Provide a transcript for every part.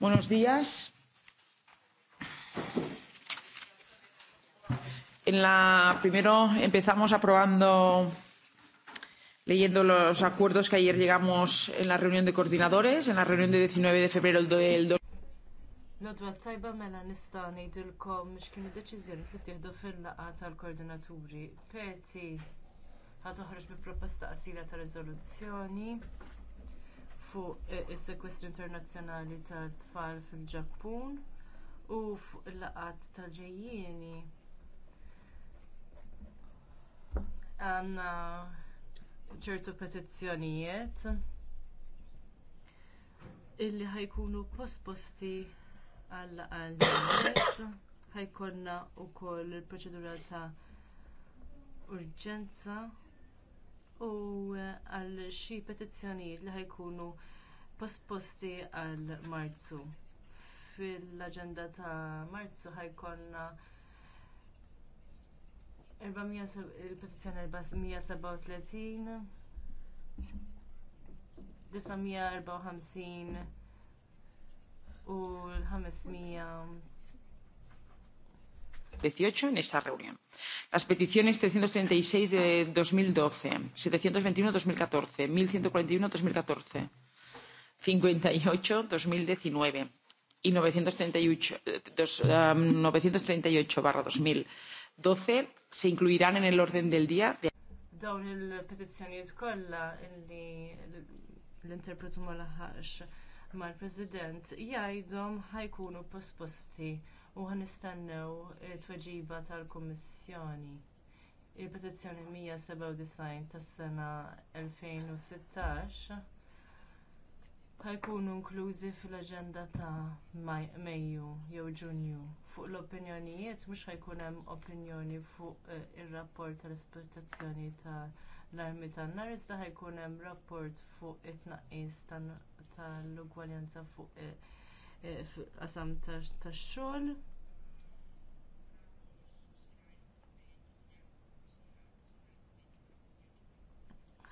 Buenos días. En la, primero empezamos aprobando, leyendo los acuerdos que ayer llegamos en la reunión de coordinadores, en la reunión de 19 de febrero del 2020. Lodwa tajba mela nista' nejdilkom ngħidilkom kien kienu deċizjoni li tieħdu fil laqa tal-koordinaturi. Peti ħat toħroġ bi proposta qasira tal-rezoluzzjoni fuq is-sekwestru internazzjonali tat-tfal fil-Ġappun u fuq il-laqat tal-ġejjieni. Għanna ċertu petizzjonijiet illi ħajkunu posposti għall għal-nies ħajkonna wkoll il-proċedura ta' urġenza u eh, għal xi petizzjonijiet li ħajkunu posposti għal Marzu. Fil-aġenda ta' Marzu ħajkonna il-petizzjoni 437 954 u l-500 dieciocho en esa reunión. Las peticiones 336 de 2012, 721 2014, 1141 2014, 58 2019 y 938, dos, um, eh, eh, 938 barra 2012 se incluirán en el orden del día de dawn il-petizzjonijiet kollha illi l-interpretu ma laħħaqx mal-President jgħidhom ħajkunu posposti u ħanistennew it-tweġiba tal-Kummissjoni. Il-petizzjoni 197 tas-sena 2016 ħajkunu inklużi fil-aġenda ta' Mejju jew Ġunju. Fuq l-opinjonijiet mhux ħajkun hemm opinjoni fuq eh, ir-rapport tal-esportazzjoni tal-armi tan-nar iżda ħajkun hemm rapport fuq it-tnaqqis tal-ugwaljanza fuq eh, Eh, fil-qasam tax-xogħol.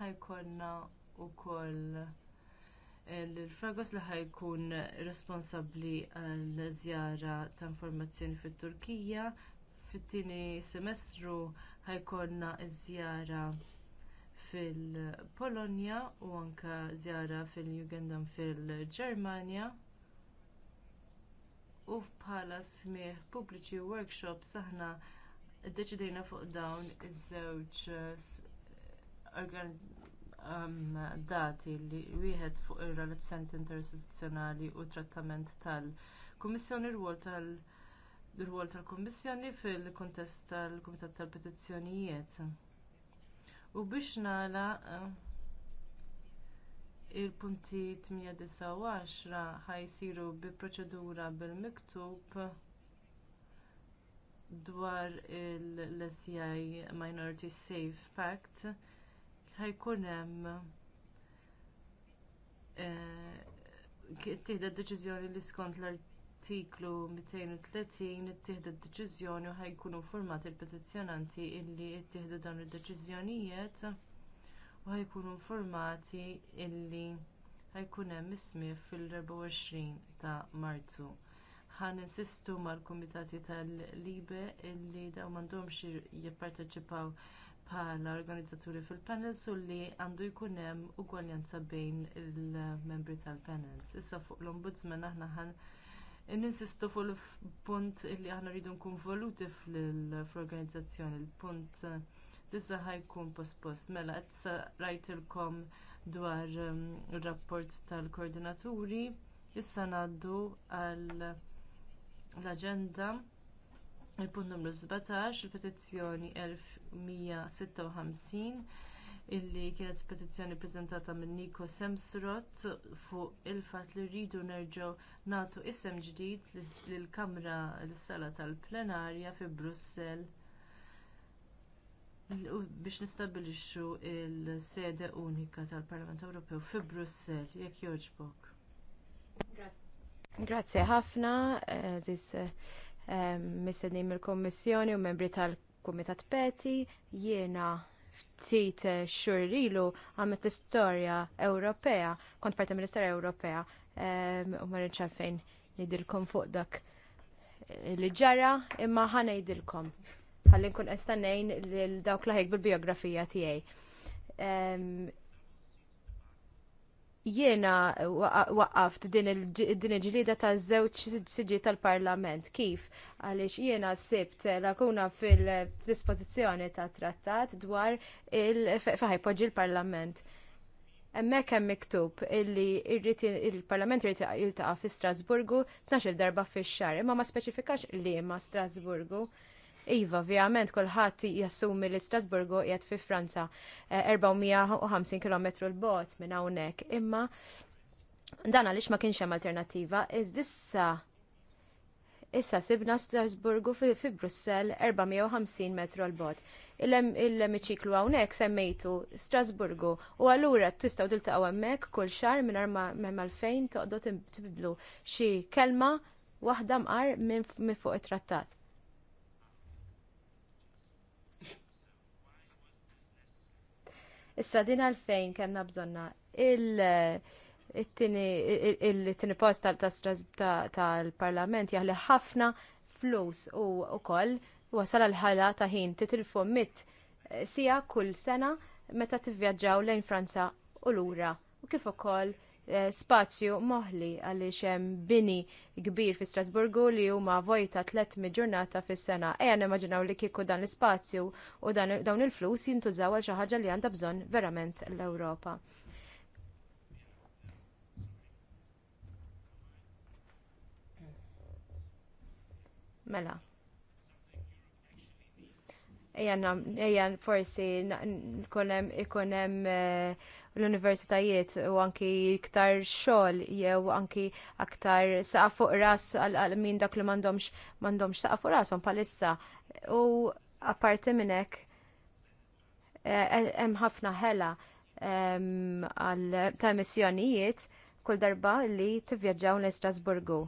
ħajkollna wkoll eh, l-Fragos li ħajkun responsabbli għal żjara ta' informazzjoni fit-Turkija fit-tieni semestru ħajkonna żjara fil-Polonja u anke żjara fil-Jugendam fil-Ġermanja u bħala smieħ pubbliċi workshops aħna ddeċidejna fuq dawn iż-żewġ eh, um, dati li wieħed fuq ir-relazzjoni interistituzzjonali u trattament tal-Kummissjoni rwol tal rwol tal-Kummissjoni fil-kuntest tal-Kumitat tal-Petizzjonijiet. U biex nagħlaq eh, il-punti 8-10 ħajsiru bi proċedura bil-miktub dwar l-SCI e Minority Safe Pact ħajkun hemm eh, tieħda deċiżjoni li skont l-artiklu 230 ittieħda deċiżjoni u ħajkunu format il-petizzjonanti illi ttieħdu dawn id-deċiżjonijiet u ħajkunu informati illi ħajkun hemm ismih fil-24 ta' Marzu. Ħan insistu mal-Kumitati tal-Libe illi dawn m'għandhomx jipparteċipaw bħala organizzaturi fil-panels u li għandu jkun hemm ugwaljanza bejn il-membri tal-panels. Issa fuq l-Ombudsman aħna ħan Ninsistu fuq il-punt illi aħna rridu nkun voluti fl-organizzazzjoni, il-punt uh, diża ħajkun pospost. Mela, għetsa rajtilkom dwar um, ir rapport tal-koordinaturi, issa ngħaddu għall l-agenda il-punt numru 17, il-petizzjoni 1156 illi kienet petizzjoni prezentata minn Niko Semsrot fuq il fatt li rridu nerġgħu nagħtu isem ġdid lill-Kamra l-Sala tal-Plenarja fi Brussell biex nistabilixxu il-sede unika tal-Parlament Ewropew fi Brussell, jekk jogħġbok. Grazie ħafna, ziz missednim il-Kommissjoni u membri tal-Kumitat Peti, jiena ftit xhur ilu għamet l-istorja Ewropea, kont parti mill-istorja Ewropea, u marin rridx nidilkom fuq dak li ġara imma ħana jidilkom ħalli nkun qed ngħin lil dawk laħek bil-biografija tiegħi. Jiena waqqaft din il-ġlida ta' żewġ siġi tal-Parlament. Kif? Għaliex jiena sibt lakuna fil-dispożizzjoni ta' trattat dwar il-faħipoġi l-Parlament. Hemmhekk hemm miktub illi il-Parlament irid jiltaqa' fi Strasburgu 12 darba fix-xahar, imma ma speċifikax liema Strasburgu Iva, vjament, kulħadd jassumi li Strasburgo qiegħed fi Franza 450 eh, km l-bot minn hawnhekk. Imma dan għaliex ma kienx hemm alternattiva, iżdissa issa sibna Strasburgu fi, fi Brussell 450 metru l bot. Il-emiċiklu hawnhekk semmejtu Strasburgu u allura tistgħu tiltaqgħu hemmhekk kull xahar minn arma malfejn toqgħdu tiblu xi kelma waħda mqar minn fuq it-trattat. Issa din għalfejn kellna bżonna il-tini post tal-parlament jaħli ħafna flus u wkoll wasal għal-ħala ta' ħin titilfu mit sija kull sena meta tivvjaġġaw lejn Franza u lura u kif ukoll Eh, spazju moħħli għaliex hemm bini kbir fi Strasburgu li huma vojta 300 ġurnata fis-sena. Ejja nimmaġinaw li kieku dan l-ispazju u dawn il-flus jintużaw għal xi ħaġa li għandha bżonn verament l-Ewropa. Mela. Ejja forsi ikonem ikonem l-universitajiet u anki iktar xogħol jew anki aktar saqa fuq ras għal min dak li m'għandhomx m'għandhomx saqa fuq rashom bħalissa. U apparti minn hekk eh, hemm ħafna ħela ehm, għal ta' missjonijiet kull darba li tivvjaġġaw l-Istrasburgu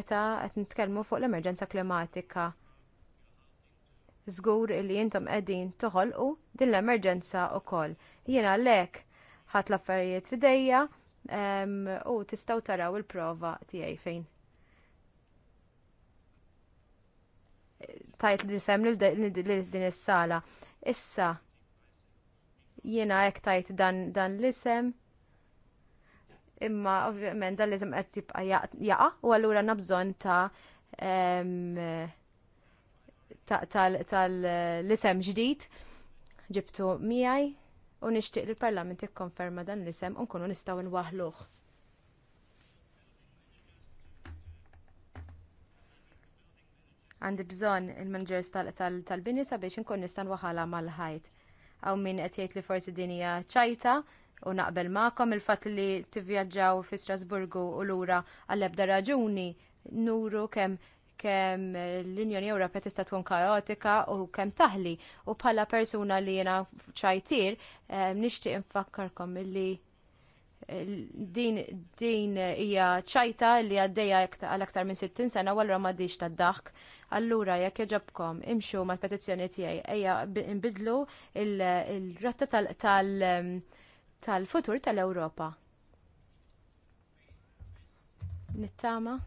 meta qed nitkellmu fuq l-emerġenza klimatika. Żgur li intom qegħdin toħolqu din l-emerġenza wkoll. Jiena għalhekk Ħat l-affarijiet f'idejja u tistgħu taraw il-prova tiegħi fejn. Tajt li nisem lil din is-sala. Issa jiena hekk tajt dan l-isem imma ovvjament dan l-isem qed jibqa' jaqa' u allura nabżon ta' tal-isem ġdid ġibtu miegħi u nixtieq li l-Parlament ikkonferma dan l-isem u nkunu nistgħu nwaħluh. Għandi bżonn il-managers tal-bini sabiex inkun nista' nwaħala mal-ħajt. Hawn min qed jgħid li forsi din hija ċajta, u naqbel magħkom il fatt li tivvjaġġaw fi Strasburgu u lura għall-ebda raġuni nuru kemm kemm l-Unjoni Ewropea tista' tkun kaotika u kemm taħli u bħala persuna li jiena ċajtir nixtieq infakkarkom li din din hija ċajta li għaddejja għal aktar minn 60 sena u allura m'għaddix tad-daħk. Allura jekk jogħġobkom imxu mal-petizzjoni tiegħi ejja nbidlu l rotta tal-futur tal-Ewropa. Nittama?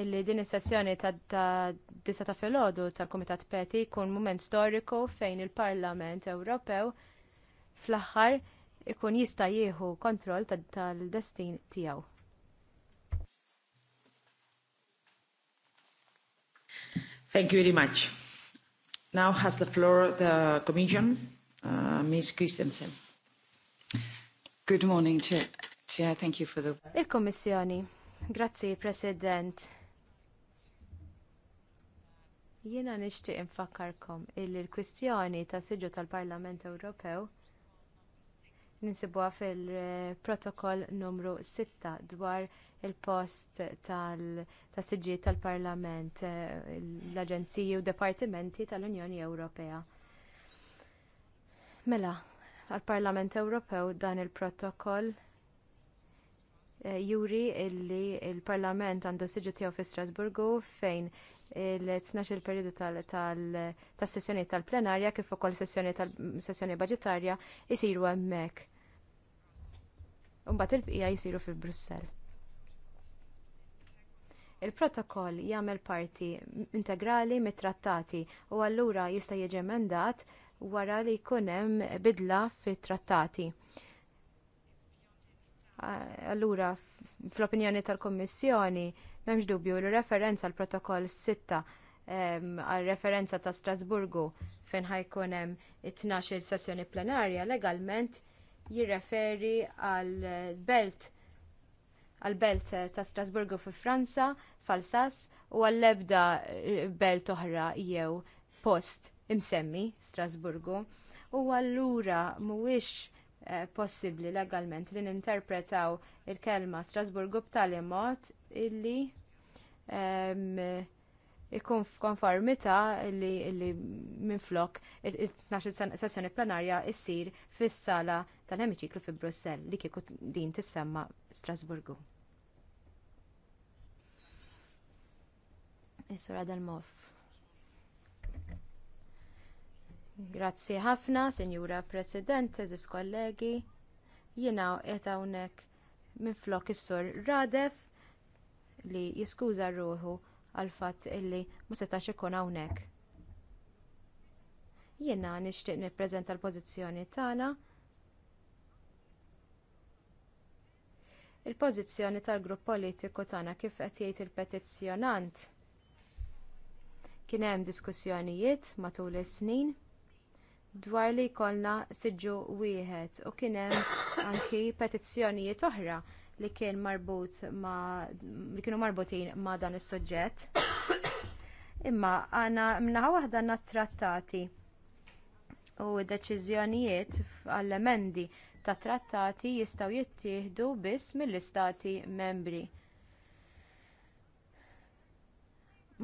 illi din is-sessjoni ta' disa ta' filgħodu tal-Kumitat Peti jkun mument storiku fejn il-Parlament Ewropew fl-aħħar ikun jista' jieħu kontroll tal-destin tiegħu. Thank you very much. Now has the floor the Commission, uh, Ms. Christensen. Good morning, Chair. Chair, thank you for the... Il-Kommissjoni. Grazzi, President. Jiena nixtieq infakkarkom illi l-kwistjoni ta' siġu tal-Parlament Ewropew ninsibuha fil-protokoll numru 6 dwar il-post ta' siġijiet tal-Parlament, eh, l-Aġenziji u Dipartimenti tal-Unjoni Ewropea. Mela, għall-Parlament Ewropew dan il-protokoll eh, juri illi il-Parlament għandu siġu tiegħu fi Strasburgu fejn il-12 il-periodu tal-sessjoni tal-plenarja kif ukoll sessjoni tal-sessjoni budgetarja jisiru hemmhekk. Imbagħad il-bqija jisiru fil brussell Il-protokoll jagħmel parti integrali mit-trattati u allura jista' jiġi emendat wara li jkun hemm bidla fit-trattati. Allura fl-opinjoni tal-Kommissjoni M'hemmx dubju li referenza għall protokoll 6 għal referenza ta' Strasburgu fejn ħajkun hemm it-tnax-il sessjoni plenarja legalment jirreferi għal belt għal belt ta' Strasburgu fi Franza, fal u għall ebda eh, belt oħra jew post imsemmi Strasburgu. U allura mhuwiex eh, possibbli legalment li ninterpretaw il-kelma Strasburgu b'tali mod illi ikun f'konformità li minflok it-12 sessjoni plenarja issir fis-sala tal-emiċiklu fi Brussell li kieku din tissemma Strasburgu. Is-sura dal-mof. Grazzi ħafna, Senjura President, ziz kollegi, jiena qed hawnhekk minflok is-sur Radef li jiskuża rruħu għal fatt illi ma setax ikun hawnhekk. Jiena nixtieq nippreżenta l-pożizzjoni tagħna. Il-pożizzjoni tal-grupp politiku tagħna kif qed jgħid il-petizzjonant kien hemm diskussjonijiet matul is-snin dwar li jkollna siġu wieħed u kien hemm anki petizzjonijiet oħra li kien marbut ma li kienu marbutin ma dan is-suġġett. Imma għana mnaħa waħda għandna trattati u d deċiżjonijiet għall-emendi ta' trattati jistgħu jittieħdu biss mill-istati membri.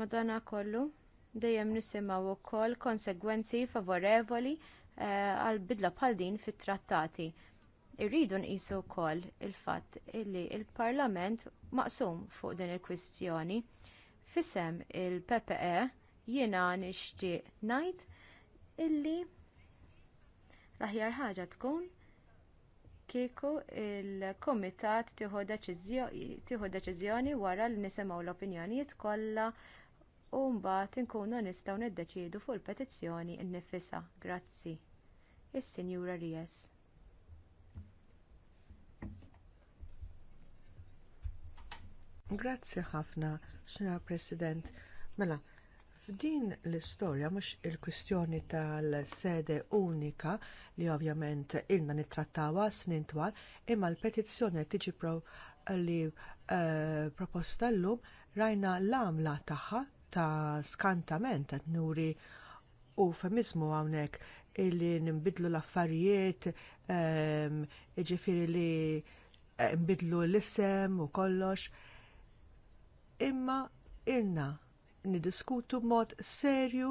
Madana kollu, dejjem nisimgħu wkoll konsegwenzi favorevoli eh, għal bidla bħal din fit-trattati irridu nqisu wkoll il-fatt li l parlament maqsum fuq din il-kwistjoni. Fisem il-PPE jiena nixtieq ngħid illi l-aħjar ħaġa tkun kieku il kumitat tieħu deċiżjoni wara li nisimgħu l-opinjonijiet kollha u mbagħad inkunu nistgħu niddeċiedu fuq il-petizzjoni nnifisha. Grazzi. Is-Sinjura Ries. Grazzi ħafna, Sra. President. Mela, f'din l-istorja mhux il-kwistjoni tal-sede unika li ovvjament ilna nittrattawa snin twal, imma l-petizzjoni tiġi pro li uh, proposta llum rajna l-għamla tagħha ta' skantament qed nuri u femizmu hawnhekk illi nimbidlu l-affarijiet, jiġifieri li eh, nbidlu l-isem u kollox imma ilna niddiskutu b'mod serju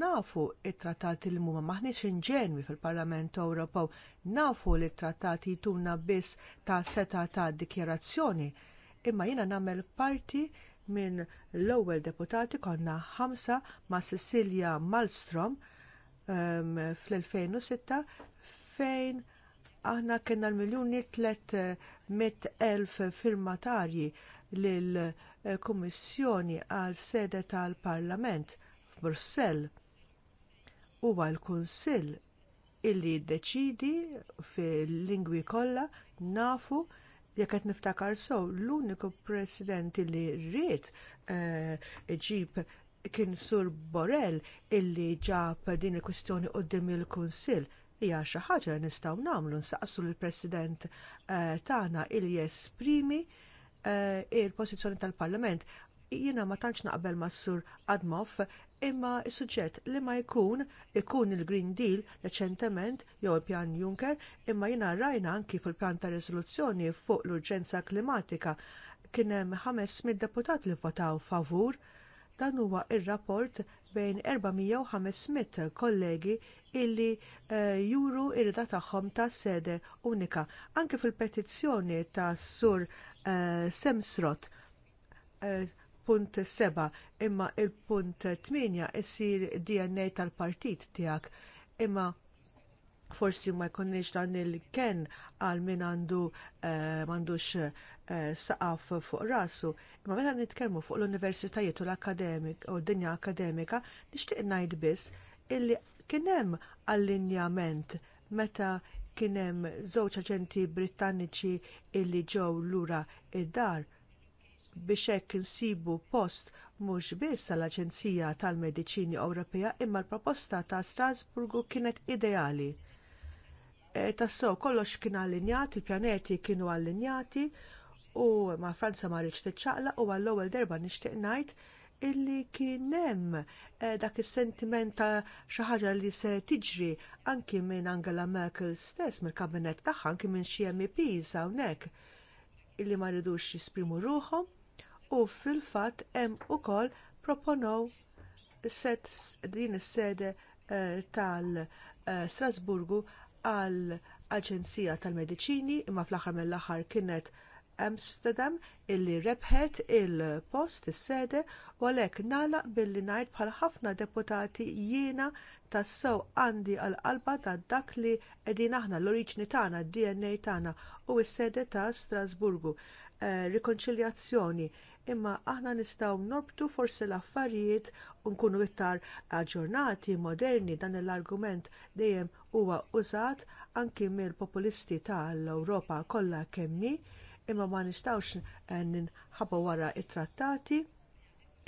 nafu t trattati li huma maħniex inġenwi fil-Parlament Ewropew, nafu li t trattati jtuna biss ta' seta ta' dikjerazzjoni, imma jiena nagħmel parti minn l-ewwel deputati konna ħamsa ma' Cecilia Malmstrom um, ehm, fl-2006 fejn aħna kellna l-miljuni 300.000 eh, firmatarji lill-Kummissjoni għal sede tal-Parlament f'Brussell huwa l-Kunsill illi jiddeċiedi fil-lingwi kollha nafu jekk qed niftakar sew l-uniku president li rrid iġib eh, kien Sur Borrell illi ġab din il-kwistjoni quddiem il-Kunsill hija xi ħaġa nistgħu nagħmlu nsaqsu lill president eh, tagħna illi jesprimi Eh, il-pożizzjoni tal-Parlament. Jiena ma tantx naqbel ma' sur Admoff imma s suġġett li ma jkun ikun il-Green Deal reċentement jew il-Pjan Juncker imma jiena rajna anki fil-pjan ta' riżoluzzjoni fuq l-urġenza klimatika kien hemm ħames mid-deputat li votaw favur dan huwa r rapport bejn 400 kollegi illi uh, juru ir-rida tagħhom ta' sede unika. Anke fil-petizzjoni ta' Sur Eh, semsrot eh, punt seba' imma il-punt 8 issir DNA tal-partit tiegħek imma forsi ma jkunniex dan il-ken għal min għandu eh, m'għandux saqaf fuq rasu. Imma meta nitkellmu fuq l-universitajiet u l-akademik u d-dinja akademika, nixtieq ngħid biss illi kien hemm allinjament meta kien hemm żewġ aġenti Brittaniċi illi ġew lura id-dar biex hekk insibu post mhux biss għall aġenzija tal-Mediċini Ewropea imma l-proposta ta' Strasburgu kienet ideali. E, Tassew kollox kien allinjat, il-pjaneti kienu allinjati u ma' Franza ma rridx tiċċaqla u għall-ewwel darba nixtieq ngħid illi kien hemm eh, dak is-sentiment ta' xi ħaġa li se tiġri anki minn Angela Merkel stess mill-kabinet tagħha anki minn xi MEPs hawnhekk illi ma rridux jisprimu ruħhom u fil-fatt hemm ukoll proponow set din is-sede eh, tal-Strasburgu eh, għall aġenzija tal-Mediċini imma fl-aħħar mill-aħħar kienet Amsterdam illi rebħet il-post is-sede u għalhekk nagħlaq billi ngħid bħal ħafna deputati jiena tassew għandi għall qalba ta' dak li qegħdin aħna l-oriġni tagħna, d-DNA tagħna u s-sede ta' Strasburgu. Eh, rikonċiljazzjoni imma aħna nistgħu norbtu forsi l-affarijiet u nkunu iktar aġġornati, moderni dan l-argument dejjem huwa użat anki mill-populisti tal-Ewropa kollha kemm hi imma ma nistgħux eh, ninħabba wara t trattati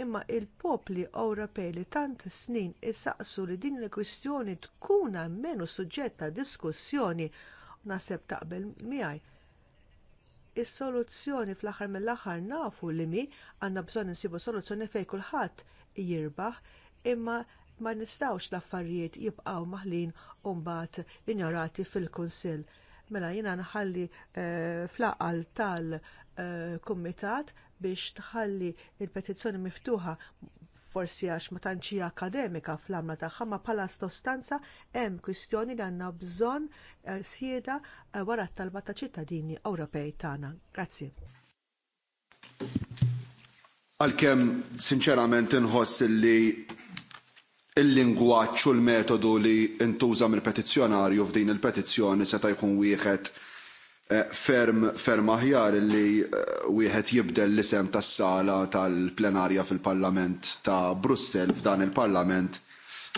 imma l popli Ewropej li tant snin issaqsu li din il-kwistjoni tkun menu suġġett ta' diskussjoni naħseb taqbel miegħi. Is-soluzzjoni fl-aħħar mill-aħħar nafu li mi għandna bżonn insibu soluzzjoni fejn kulħadd jirbaħ imma ma nistgħux l-affarijiet jibqgħu maħlin u mbagħad injorati fil-Kunsill Mela jiena nħalli eh, fl tal-kumitat eh, biex tħalli il-petizzjoni miftuħa forsi għax ma tantx hija akademika fl-għamla tagħha ma bħala sostanza hemm kwistjoni li għandna bżonn eh, sieda wara t-talba ta' ċittadini Ewropej tagħna. Grazzi. Għalkemm sinċerament inħoss li il lingwaġġ u l-metodu li ntuża mill-petizzjonarju f'din il-petizzjoni seta' jkun wieħed eh, ferm ferm aħjar li eh, wieħed jibdel l-isem tas-sala tal-plenarja fil-Parlament ta' Brussel f'dan il-Parlament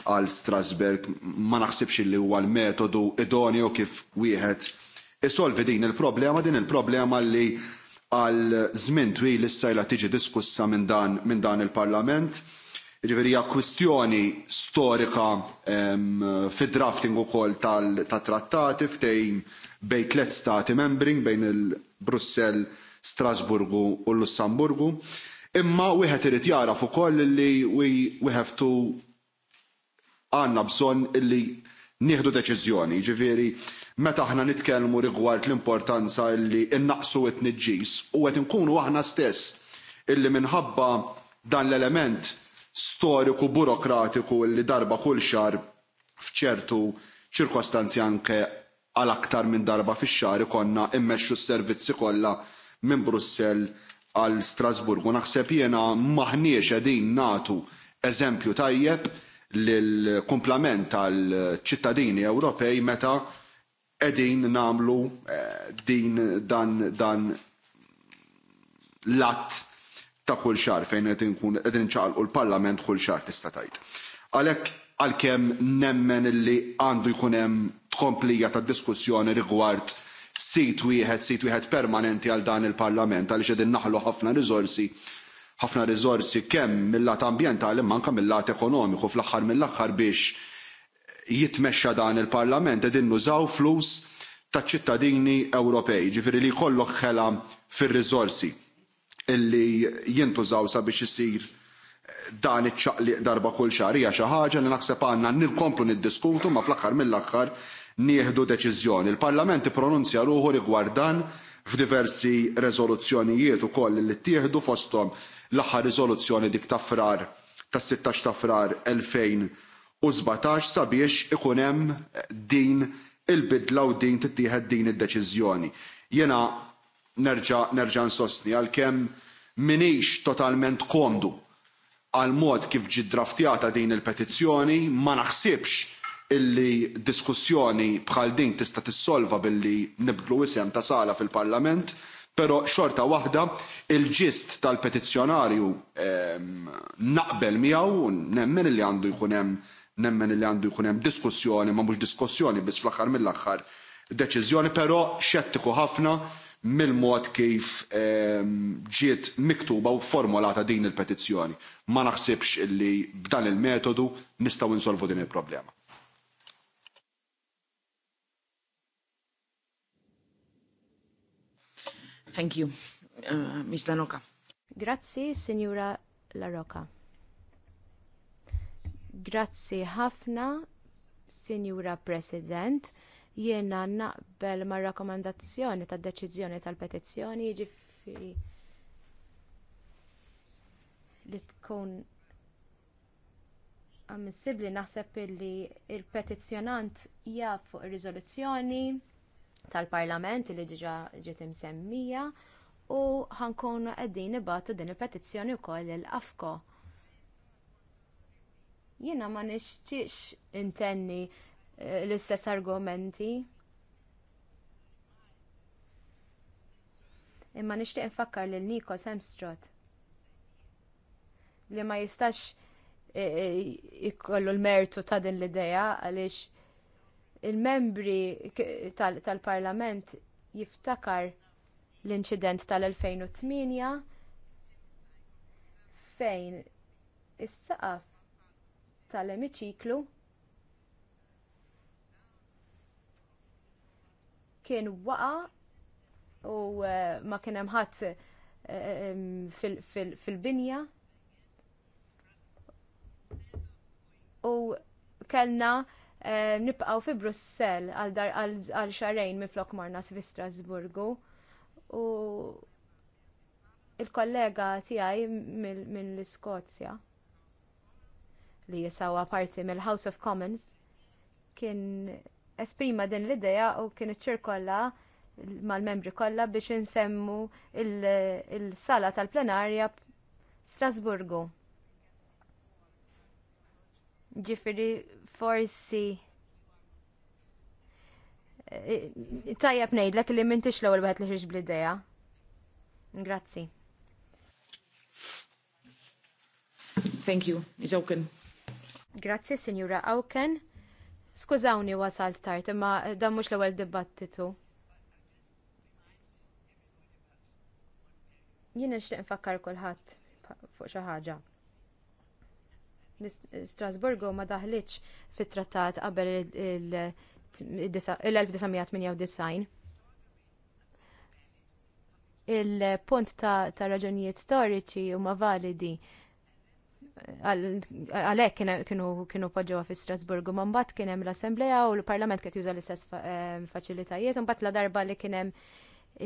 għal Strasberg ma naħsibx li huwa l-metodu idoneo kif wieħed isolvi din il-problema din il-problema li għal żmien twil issa jla tiġi diskussa minn dan il-Parlament. minn dan il parlament hija kwistjoni storika fid-drafting ukoll tal-trattati ftejn bejn tliet stati membri bejn il-Brussell, Strasburgu u Lussemburgu. Imma wieħed irid jaraf ukoll li have to għandna bżonn illi nieħdu deċiżjoni. Ġifieri meta aħna nitkellmu rigward l-importanza li innaqsu it tniġġis u qed inkunu aħna stess illi minħabba dan l-element storiku burokratiku li darba kull xar fċertu ċirkostanzi anke għal aktar minn darba fix xar ikonna immexxu s-servizzi kollha minn Brussell għal Strasburgu. Naħseb jiena maħniex qegħdin nagħtu eżempju tajjeb l kumplament għal ċittadini Ewropej meta qegħdin nagħmlu eh, din dan dan l-att ta' kull xar fejn qed inkun qed l-Parlament kull xar tista' tgħid. Għalhekk għalkemm nemmen illi għandu jkun hemm tkomplija ta' diskussjoni rigward sit wieħed sit wieħed permanenti għal dan il-Parlament għaliex qegħdin naħlu ħafna riżorsi ħafna riżorsi kemm mill-lat ambjentali manka mill-lat ekonomiku fl-aħħar mill-aħħar biex jitmexxa dan il-Parlament qegħdin nużaw flus taċ ċittadini Ewropej, ġifieri li jkollok ħela fir-riżorsi illi jintużaw sabiex isir eh, dan iċċaqliq darba kull xahar hija xi ħaġa li naħseb għandna nilkomplu niddiskutu ma fl-aħħar mill-aħħar nieħdu deċiżjoni. Il-Parlament ippronunzja ruħu rigward dan f'diversi reżoluzzjonijiet ukoll li ttieħdu fosthom l-aħħar rizoluzzjoni dik ta' frar tas-16 ta' frar 2017 sabiex ikun hemm din il-bidla u din tittieħed din id-deċiżjoni. Jena nerġa' nerġa' nsostni għalkemm minix totalment komdu għal mod kif ġi draftjata din il-petizzjoni ma naħsibx illi diskussjoni bħal din tista' tissolva billi nibdlu isem ta' sala fil-Parlament, però xorta waħda il-ġist tal-petizzjonarju ehm, naqbel miegħu nemmen li għandu jkun hemm nemmen li għandu jkun hemm diskussjoni ma mhux diskussjoni biss fl-aħħar mill-aħħar deċiżjoni, però xettiku ħafna mill-mod kif ehm, ġiet miktuba u formulata din il-petizzjoni. Ma naħsibx li b'dan il-metodu nistgħu insolvu din il-problema. Thank you, uh, Ms. Danoka. Grazzi, Signora Laroka. Grazzi ħafna, Signora President Jiena naqbel mar rakkomandazzjoni tad deċiżjoni tal-petizzjoni jiġifieri li tkun ammissibbli naħseb li l petizzjonant jaf fuq ir-riżoluzzjoni tal-Parlament li diġà ġiet imsemmija u ħankunu qegħdin nibatu din il-petizzjoni wkoll il-AFCO. Jiena ma nixtiex intenni l-istess argumenti. Imma nixtieq nfakkar lil Niko Semstrot li ma jistax e, e, ikollu l-mertu ta' din l-ideja għaliex il-membri tal-parlament jiftakar l-inċident tal-2008 fejn is-saqaf tal-emiċiklu kien waqa u eh, ma kien hemm ħadd eh, fil-binja. U kellna eh, nibqgħu fi Brussell għal dar għal xarejn miflok marna fi Strasburgu u il-kollega tiegħi mill-Iskozja li jisawa parti mill-House of Commons kien esprima din l-idea u kien iċċirkolla mal-membri kollha biex insemmu il-sala il sala tal plenarja Strasburgu. Ġifiri forsi eh, tajjeb ngħidlek li m'intix l-ewwel wieħed li ħriġ bl-idea. Grazzi. Thank you, Ms. Auken. Grazzi, Signora Auken. Skużawni wasalt tard, imma dan mhux l-ewwel dibattitu. Jien nixtieq nfakkar kulħadd fuq xi ħaġa. Strasburgo ma daħlitx fit-trattat qabel il-1998 il-punt ta', ta raġunijiet storiċi huma validi għalek kienu poġġewa fi Strasburgu, ma mbagħad kien hemm l-Assembleja u l-Parlament kien juża l-istess eh, faċilitajiet, mbagħad la darba li kien hemm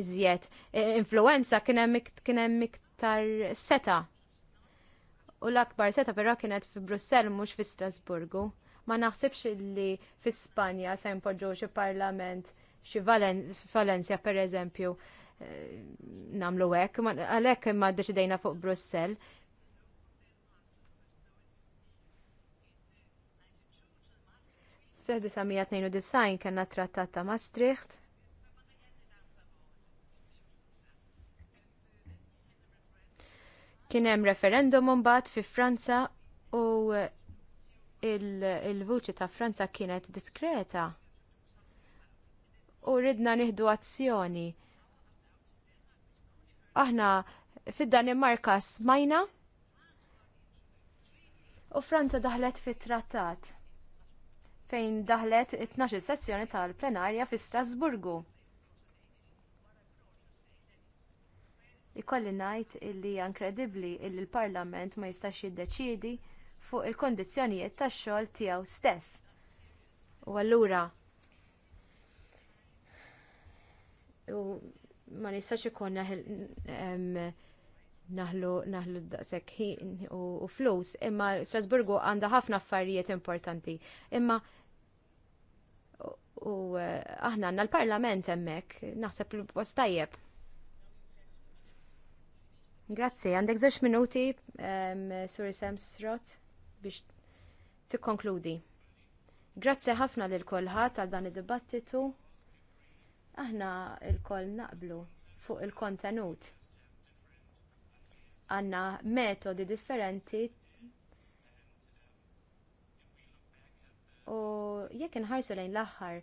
iżjed eh, influenza kien hemm iktar seta. U l-akbar seta però kienet fi Brussell mhux fi Strasburgu. Ma naħsibx li fi Spanja se jpoġġu xi parlament xi Valencia pereżempju eh, namlu hekk, għalhekk imma ddeċidejna fuq Brussell Fl-1992 kellna trattat ta' Maastricht. Kien hemm referendum mbagħad fi Franza u il-vuċi ta' Franza kienet diskreta. U ridna nieħdu azzjoni. Aħna fid-Danimarka smajna u Franza daħlet fit-trattat fejn daħlet 12 sezzjoni tal-plenarja fi Strasburgu. Ikolli ngħid illi hija inkredibbli illi l-Parlament ma jistax jiddeċiedi fuq il-kondizzjonijiet tax-xogħol tiegħu stess. U allura u ma nistax ikun naħlu naħlu daqshekk u flus, imma Strasburgu għandha ħafna affarijiet importanti. Imma U eh, aħna għandna l-Parlament hemmhekk, naħseb l-post tajjeb. Grazzi, għandek żewġ minuti, ehm, Suri Sam biex biex tikkonkludi. Grazzi ħafna lil kulħadd għal dan id-dibattitu. Aħna lkoll naqblu fuq il-kontenut għanna metodi differenti U jekk inħarsu lejn l-aħħar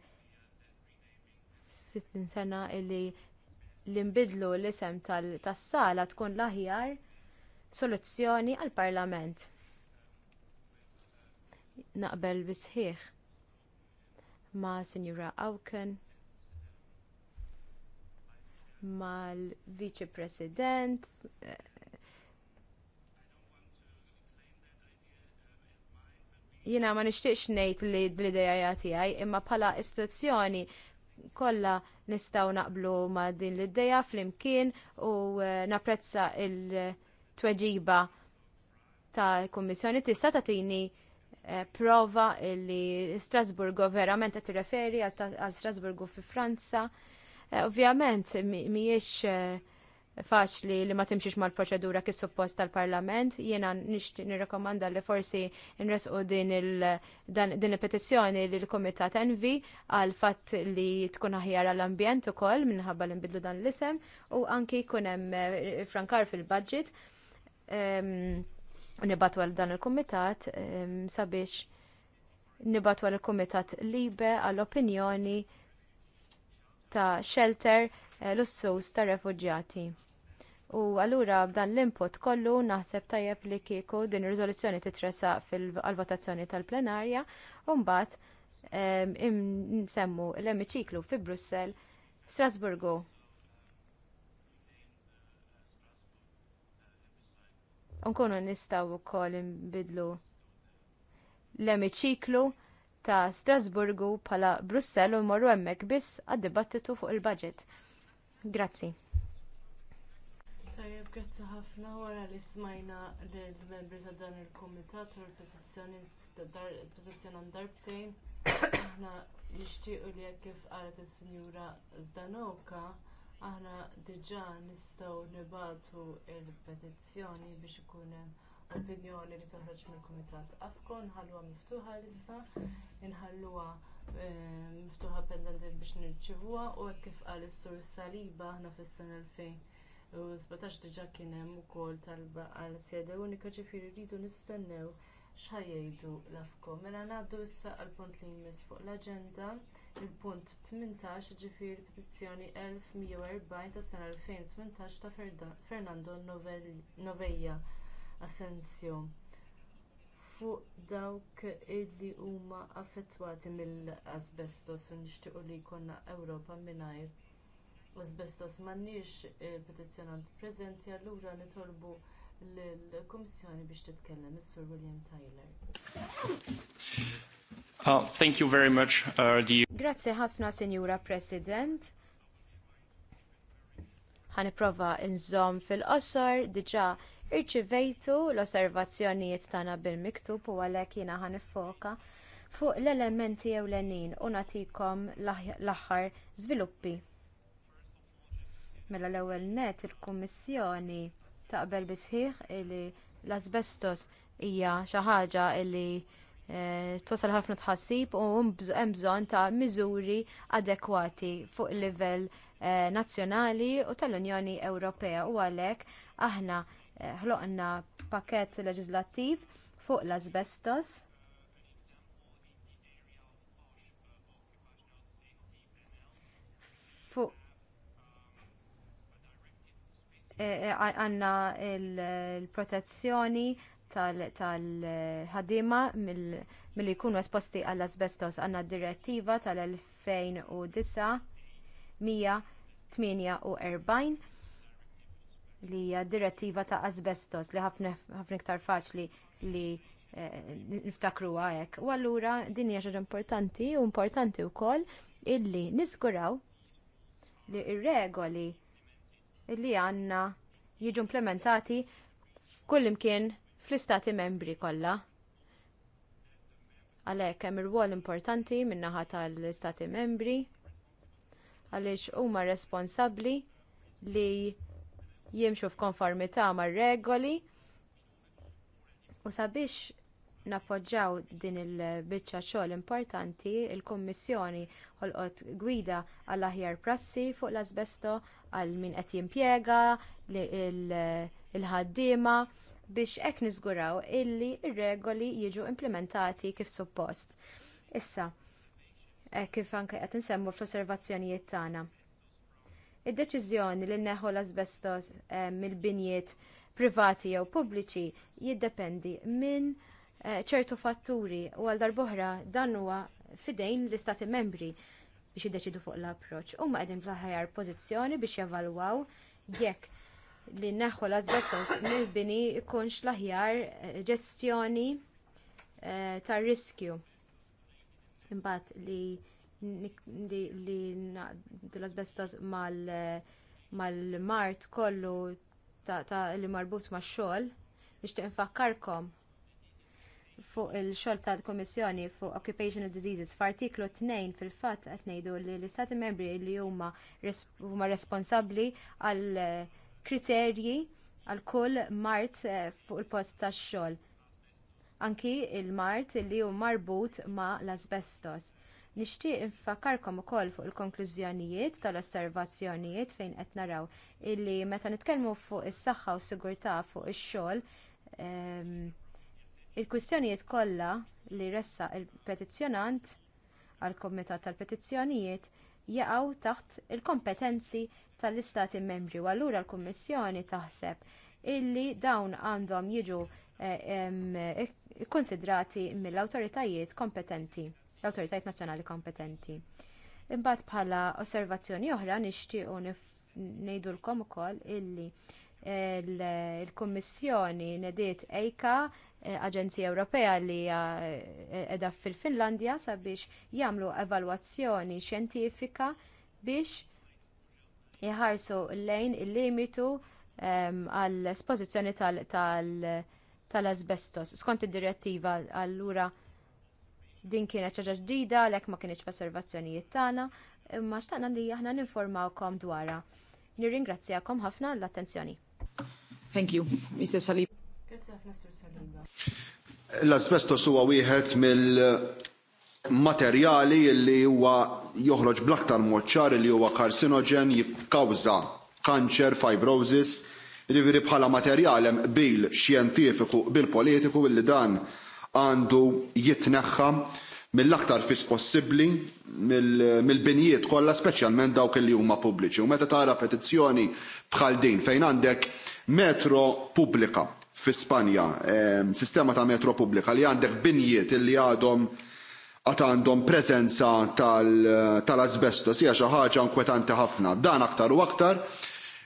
60 sena illi li nbiddlu l-isem tas-sala tkun l-aħjar soluzzjoni għall parlament Naqbel bisħiħ ma' Sinjura Awken, mal-Viċi President, Jiena ma nishtiqx ngħid li l-ideja tiegħi imma bħala istituzzjoni kollha nistgħu naqblu ma' din l-ideja flimkien u eh, napprezza il-tweġiba tal-Kummissjoni tista' tini eh, prova li Strasburgo verament qed tirreferi għal Strasburgu fi Franza. Eh, ovvjament mhijiex faċli li ma timxiex mal-proċedura kif suppost tal-Parlament. Jiena nixti nirrekomanda li forsi nresqu din il-petizzjoni l kumitat Envi għal fatt li tkun aħjar għall-ambjent ukoll minħabba li nbidlu dan l-isem u anki jkun hemm eh, frankar fil-budget. Ehm, nibatu għal dan il kumitat ehm, sabiex nibatu għal kumitat libe għall opinjoni ta' shelter l eh, l-ussus ta' refugjati. U allura b'dan l-input kollu naħseb tajjeb li kieku din ir-riżoluzzjoni titressa fil-votazzjoni tal-plenarja u mbagħad nsemmu l-emiċiklu fi Brussell, Strasburgu. Unkunu nistgħu wkoll inbidlu l-emiċiklu ta' Strasburgu bħala Brussell u mmorru hemmhekk biss għad-dibattitu fuq il-budget. Grazzi. Grazzi ħafna wara li smajna l-membri ta' dan il kumitat u l-petizjoni darbtejn. Aħna nixtiequ li jekk kif qalet is-Sinjura Zdanoka, aħna diġà nistgħu nibatu l petizzjoni biex ikun hemm opinjoni li toħroġ mill-Kumitat Afkon, ħalluha miftuħa issa, inħalluha eh, miftuħa pendenti biex nirċivuha u hekk kif qal is-Sur Saliba aħna fis-sena 2000 u 17 diġà kien hemm ukoll talba għal sjeda unika ġifieri rridu nistennew x'ħajjejdu l-afkom. Mela ngħaddu issa għal punt li jmiss fuq l-aġenda, il-punt 18 ġifieri petizzjoni 1140 tas sena 2018 ta' Fernando Novella Asensio fuq dawk illi huma affettwati mill-asbestos u nixtiequ li jkollna Ewropa mingħajr asbestos m'għandniex il-petizzjonant eh, preżenti allura nitolbu lill-Kummissjoni biex titkellem is-Sur William Tyler. Uh, thank you very much, uh, Grazie ħafna, Senjura President. Ħaniprofa nżomm fil-qosor, diġà irċivejtu l-osservazzjonijiet tagħna bil-miktub u għalhekk jiena ħanifoka fuq l-elementi ewlenin u nagħtikom l-aħħar żviluppi Mela l-ewwel net il-Kummissjoni taqbel bi sħiħ li l-asbestos hija xi ħaġa li eh, twasal ħafna tħassib u hemm bżonn ta' miżuri adekwati fuq livell eh, nazzjonali u tal-Unjoni Ewropea u għalhekk aħna eh, ħloqna pakett leġislattiv fuq l-asbestos Eh, eh, għanna l-protezzjoni tal-ħadima milli jkunu esposti għall-asbestos għandna d direttiva tal-2009 148 li hija direttiva ta' asbestos li ħafna iktar faċli li eh, niftakru għajek. U allura din hija xaġa importanti u importanti wkoll illi niskuraw li r regoli li għandna jiġu implementati kullimkien fl-istati membri kollha. Għalhekk hemm il-wol importanti min-naħa tal-istati membri għaliex huma responsabbli li jimxu f'konformità mar-regoli u sabiex nappoġġaw din il-biċċa xogħol importanti, il-Kummissjoni ħolqot gwida għall aħjar prassi fuq l-asbesto għal min qed jimpjega il-ħaddiema biex hekk niżguraw illi r-regoli jiġu implementati kif suppost. Issa, eh, kif anke qed insemmu fl-osservazzjonijiet tagħna. Id-deċiżjoni li neħu l-asbestos eh, mill-binjiet privati jew pubbliċi jiddependi minn eh, ċertu fatturi u għal darbohra dan huwa fidejn l-istati membri biex jiddeċidu fuq l-approċ. Huma qegħdin fl-ħajar pożizzjoni biex jevalwaw jekk li naħħu l-asbestos mill-bini jkunx l-aħjar eh, ġestjoni eh, tar-riskju. Imbagħad li li l-asbestos eh, mal-mart kollu ta' li marbut max xogħol nixtieq infakkarkom fuq il-xogħol tal-Kummissjoni fuq Occupational Diseases f'artiklu 2 fil-fatt qed ngħidu li l-Istati Membri li huma huma responsabbli għal eh, kriterji għal kull mart eh, fuq il-post tax-xogħol. Anki l mart li hu marbut ma' l-asbestos. Nixtieq infakarkom ukoll fuq il-konklużjonijiet tal-osservazzjonijiet fejn qed naraw illi meta nitkellmu fuq is-saħħa u s-sigurtà fuq ix-xogħol ehm, Il-kwistjonijiet kollha li ressa il-petizzjonant għall komitat tal-petizzjonijiet jaqgħu taħt il-kompetenzi tal-istati membri u allura l-Kummissjoni taħseb illi dawn għandhom jiġu eh, ikkonsidrati mill-awtoritajiet kompetenti, l-awtoritajiet nazzjonali kompetenti. Imbagħad bħala osservazzjoni oħra nixtiequ ngħidulkom ukoll illi il-Kommissjoni nediet EIKA, eh, Aġenzija Ewropea li eh, edha fil-Finlandja sabiex jagħmlu evalwazzjoni xjentifika biex jħarsu lejn il-limitu ehm, għall-espożizzjoni tal-asbestos. Skont id-direttiva allura din kienet ċaġa ġdida għalhekk ma kienx f'osservazzjonijiet tagħna, imma xtaqna li aħna ninformawkom dwarha. Nirringrazzjakom ħafna l-attenzjoni. Thank you, Mr. Salib. L-asbestos huwa wieħed mill-materjali li huwa joħroġ bl-aktar moċċar li huwa karsinogen jikkawża kanċer, fibrosis, jiġifieri bħala materjal hemm bil xjentifiku bil politiku li dan għandu jitneħħa mill-aktar fis possibbli mill-binijiet kollha speċjalment dawk li huma pubbliċi. U meta tara petizzjoni bħal din fejn għandek metro pubblika fi Spanja, ehm, sistema ta' metro pubblika li għandek binjiet li għadhom għat għandhom prezenza tal-asbesto, tal sija xi ħaġa nkwetanti ħafna. Dan aktar u aktar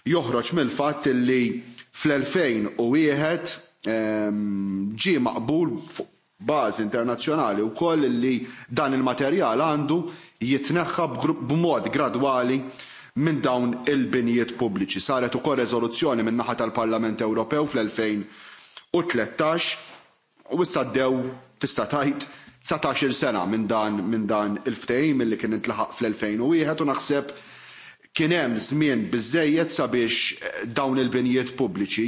joħroġ mill-fatt li fl-2001 ehm, ġie maqbul fuq baż internazzjonali wkoll li dan il-materjal għandu jitneħħa b'mod gradwali minn dawn il-binijiet pubbliċi. Saret ukoll reżoluzzjoni min naħa tal-Parlament Ewropew fl-2013 u issa ddew tista' tgħid 19-il sena minn dan minn dan il-ftehim illi kien intlaħaq fl-2001 u naħseb kien hemm żmien biżejjed sabiex eh, dawn il-binijiet pubbliċi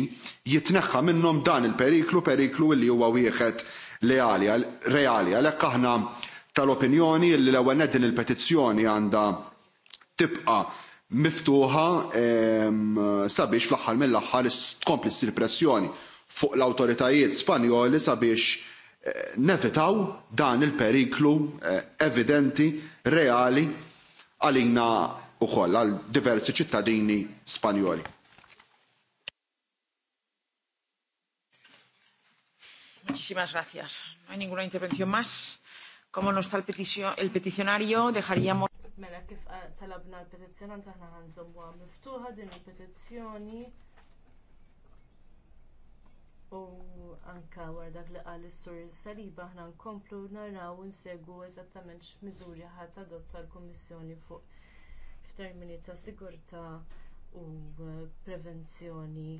jitneħħa minnhom dan il-periklu periklu li huwa wieħed reali għalhekk aħna tal-opinjoni li l-ewwel din il-petizzjoni għandha tibqa' miftuħa sabiex fl-aħħar mill-aħħar tkompli ssir pressjoni fuq l-awtoritajiet Spanjoli sabiex eh, nevitaw dan il-periklu eh, evidenti, reali għalina u koll għal diversi ċittadini Spanjoli. Muchísimas gracias. No hay ninguna intervención más. Como no está el, peticio, el peticionario, dejaríamos... Mela kif eh, talabna l-petizzjonant aħna ħanżommuha miftuħa din il-petizzjoni u anka wara dak li qal is-sur Saliba aħna nkomplu naraw insegwu eżattament x'miżuri ħadd adotta l-Kummissjoni fuq f'termini ta' sigurtà u eh, prevenzjoni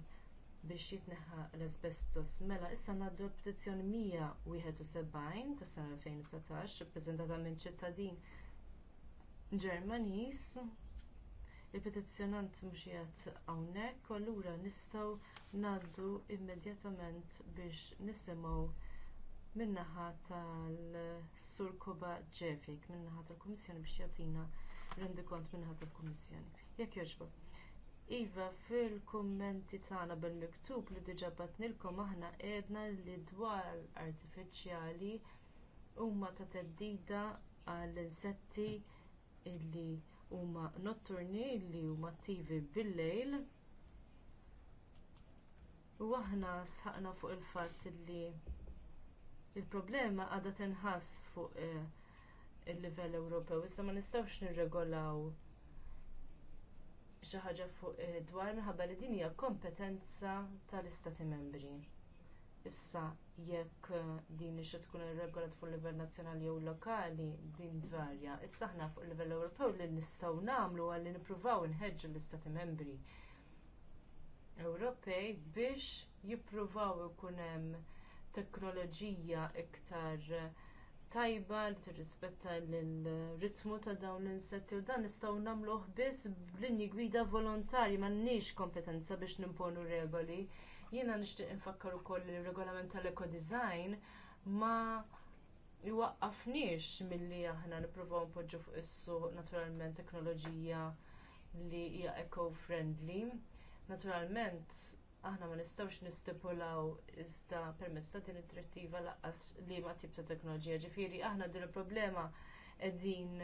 biex jitneħħa l-asbestos. Mela, issa ngħaddu l-petizzjoni 171 tas sena 2019, ppreżentata minn ċittadin Ġermaniż. Il-petizzjonant mhux jgħid hawnhekk, u allura nistgħu ngħaddu immedjatament biex nisimgħu min-naħa tal-Sur Koba Ġevik, min-naħa tal-Kummissjoni biex jagħtina rendikont min-naħa tal-Kummissjoni. Jekk jogħġbok. Iva, fil-kummenti tagħna bil-miktub li diġà batnilkom aħna għedna li dwar artifiċjali huma ta' theddida għall-insetti li huma notturni li huma attivi bil-lejl. U aħna sħaqna fuq il-fatt li l problema għadha tinħass fuq eh, il-livell Ewropew, iżda ma nistgħux nirregolaw xi ħaġa fuq eh, dwar minħabba li din hija kompetenza tal-Istati Membri. Issa jekk eh, din xi tkun irregolat fuq livell nazzjonali jew lokali din dvarja. Issa aħna fuq livell Ewropew li nistgħu nagħmlu għalli nippruvaw inħeġġu l-Istati Membri Ewropej biex jippruvaw ikun hemm teknoloġija iktar eh, tajba li tirrispetta l-ritmu ta' dawn l-insetti u dan nistgħu nagħmluh biss b'linji gwida volontarji m'għandniex kompetenza biex nimponu regoli. Jiena nixtieq infakkar ukoll li regolament tal-eco design ma jwaqqafniex milli aħna nippruvaw npoġġu fuq is-suq naturalment teknoloġija li hija eco-friendly. Naturalment aħna ma nistgħux nistipulaw iżda permezz ta' din id-direttiva laqqas li ma tip ta' teknoloġija. Ġifieri aħna din il-problema qegħdin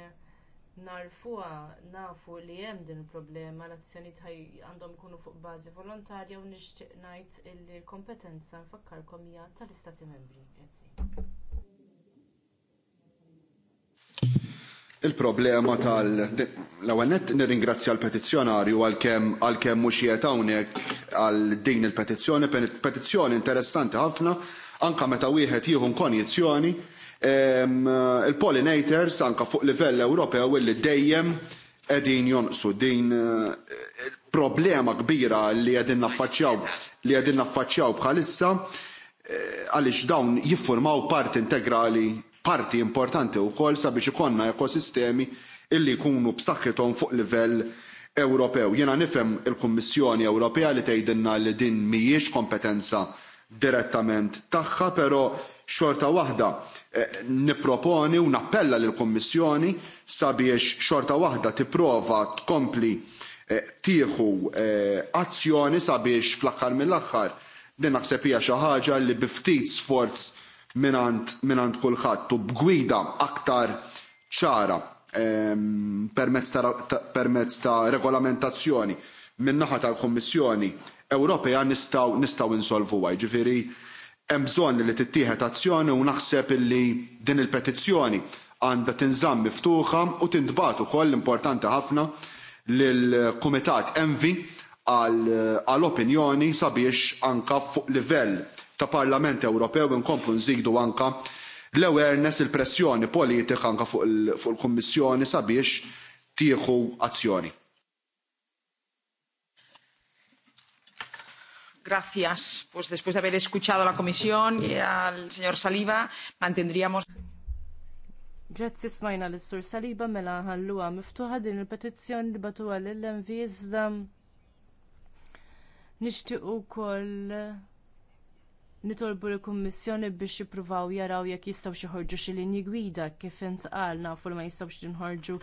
narfuha nafu li hemm din il-problema l-azzjonijiet għandhom ikunu fuq bażi volontarja u nixtieq ngħid li l-kompetenza nfakkarkom hija tal-Istati Membri. Grazzi. il-problema tal l-għanet nirringrazzja l-petizjonarju għal-kem għal-kem muxiet għal-din il-petizjoni, petizjoni interessanti ħafna, anka meta wieħed jieħu konjizzjoni, il-pollinators anka fuq livell Ewropew illi dejjem edin jonqsu din eh, problema kbira li għedin naffaċċjaw li għedin naffaċċjaw bħalissa eh, għalix dawn jiffurmaw part integrali parti importanti wkoll sabiex ikollna ekosistemi illi jkunu b'saħħithom fuq livell Ewropew. Jiena nifhem il-Kummissjoni Ewropea li tgħidilna li din mhijiex kompetenza direttament tagħha, però xorta waħda eh, nipproponi u nappella lill kummissjoni sabiex xorta waħda tipprova tkompli eh, tieħu eh, azzjoni sabiex fl-aħħar mill-aħħar din naħseb hija xi ħaġa li bi ftit sforz minant kulħadd u b'gwida aktar ċara ehm, permezz ta' regolamentazzjoni min-naħa tal-Kummissjoni Ewropea nistgħu nistgħu insolvuha. Jiġifieri hemm bżonn li tittieħed azzjoni u naħseb illi din il-petizzjoni għandha tinżamm miftuħa u tintbagħat ukoll importanti ħafna l kumitat Envi għal opinjoni sabiex anka fuq livell ta' Parlament Ewropew inkomplu nżidu anka l-awareness il-pressjoni politika anka fuq il-Kummissjoni sabiex tieħu azzjoni. Gracias. Pues después de haber escuchado a la comisión y al señor Saliba, mantendríamos. Grazzi smajna l-Sur Saliba mela ħalluha miftuħa din il-petizzjoni li batuha lill-MV iżda nixtieq ukoll nitolbu l-Kummissjoni biex jippruvaw jaraw jekk jistgħu xiħorġu xi linji gwida kif intqal nafu li ma jistgħux jinħorġu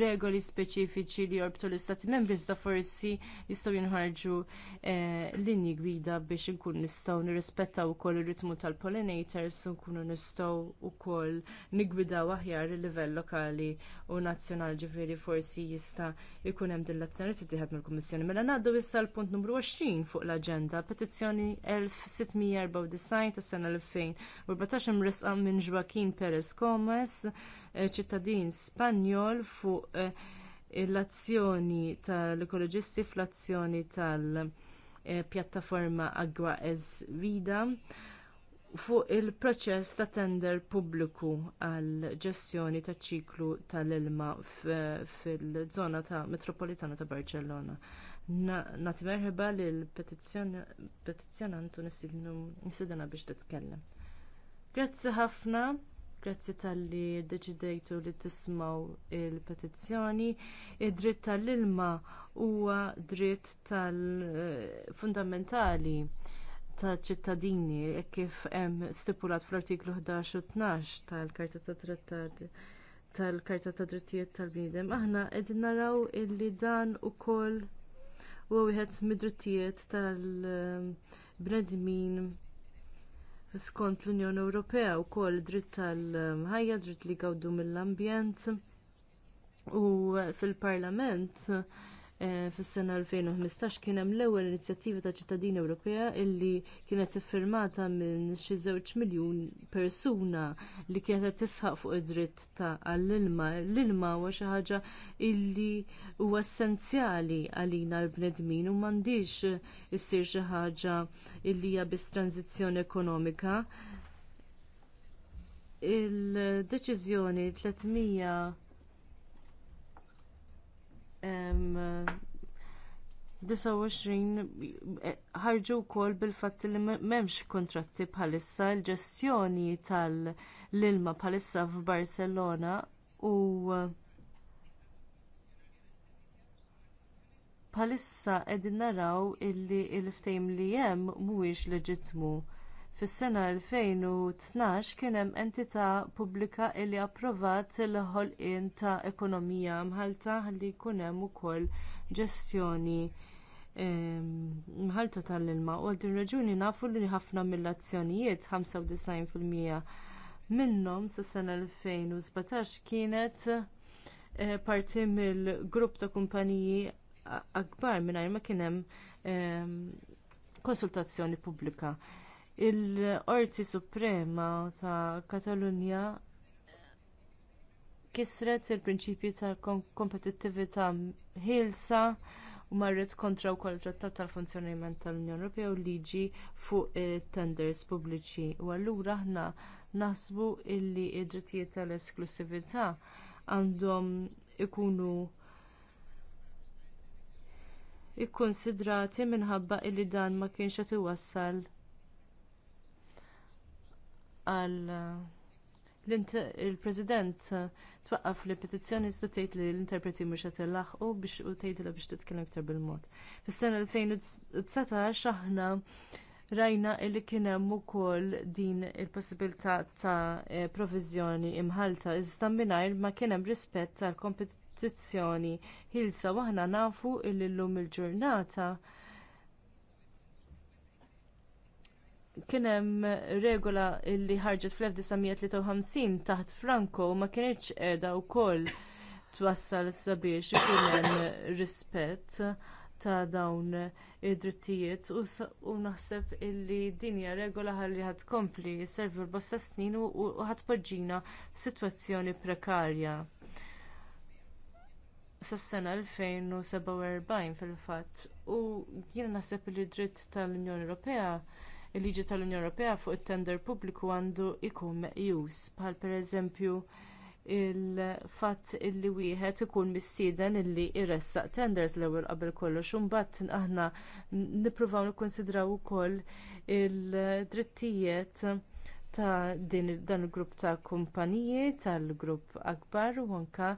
regoli speċifiċi li jorbtu l-Istati Membri iżda forsi jistgħu jinħorġu eh, linji gwida biex inkun nistgħu nirrispettaw ukoll ir-ritmu tal-pollinators u nkunu nistgħu wkoll nigwidaw aħjar il-livell lokali u nazzjonali ġifieri forsi jista' jkun hemm din l-azzjoni tittieħed mill-Kummissjoni. Mela ngħaddu issa l-punt numru 20 fuq l-aġenda petizzjoni 1604 94 tas sena 2014 imresqa minn Joaquin Perez Gomez, eh, ċittadin Spanjol fuq eh, l-azzjoni tal-ekoloġisti fl-azzjoni tal-pjattaforma eh, Agwa Ez Vida fuq il-proċess ta' tender pubbliku għall ġestjoni taċ ċiklu tal-ilma fil-żona ta' metropolitana ta' Barcellona. Nagħti merħba lill petizzjonant u nisidna biex titkellem. Grazzi ħafna, grazzi talli ddeċidejtu li tismaw il-petizzjoni. Id-dritt tal-ilma huwa dritt tal-fundamentali eh, ta' ċittadini e kif hemm stipulat fl-artiklu 11 u 12 tal-Karta ta' Trattati tal-Karta ta' Drittijiet tal-Bniedem, aħna qegħdin naraw illi dan ukoll u wieħed mid-drittijiet tal-bnedmin skont l-Unjoni Ewropea wkoll dritt tal-ħajja, dritt li gawdu mill-ambjent u fil-parlament Eh, fis-sena 2015 kien hemm l-ewwel inizjattiva ta' ċittadini Ewropea illi kienet iffirmata minn xi żewġ miljun persuna li kienet tisħaq fuq id-dritt ta' għall-ilma. L-ilma huwa xi ħaġa illi huwa essenzjali għalina l-bnedmin u m'għandix issir xi ħaġa illi hija biss tranzizzjoni ekonomika. Il-deċiżjoni 300 29 eh, ħarġu wkoll bil-fatt li m'hemmx kuntratti bħalissa l-ġestjoni tal-ilma bħalissa f'Barcelona u bħalissa qegħdin naraw illi l-ftehim li hemm mhuwiex leġittmu. Fis-sena 2012 kien hemm entità pubblika li approvat il-ħolqien ta' ekonomija mħalta li jkun hemm ukoll ġestjoni mħalta tal-ilma. U għal din raġuni nafu li ħafna mill-azzjonijiet 95% minnhom sas-sena 2017 kienet e, parti mill-grupp ta' kumpaniji akbar mingħajr ma kien hemm konsultazzjoni pubblika il-Qorti Suprema ta' Katalunja kisret il-prinċipji ta' kompetittività ħielsa u marret kontra wkoll trattat tal-funzjonament tal-Unjoni Ewropea u liġi fuq tenders pubbliċi. U allura aħna naħsbu li d-drittijiet tal-esklusività għandhom ikunu ikkonsidrati minħabba li dan ma kienx qed iwassal għal eh, il-President eh, twaqqaf li petizzjoni iżdu tgħid li l-interpreti mhux qed ilaħħqu biex u tgħidilha biex titkellem iktar bil-mod. Fis-sena 2019 aħna rajna li kien hemm ukoll din il-possibilità ta' eh, proviżjoni imħalta iżda mingħajr ma kien hemm rispett tal-kompetizzjoni ħilsa waħna nafu li llum il-ġurnata il ġurnata kien hemm regola li ħarġet fl-1953 taħt Franco ma kinitx qiegħda wkoll twassal sabiex ikun hemm rispett ta' dawn id-drittijiet u naħseb illi din hija regola ħalli ħad kompli servi l-bosta snin u ħad poġġina f'sitwazzjoni prekarja. Sas-sena 2047 fil-fatt u jien naħseb li d dritt tal-Unjoni Ewropea il-liġi tal-Unjoni Ewropea fuq it-tender pubbliku għandu jkun meqjus bħal pereżempju il-fatt illi wieħed ikun mistieden illi jressaq tenders l-ewwel qabel kollox u mbagħad aħna nippruvaw nikkonsidraw ukoll il-drittijiet ta' din dan il-grupp ta' kumpaniji tal-grupp akbar u anke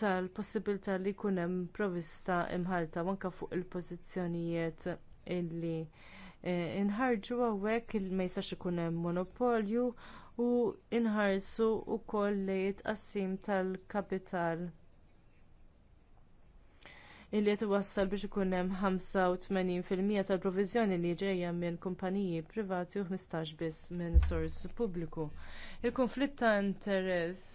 tal-possibilità li jkun hemm provvista imħalta anke fuq il-pożizzjonijiet illi Eh, inħarġu hawnhekk ma jistax ikun hemm monopolju u inħarsu wkoll lejn tqassim tal-kapital illi qed iwassal biex ikun hemm 85% tal-proviżjoni li ġejja minn kumpaniji privati u 15 biss minn sors pubbliku. Il-konflitt ta' interess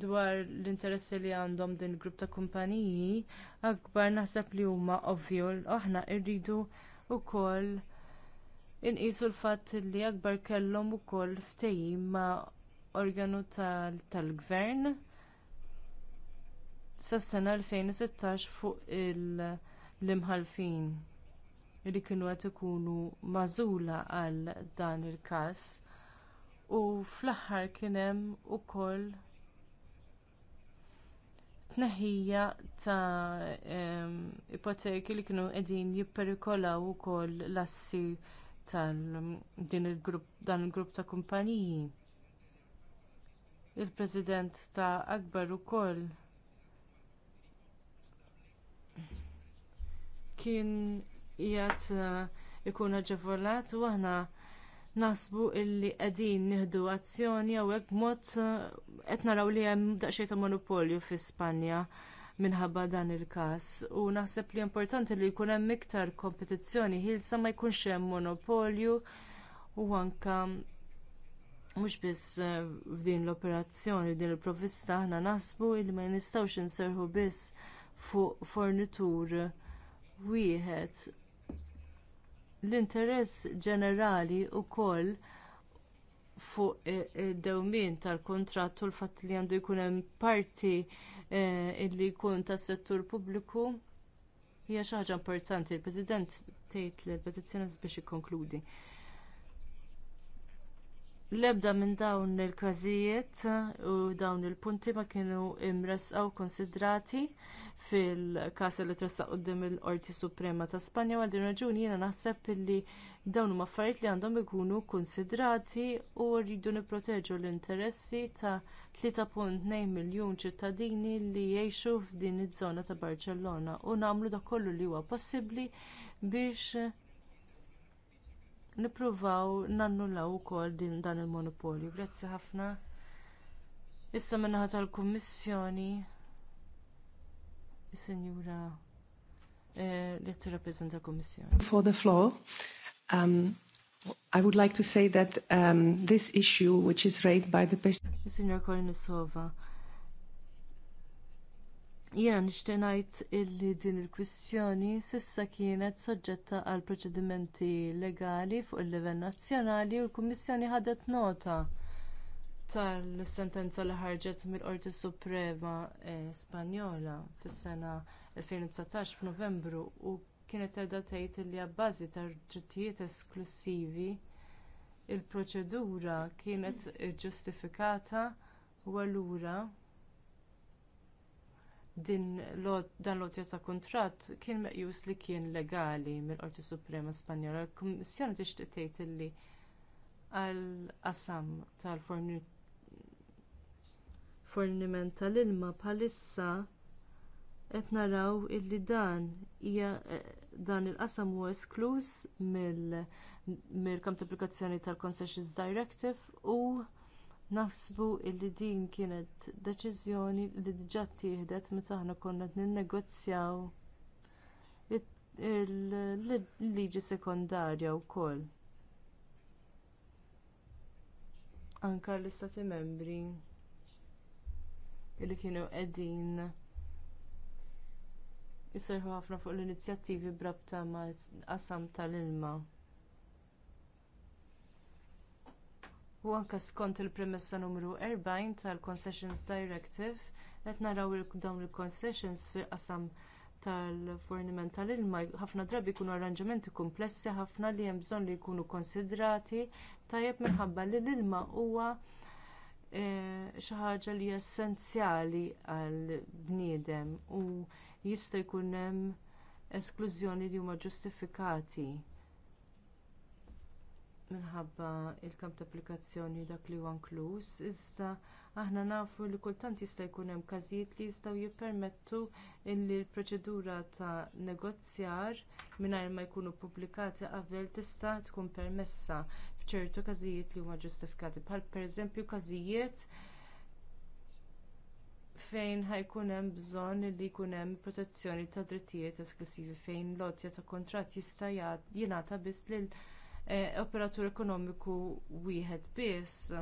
dwar l-interessi li għandhom din grupp ta' kumpaniji, akbar naħseb li huma ovvju aħna rridu wkoll inqisu l-fatt li akbar kellhom ukoll ftehim ma' organu tal-gvern sas-sena 2016 fuq il-limħalfin li kienu qed ikunu magħżula għal dan il-każ u fl-aħħar kien hemm ukoll tneħħija ta' ipoteki li kienu qegħdin jipperikolaw ukoll l-assi tal-din il-grupp dan il-grupp ta' kumpaniji. Il-President ta' Akbar ukoll kien jgħat eh, ikun aġevolat u aħna nasbu illi qegħdin nieħdu azzjoni hawnhekk mod eh, qed naraw li hemm daqsxejn ta' monopolju fi Spanja minħabba dan il-każ u naħseb li importanti li jkun hemm iktar kompetizzjoni ħilsa ma jkunx hemm monopolju u anke mhux biss eh, f'din l-operazzjoni f'din il-provvista aħna naħsbu li ma nistgħux inserħu biss fuq fornitur wieħed L-interess ġenerali wkoll fuq id-dewmien e, e, tal kuntratt u l-fatt li għandu jkun hemm parti e, li jkun tas settur pubbliku hija xi ħaġa importanti. Il-President tgħid li l-petizzjoni biex ikkonkludi. L-ebda minn dawn il-każijiet u dawn il-punti ma kienu imresqaw konsidrati fil-kas li tressaq quddiem il-Qorti Suprema ta' Spanja għal din raġuni jiena naħseb illi dawn huma affarijiet li għandhom ikunu kkunsidrati u rridu nipproteġu l-interessi ta' 3.2 miljun ċittadini li jgħixu f'din iż-żona ta' Barċellona u nagħmlu dak kollu li huwa possibbli biex nippruvaw nannullaw ukoll din dan il-monopolju. Grazzi ħafna. Issa min-naħa tal-Kummissjoni is-Sinjura eh, li tirrappreżenta l-Kummissjoni. For the floor, um, I would like to say that um, this issue which is raised by the patient. Signor Kornisova, Jiena nixtieq ngħid illi din il-kwistjoni sissa kienet soġġetta għal proċedimenti legali fuq il-livell nazzjonali u l-Kummissjoni ħadet nota tal-sentenza li ħarġet mill-Qorti Suprema eh, Spanjola fis-sena 2019 f'Novembru u kienet qiegħda tgħid li abbażi tar drittijiet esklusivi il-proċedura kienet ġustifikata u allura din dan l-otja ta' kuntratt kien meqjus li kien legali mill-Qorti Suprema Spanjola. l kummissjoni tixtieq tgħid li għall-qasam tal-forniment tal-ilma bħalissa qed naraw illi dan hija dan il-qasam huwa esklus mill-kamp applikazzjoni tal-Concessions Directive u Naħsbu li din kienet deċiżjoni li diġà tieħdet meta aħna konna ninnegozjaw il-liġi sekondarja wkoll. Anke l-istati membri li kienu qegħdin jisirħu ħafna fuq l-inizjattivi brabta ma' qasam tal-ilma. u anke skont il-premessa numru 40 tal-Concessions Directive qed naraw dawn il-concessions fil qasam tal-forniment tal-ilma ħafna drabi jkunu arranġamenti komplessi ħafna li hemm bżonn li jkunu konsidrati tajjeb minħabba li l-ilma huwa eh, xi ħaġa li essenzjali għall bniedem u jista' jkun hemm esklużjoni li huma ġustifikati minħabba l kamp ta' applikazzjoni dak li huwa inkluż, iżda aħna nafu li kultant jista' jkun hemm każijiet li jistgħu jippermettu li l-proċedura ta' negozjar mingħajr ma jkunu pubblikati qabel tista' tkun permessa f'ċertu każijiet li huma ġustifikati bħal pereżempju każijiet fejn ħajkun hemm bżonn li jkun hemm protezzjoni ta' drittijiet esklusivi fejn l-għotja ta' kuntratt jista' jingħata biss lil Eh, operatur ekonomiku wieħed biss.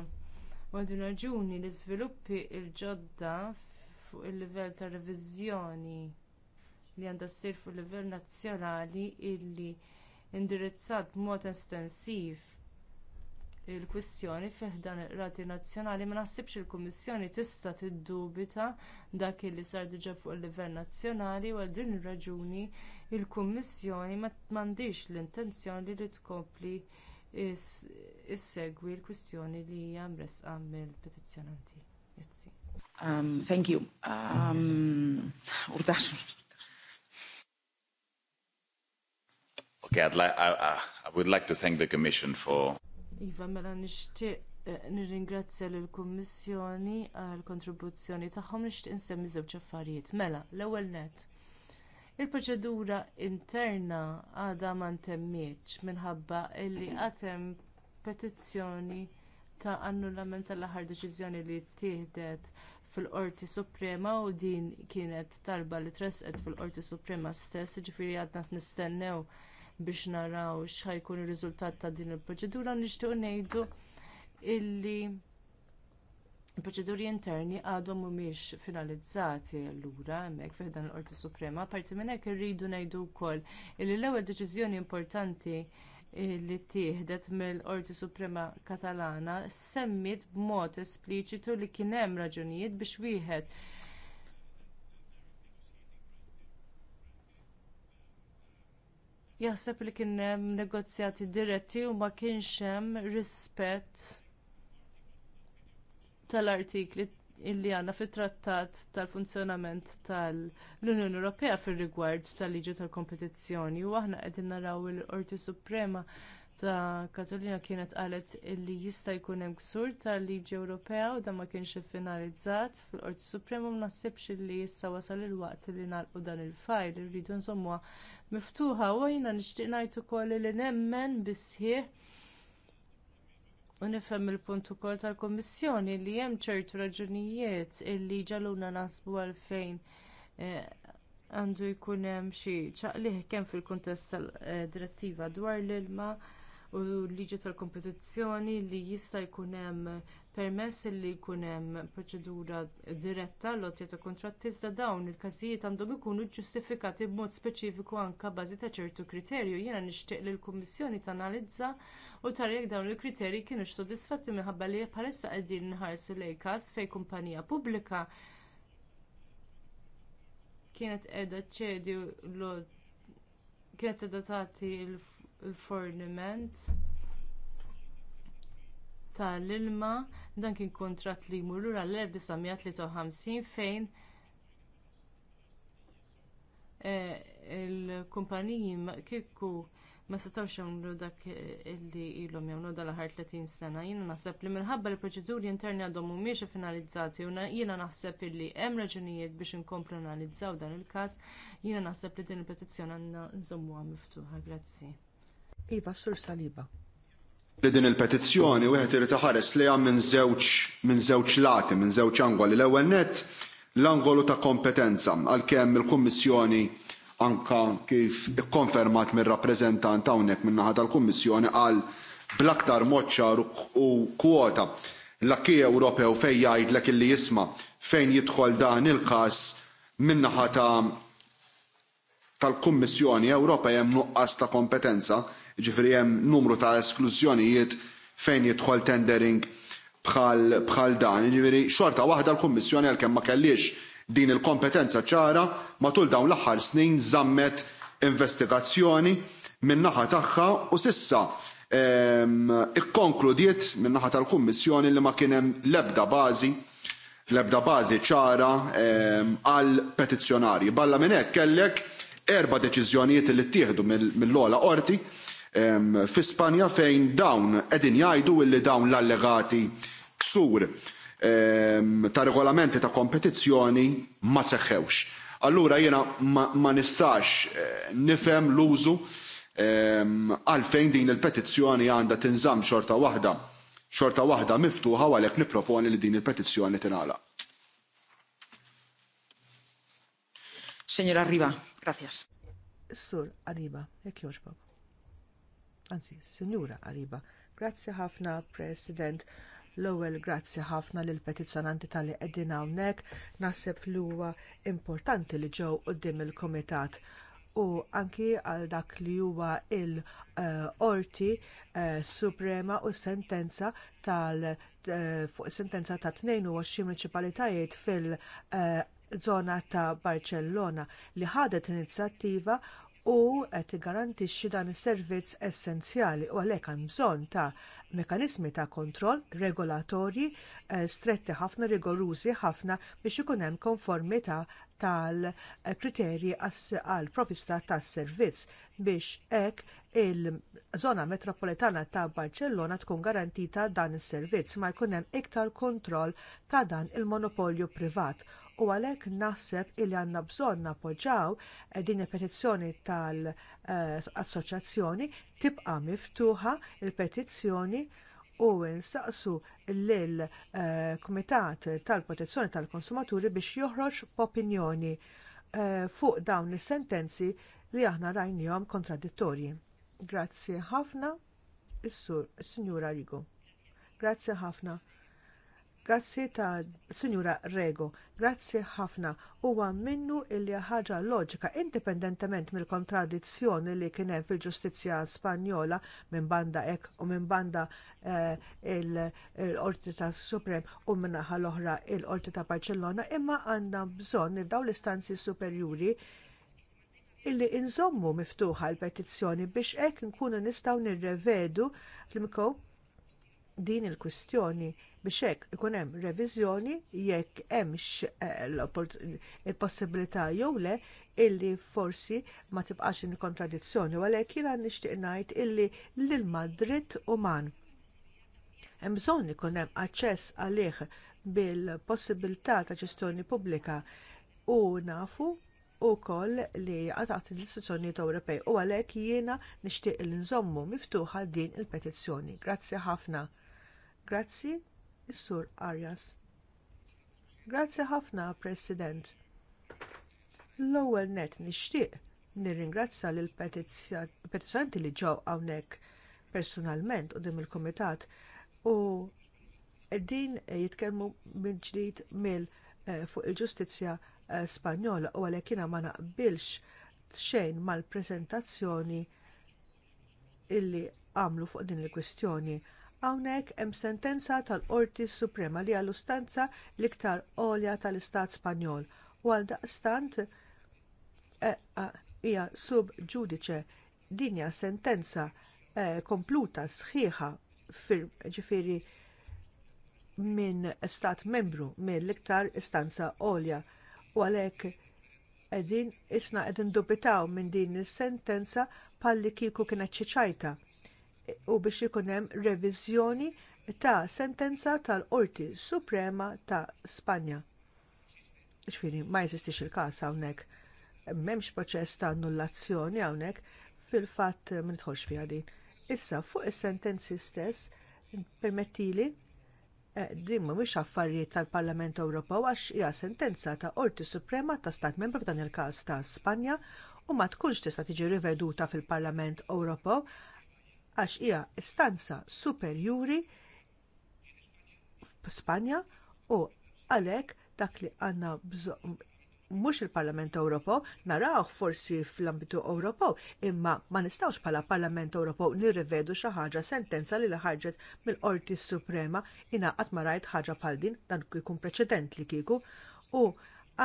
Għandu raġuni li żviluppi l ġodda fuq il-livell ta' reviżjoni li għandha ssir fuq il-livell nazzjonali illi indirizzat b'mod estensiv il-kwistjoni fih dan ir-rati nazzjonali ma naħsibx il-Kummissjoni tista' tiddubita dak li sar diġà fuq il-livell nazzjonali u għal din ir-raġuni il-Kummissjoni m'għandhiex l-intenzjoni li tkompli issegwi l-kwistjoni li hija mresqa mill-petizzjonanti. Um, thank you. Um, okay, I'd like, I, I, I would like to thank the Commission for... Iva, mela nishtiq eh, nirringrazzja lill kummissjoni għall kontribuzzjoni tagħhom nixtieq insemmi żewġ affarijiet. Mela, l-ewwel nett Il-proċedura interna għadha ma ntemmietx minħabba li hemm petizzjoni ta' annullament tal-aħħar deċiżjoni li ttieħdet fil-Qorti Suprema u din kienet talba li tresqet fil-Qorti Suprema stess, jiġifieri għadna nistennew biex naraw x'ħajkun ir-riżultat ta' din il-proċedura nixtieq ngħidu illi Il-proċeduri interni għadhom mhumiex finalizzati allura hemmhekk fih dan l-Qorti Suprema, parti minn hekk irridu ngħidu wkoll li l-ewwel deċiżjoni importanti li tieħdet mill-Qorti Suprema Katalana semmit b'mod espliċitu li kien hemm raġunijiet biex wieħed jaħseb li kien hemm negozjati diretti u ma kienx hemm rispett tal-artikli illi għandna fit trattat tal-funzjonament tal-Unjoni Ewropea fir rigward tal-liġi tal-kompetizzjoni u aħna qegħdin naraw il-Qorti Suprema ta' Katolina kienet qalet illi jista' jkun hemm ksur tal-liġi Ewropea u dan ma kienx iffinalizzat fil-Qorti Suprema ma naħsibx illi issa wasal il-waqt li nagħlqu dan il-fajl irridu nżommuha miftuħa u jiena nixtieq ngħid ukoll li nemmen bisħieħ U nifhem il-punt ukoll tal-Kummissjoni li hemm ċertu raġunijiet illi ġaluna nasbu għalfejn eh, għandu jkun hemm xi ċaqliħ kemm fil-kuntest tal-direttiva eh, dwar l-ilma u l-liġi tal-kompetizzjoni li jista' jkun hemm permess li jkun hemm proċedura diretta l-ottja ta' kontratti iżda dawn il-każijiet għandhom ikunu ġustifikati b'mod speċifiku anke bażi ta' ċertu kriterju. Jiena nixtieq li l-Kummissjoni tanalizza u tara jekk dawn il-kriterji kienu sodisfatti minħabba li bħalissa qegħdin nħarsu lejn każ fejn kumpanija pubblika kienet qiegħda ċedi kienet qiegħda tagħti l l-forniment tal-ilma dan kien kuntratt li jmur lura l-1953 fejn eh, il-kumpaniji kieku ma setawx jagħmlu dak illi eh, ilhom jagħmlu dal-aħħar 30 sena. Jiena naħseb li minħabba li proċeduri interni għadhom mhumiex finalizzati u jiena naħseb illi hemm raġunijiet biex inkomplu analizzaw dan il-każ, jiena naħseb li din il-petizzjoni għandna nżommuha miftuħa. Grazzi. Iva, sur saliba. Li din il-petizzjoni wieħed irid iħares li għam minn żewġ lati, minn żewġ angoli. L-ewwel nett l-angolu ta' kompetenza għalkemm il-Kummissjoni anka kif konfermat mir rappreżentant hawnhekk min naħa tal-Kummissjoni qal bl-aktar u kwota l-akki Ewropew fejn jgħidlek illi jisma' fejn jidħol dan il-każ min-naħa ta' tal-Kummissjoni Ewropea hemm nuqqas ta' kompetenza Ġifiri hemm numru ta' esklużjonijiet fejn jidħol tendering bħal, bħal dan. Ġifiri xorta waħda l-Kummissjoni għalkemm ma kellix din il-kompetenza ċara matul dawn l-aħħar snin żammet investigazzjoni min-naħa tagħha u sissa ehm, ikkonkludiet min-naħa tal-Kummissjoni li ma kien hemm l-ebda bażi l-ebda bażi ċara ehm, għal petizzjonarji. Balla minn hekk kellek erba' deċiżjonijiet li ttieħdu mill-ogħla qorti Fi Spanja fejn dawn qegħdin jgħidu li dawn l-allegati ksur ta' regolamenti ta' kompetizzjoni ma seħħewx. Allura jiena ma nistax eh, nifhem l-użu għalfejn din il-petizzjoni għandha tinżamm xorta waħda xorta waħda miftuħa għalek għalhekk nipproponi li din il-petizzjoni tinala. Signora Riva, gracias. Sur Arriba, jekk joġbok anzi, Sinjura Qariba. Grazzi ħafna, President. L-ewwel grazzi ħafna lill petizzjonanti tal-li qegħdin hawnhekk. Naħseb li huwa importanti li ġew quddiem il-Kumitat u anki għal dak li huwa l-qorti eh, suprema u s sentenza tal eh, sentenza ta' 22 municipalitajiet fil- żona eh, ta' Barcellona li ħadet inizjattiva u qed igarantixxi dan is-servizz essenzjali u għalhekk hemm bżonn ta' mekkaniżmi ta' kontroll regolatorji eh, stretti ħafna rigorużi ħafna biex ikun hemm konformità tal-kriterji għall provista tas-servizz biex hekk il-żona metropolitana ta' Barcellona tkun garantita dan is-servizz ma jkun hemm iktar kontroll ta' dan il-monopolju privat u għalhekk naħseb illi għandna bżonn nappoġġjaw eh, din il-petizzjoni tal-assoċjazzjoni eh, tibqa' miftuħa il-petizzjoni u nsaqsu lill eh, kumitat tal-Protezzjoni tal-Konsumaturi biex joħroġ b'opinjoni fuq dawn is-sentenzi li aħna rajniehom kontradittorji. Grazzi ħafna, is-sur, sinjura Rigu. Grazzi ħafna. Grazzi ta' Signora Rego, grazzi ħafna. Huwa minnu illi ħaġa loġika indipendentement mill-kontradizzjoni li kien hemm fil-ġustizzja Spanjola minn banda ek u minn banda eh, l-Qorti ta' Suprem u minn naħa l-oħra l-Qorti ta' Barcellona, imma għandna bżonn dawn l-istanzi superjuri illi inżommu miftuħa l-petizzjoni biex hekk nkunu nistgħu nirrevedu l-mikow din il-kwistjoni biex hekk ikun hemm reviżjoni jekk hemmx eh, il-possibilità jew le illi forsi ma tibqax in kontradizzjoni u għalhekk jiena nixtieq ngħid illi lil Madrid uman. Hemm bżonn ikun hemm aċċess għalih bil-possibilità ta' ġestjoni pubblika u nafu wkoll li għatat l-istituzzjonijiet Ewropej u għalhekk jiena nixtieq li nżommu miftuħa din il-petizzjoni. Grazzi ħafna. Grazzi, Sur Arias. Grazzi ħafna, President. L-ewwel net nixtieq nirringrazzja lill petizzjonanti li ġew hawnhekk personalment quddiem il-Kumitat u din jitkellmu minn ġdid mill eh, fuq il-ġustizzja eh, Spanjola u għalhekk jiena ma naqbilx xejn mal-preżentazzjoni illi għamlu fuq din il-kwistjoni Hawnhekk hemm sentenza tal-Qorti Suprema li għall stanza l-iktar għolja tal-Istat Spanjol u għal daqstant eh, ah, hija e, sub ġudice dinja sentenza e, kompluta sħiħa ġifieri minn stat membru minn l-iktar istanza għolja u għalhekk qegħdin isna qed dubitaw minn din is-sentenza palli kieku kienet ċiċajta u biex ikun hemm reviżjoni ta' sentenza tal-Qorti Suprema ta' Spanja. Ġifieri ma jeżistix il-każ hawnhekk. M'hemmx proċess ta' annullazzjoni hawnhekk fil-fatt ma nidħolx fiha din. Issa fuq is-sentenzi stess permettili eh, din mhumiex affarijiet tal-Parlament Ewropew għax hija sentenza ta' Qorti Suprema ta' Stat Membru f'dan il-każ ta' Spanja u ma tkunx tista' tiġi riveduta fil-Parlament Ewropew għax hija istanza superjuri f'Spanja u għalhekk dak li għandna bżonn mhux il-Parlament Ewropew narawh forsi fl-ambitu Ewropew, imma ma nistgħux bħala Parlament Ewropew nirrivedu xi ħaġa sentenza li ħarġet mill-Qorti Suprema ingħaqad ma rajt ħaġa bħal din dan jkun preċedent li kieku u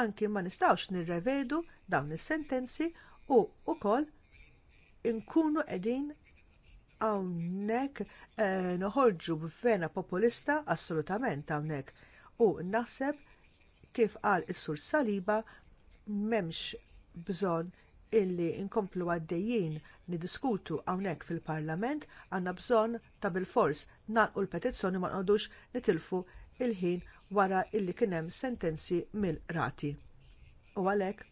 anki ma nistgħux nirrevedu dawn is-sentenzi u wkoll inkunu qegħdin hawnhekk eh, noħorġu b'vena populista assolutament hawnhekk. U naħseb kif qal is-sur Saliba m'hemmx bżonn illi nkomplu għaddejjin niddiskutu hawnhekk fil-Parlament għandna bżonn ta' bilfors nagħlqu l-petizzjoni ma nqogħdux nitilfu il-ħin wara illi kien hemm sentenzi mill-rati. U għalhekk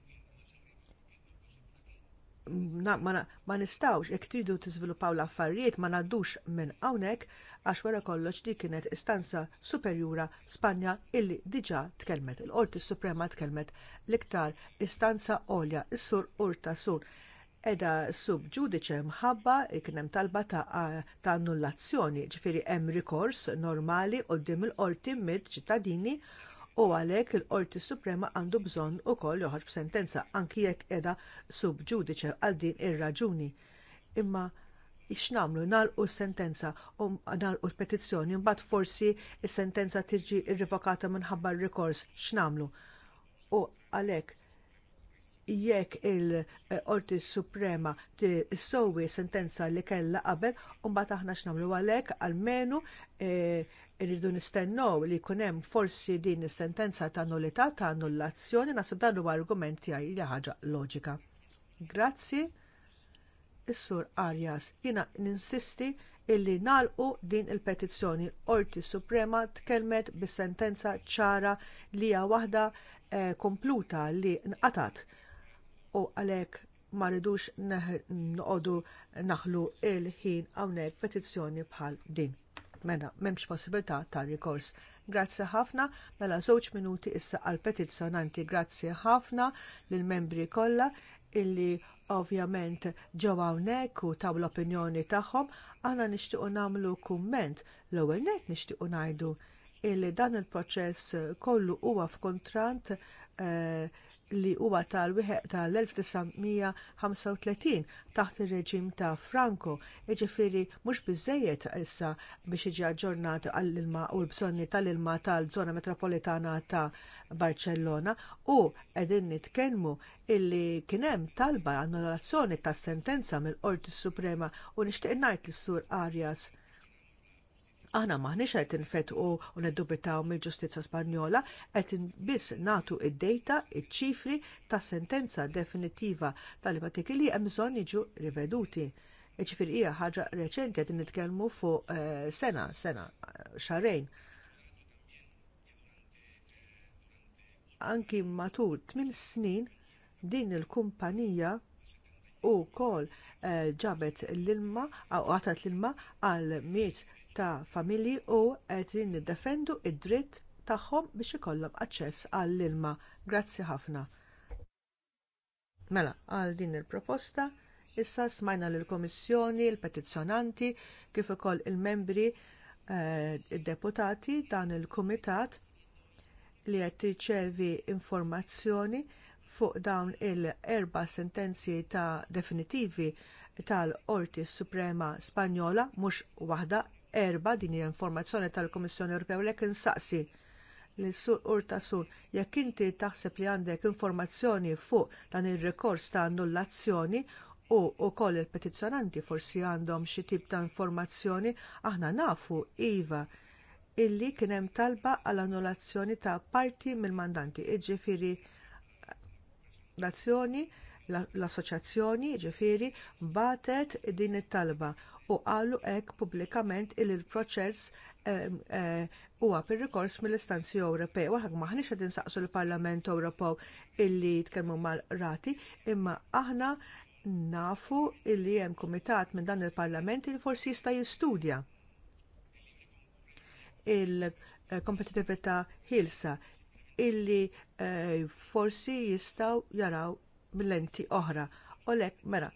ma nistawx jekk tridu tiżviluppaw l-affarijiet ma ngħaddux minn hawnhekk għax wara kollox dik kienet istanza superjura Spanja illi diġà tkellmet il-Qorti Suprema tkellmet l-iktar istanza għolja is-sur urta sur edha sub ġudice mħabba kien hemm talba ta' annullazzjoni ġifieri hemm rikors normali quddiem il-qorti mid ċittadini u għalhekk il-Qorti Suprema għandu bżonn ukoll joħorġ b'sentenza anki jekk qiegħda sub ġudice għal din ir-raġuni. Imma nagħmlu nagħlqu s-sentenza u nagħlqu l-petizzjoni mbagħad forsi s-sentenza tiġi rrevokata minħabba r-rikors x'namlu. U għalhekk jekk il-Qorti Suprema tissowi sentenza li kellha qabel, u mbagħad aħna x'namlu għalhekk għalmenu eh, irridu nistennew li jkun hemm forsi din is-sentenza ta' nullità ta' annullazzjoni naħseb dan huwa argument tiegħi li ħaġa loġika. Grazzi. Is-sur Arias, jiena ninsisti illi nagħlqu din il-petizzjoni Qorti Suprema tkellmet bis-sentenza ċara li hija waħda eh, kompluta li nqatat u għalhekk ma rridux noqogħdu naħlu l ħin hawnhekk petizzjoni bħal din mena m'hemmx possibilità ta' rikors. Grazzi ħafna, mela żewġ minuti issa għal petizzjonanti. Grazzi ħafna lill membri kollha illi ovvjament ġew hawnhekk u taw l-opinjoni tagħhom, aħna nixtiequ nagħmlu kumment. L-ewwel nett nixtiequ ngħidu illi dan il-proċess kollu huwa f'kuntratt eh, li huwa tal-wieħed tal-1935 taħt ir-reġim ta' Franco, jiġifieri mhux biżżejjed issa biex jiġi aġġornat għall-ilma u l-bżonni tal-ilma tal-żona metropolitana ta' Barcellona u qegħdin nitkellmu illi kien hemm talba annullazzjoni tas sentenza mill-Qorti Suprema u nixtieq ngħid lis-Sur Arias Aħna maħniex qed infetqu u neddubitaw mill ġustizja Spanjola, qed biss nagħtu id-dejta, iċ-ċifri ta' sentenza definittiva tal-ipoteki li hemm bżonn jiġu riveduti. Iċifir hija ħaġa reċenti qed nitkellmu fuq eh, sena, sena, xarejn. Anki matul tmien snin din il-kumpanija u kol eh, ġabet l-ilma, u għatat l-ilma għal miet ta' familji u qegħdin niddefendu id-dritt tagħhom biex ikollhom aċċess għall-ilma. Grazzi ħafna. Mela, għal din il-proposta, issa smajna lill komissjoni il-petizzjonanti, kif ukoll il-membri eh, id-deputati dan il-kumitat li qed tirċevi informazzjoni fuq dawn il-erba sentenzi ta' definitivi tal-Qorti Suprema Spanjola, mhux waħda erba din hija informazzjoni tal-Kummissjoni Ewropew lek insaqsi li sur urta sur jekk inti taħseb li għandek informazzjoni fuq dan ir-rekors ta' annullazzjoni u wkoll il-petizzjonanti forsi għandhom xi tip ta' informazzjoni aħna nafu iva illi kien hemm talba għal annulazzjoni ta' parti mill-mandanti, jiġifieri l-azzjoni l-assoċjazzjoni ġifiri batet din it-talba u qalu hekk pubblikament il l proċess eh, huwa eh, bir-rikors mill-istanzi Ewropej. Waħak maħniex qed insaqsu l-Parlament Ewropew illi jitkellmu mal-rati, imma aħna nafu illi hemm kumitat minn dan il-Parlament li forsi jista' jistudja il-kompetitività ħilsa illi eh, forsi jistgħu jaraw mill-lenti oħra. Olek, mera,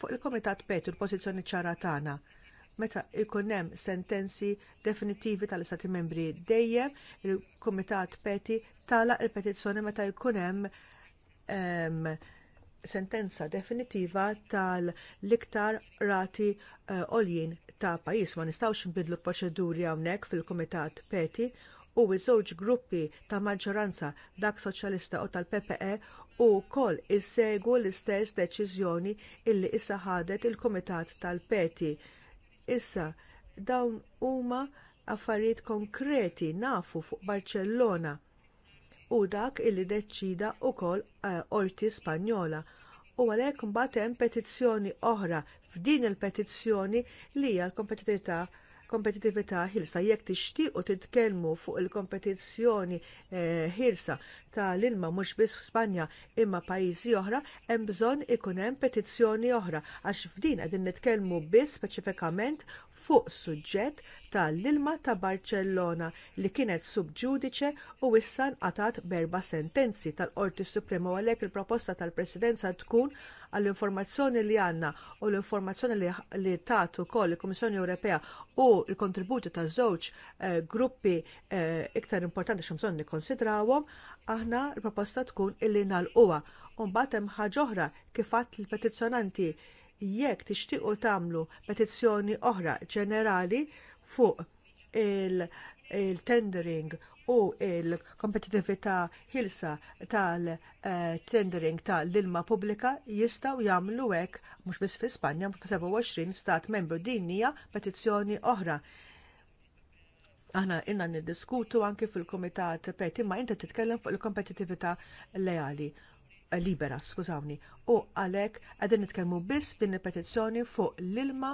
fuq il-Komitat Peti l-pożizzjoni ċara tagħna meta jkun hemm sentenzi definittivi tal-Istati Membri dejjem il-Kumitat Peti tala il-petizzjoni meta jkun hemm ehm, sentenza definittiva tal-iktar rati eh, għoljin ta' pajjiż ma nistgħux nbidlu proċeduri hawnhekk fil-Kumitat Peti u żewġ gruppi ta' maġġoranza dak soċjalista u tal-PPE u wkoll issegwu l-istess deċiżjoni illi issa ħadet il-Kumitat tal-Peti. Issa dawn huma affarijiet konkreti nafu fuq Barcellona u dak illi deċida wkoll qorti eh, uh, Spanjola u għalhekk mbagħad hemm petizzjoni oħra f'din il-petizzjoni li hija l-kompetitività kompetitività ħilsa jekk tixtiequ titkellmu fuq il-kompetizzjoni eh, ħilsa l ilma mhux biss f'Spanja imma pajjiżi oħra hemm bżonn ikun hemm petizzjoni oħra għax f'din qegħdin nitkellmu biss speċifikament fuq suġġett tal-ilma ta' Barcellona li kienet subġudice u issa nqatat berba sentenzi tal-Qorti Suprema u għalhekk il-proposta tal-Presidenza tkun għall-informazzjoni li għandna u l-informazzjoni li, li tat ukoll il-Kummissjoni Ewropea u l kontributi ta' żewġ eh, gruppi eh, iktar importanti bżonn nikkonsidrawhom, aħna l-proposta tkun illi nagħlquha. U mbagħad hemm ħaġa oħra kif kifat l-petizzjonanti jekk tixtiequ tagħmlu petizzjoni oħra ġenerali fuq il-tendering u l kompetitività ħilsa tal-tendering eh, tal-ilma pubblika jistgħu jagħmlu hekk mhux biss fi Spanja 27 stat membru din hija petizzjoni oħra. Aħna inna niddiskutu anke fil-Kumitat Peti ma inti titkellem fuq il kompetitività leali libera, skużawni, u għalek qegħdin nitkellmu biss din il-petizzjoni fuq l-ilma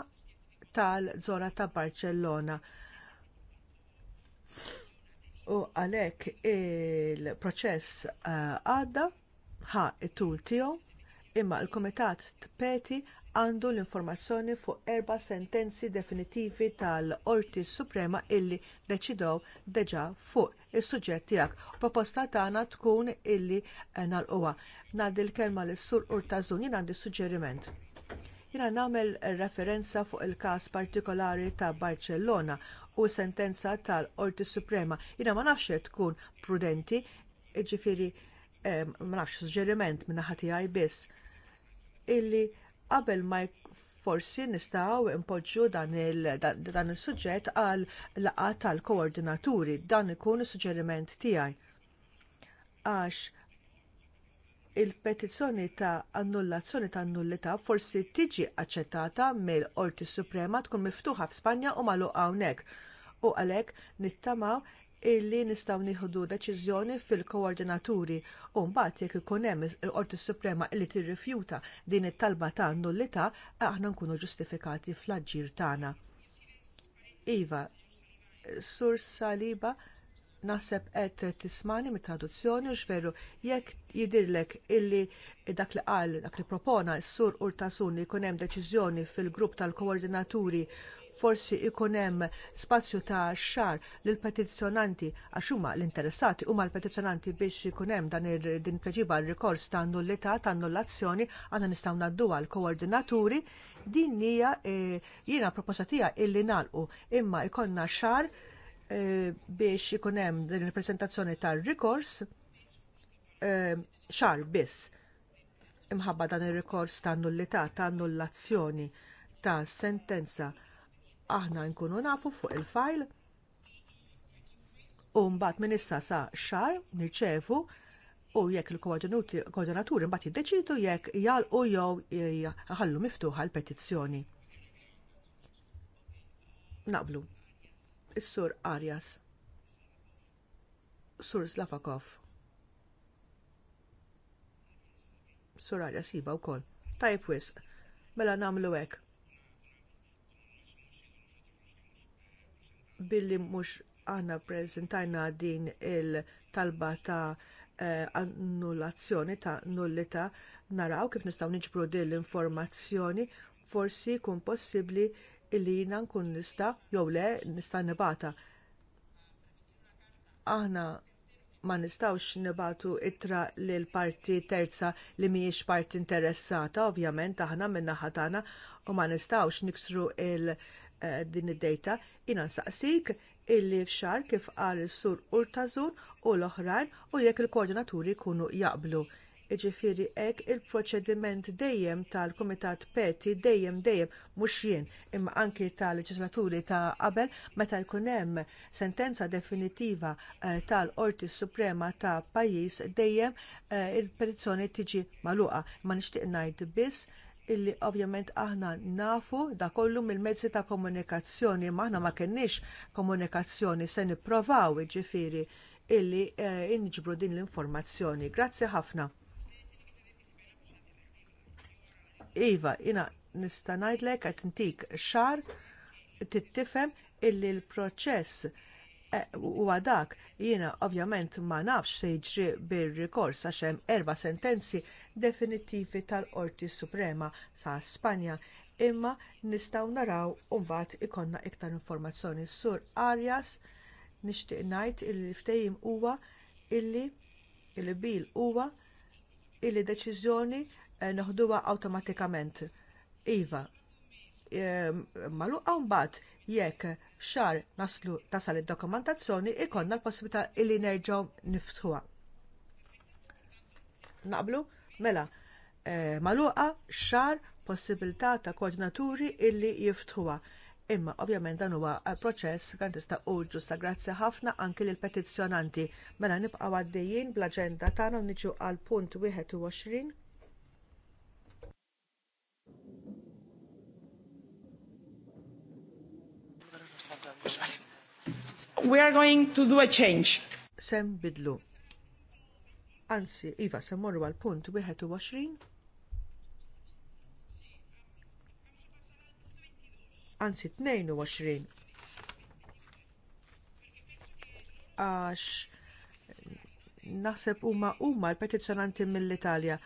tal-żona ta' Barcellona. U għalhekk il-proċess eh, għadda ħa it-tul tiegħu imma l kumitat Peti għandu l-informazzjoni fuq erba sentenzi definitivi tal-Qorti Suprema illi deċidew deġa fuq is-suġġett tiegħek. Proposta tagħna tkun illi eh, nagħlquha. Ngħaddi l-kelma lis sur Urtażun jien għandi suġġeriment. Jiena nagħmel referenza fuq il-każ partikolari ta' Barcellona u sentenza tal-Qorti Suprema. Jiena ma nafx tkun prudenti, jiġifieri ma nafx suġġeriment minn ħati għaj biss illi qabel ma forsi nistgħu impoġġu dan il-suġġett għal laqgħa tal-koordinaturi dan ikun is suġġeriment tiegħi. Għax il-petizzjoni ta' annullazzjoni ta' annullità forsi tiġi aċċettata mill-Qorti Suprema tkun miftuħa f'Spanja u magħluqa hawnhekk u għalhekk nittamaw illi nistgħu nieħdu deċiżjoni fil-koordinaturi u mbagħad jekk ikun hemm il-Qorti Suprema li tirrifjuta din it-talba ta' annullità aħna nkunu ġustifikati fl-aġġir tagħna. Iva, Sur Saliba naħseb qed tismani mit traduzzjoni u xveru jekk jidhirlek illi dak li qal dak li propona s-sur urtasun li jkun hemm deċiżjoni fil-grupp tal-koordinaturi forsi jkun hemm spazju ta' xar lill petizzjonanti għax huma l-interessati huma l-petizzjonanti biex ikun hemm dan din preġiba rikors ta' nullità ta' annullazzjoni għandna nistgħu ngħaddu għall koordinaturi din hija eh, jiena proposta tiegħi illi nagħlqu imma jkollna xahar Eh, biex ikun hemm din il-presentazzjoni tar-rikors eh, xar biss imħabba dan ir-rikors ta' nullità ta' annullazzjoni ta' sentenza aħna nkunu nafu fuq il-fajl u mbagħad minn issa sa xar nirċevu u jekk il-koordinaturi mbagħad jiddeċidu jekk jgħalqu jew ħallu miftuħa l-petizzjoni. Naqblu. Is-sur Arias. Sur Slavakov. Sur Arias jiba wkoll. Tajb wisq. Mela nagħmlu hekk. Billi mhux aħna ppreżentajna din il-talba ta' eh, annullazzjoni ta' nullita naraw kif nistgħu niġbru din l-informazzjoni forsi jkun possibbli illi jina nkun nista jew le nista' nibata. Aħna ma nistawx nibatu ittra lil parti terza li mhijiex parti interessata, ovvjament aħna min-naħa tagħna u ma nistawx niksru il eh, din id-dejta. Jiena nsaqsik illi f'xar kif qal is-sur Urtazun u l-oħrajn u jekk il-koordinaturi jkunu jaqblu Jiġifieri hekk il-proċediment dejjem tal kumitat Peti dejjem dejjem mhux jien imma anki tal-leġislaturi ta' qabel meta jkun hemm sentenza definitiva eh, tal-Qorti Suprema ta' pajjiż dejjem eh, il-petizzjoni tiġi magħluqa. Ma nixtieq ngħid biss illi ovvjament aħna nafu da kollu mill-mezzi ta' komunikazzjoni, ma aħna ma kenniex komunikazzjoni se nipprovaw ġifiri illi eh, inġbru din l-informazzjoni. Grazzi ħafna. iva, jina nista' ngħidlek qed intik xar tittifhem illi l-proċess eh, huwa dak jiena ovvjament ma nafx se jiġri bir-rikors għax hemm erba' sentenzi definittivi tal-Qorti Suprema ta' Spanja imma nistgħu naraw u mbagħad ikollna iktar informazzjoni. Sur Arias nixtieq ngħid li ftehim huwa illi il-bil huwa illi deċiżjoni Eh, noħduha awtomatikament. Iva, maluqa mbagħad jekk xar naslu tasal id-dokumentazzjoni ikonna l-possibilità li nerġgħu niftħuha. Naqblu? Mela, eh, maluqa xar possibilità ta' koordinaturi illi jiftħuha. Imma ovvjament dan huwa eh, proċess kan tista' uġu sta' grazzi ħafna anki lill petizzjonanti Mela nibqa' għaddejjin bl-aġenda tagħna niġu għal punt 21 We are going to do a change. Sem bidlu. Anzi, Iva, sem morru għal punt 21. Anzi, 22. Għax naħseb umma umma l petizjonanti mill-Italja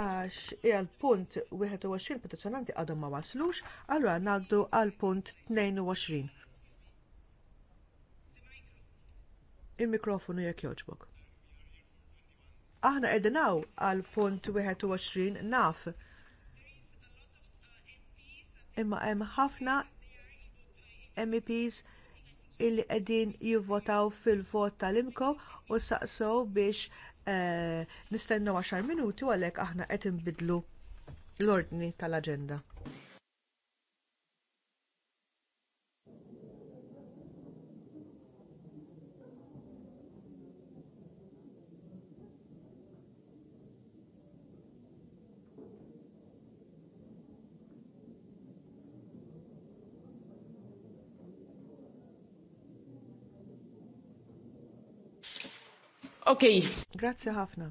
għax għal punt 21 petizjonanti għadhom ma waslux, allura ngħaddu għal punt 22. il-mikrofonu jekk jogħġbok. Aħna edinaw għal punt 21 naf. Imma hemm ħafna MEPs illi qegħdin jivvotaw fil-vot tal-imko u saqsow biex eh, nistennu 10 minuti u għalhekk aħna qed inbidlu l-ordni tal-aġenda. Ok. Grazie ħafna.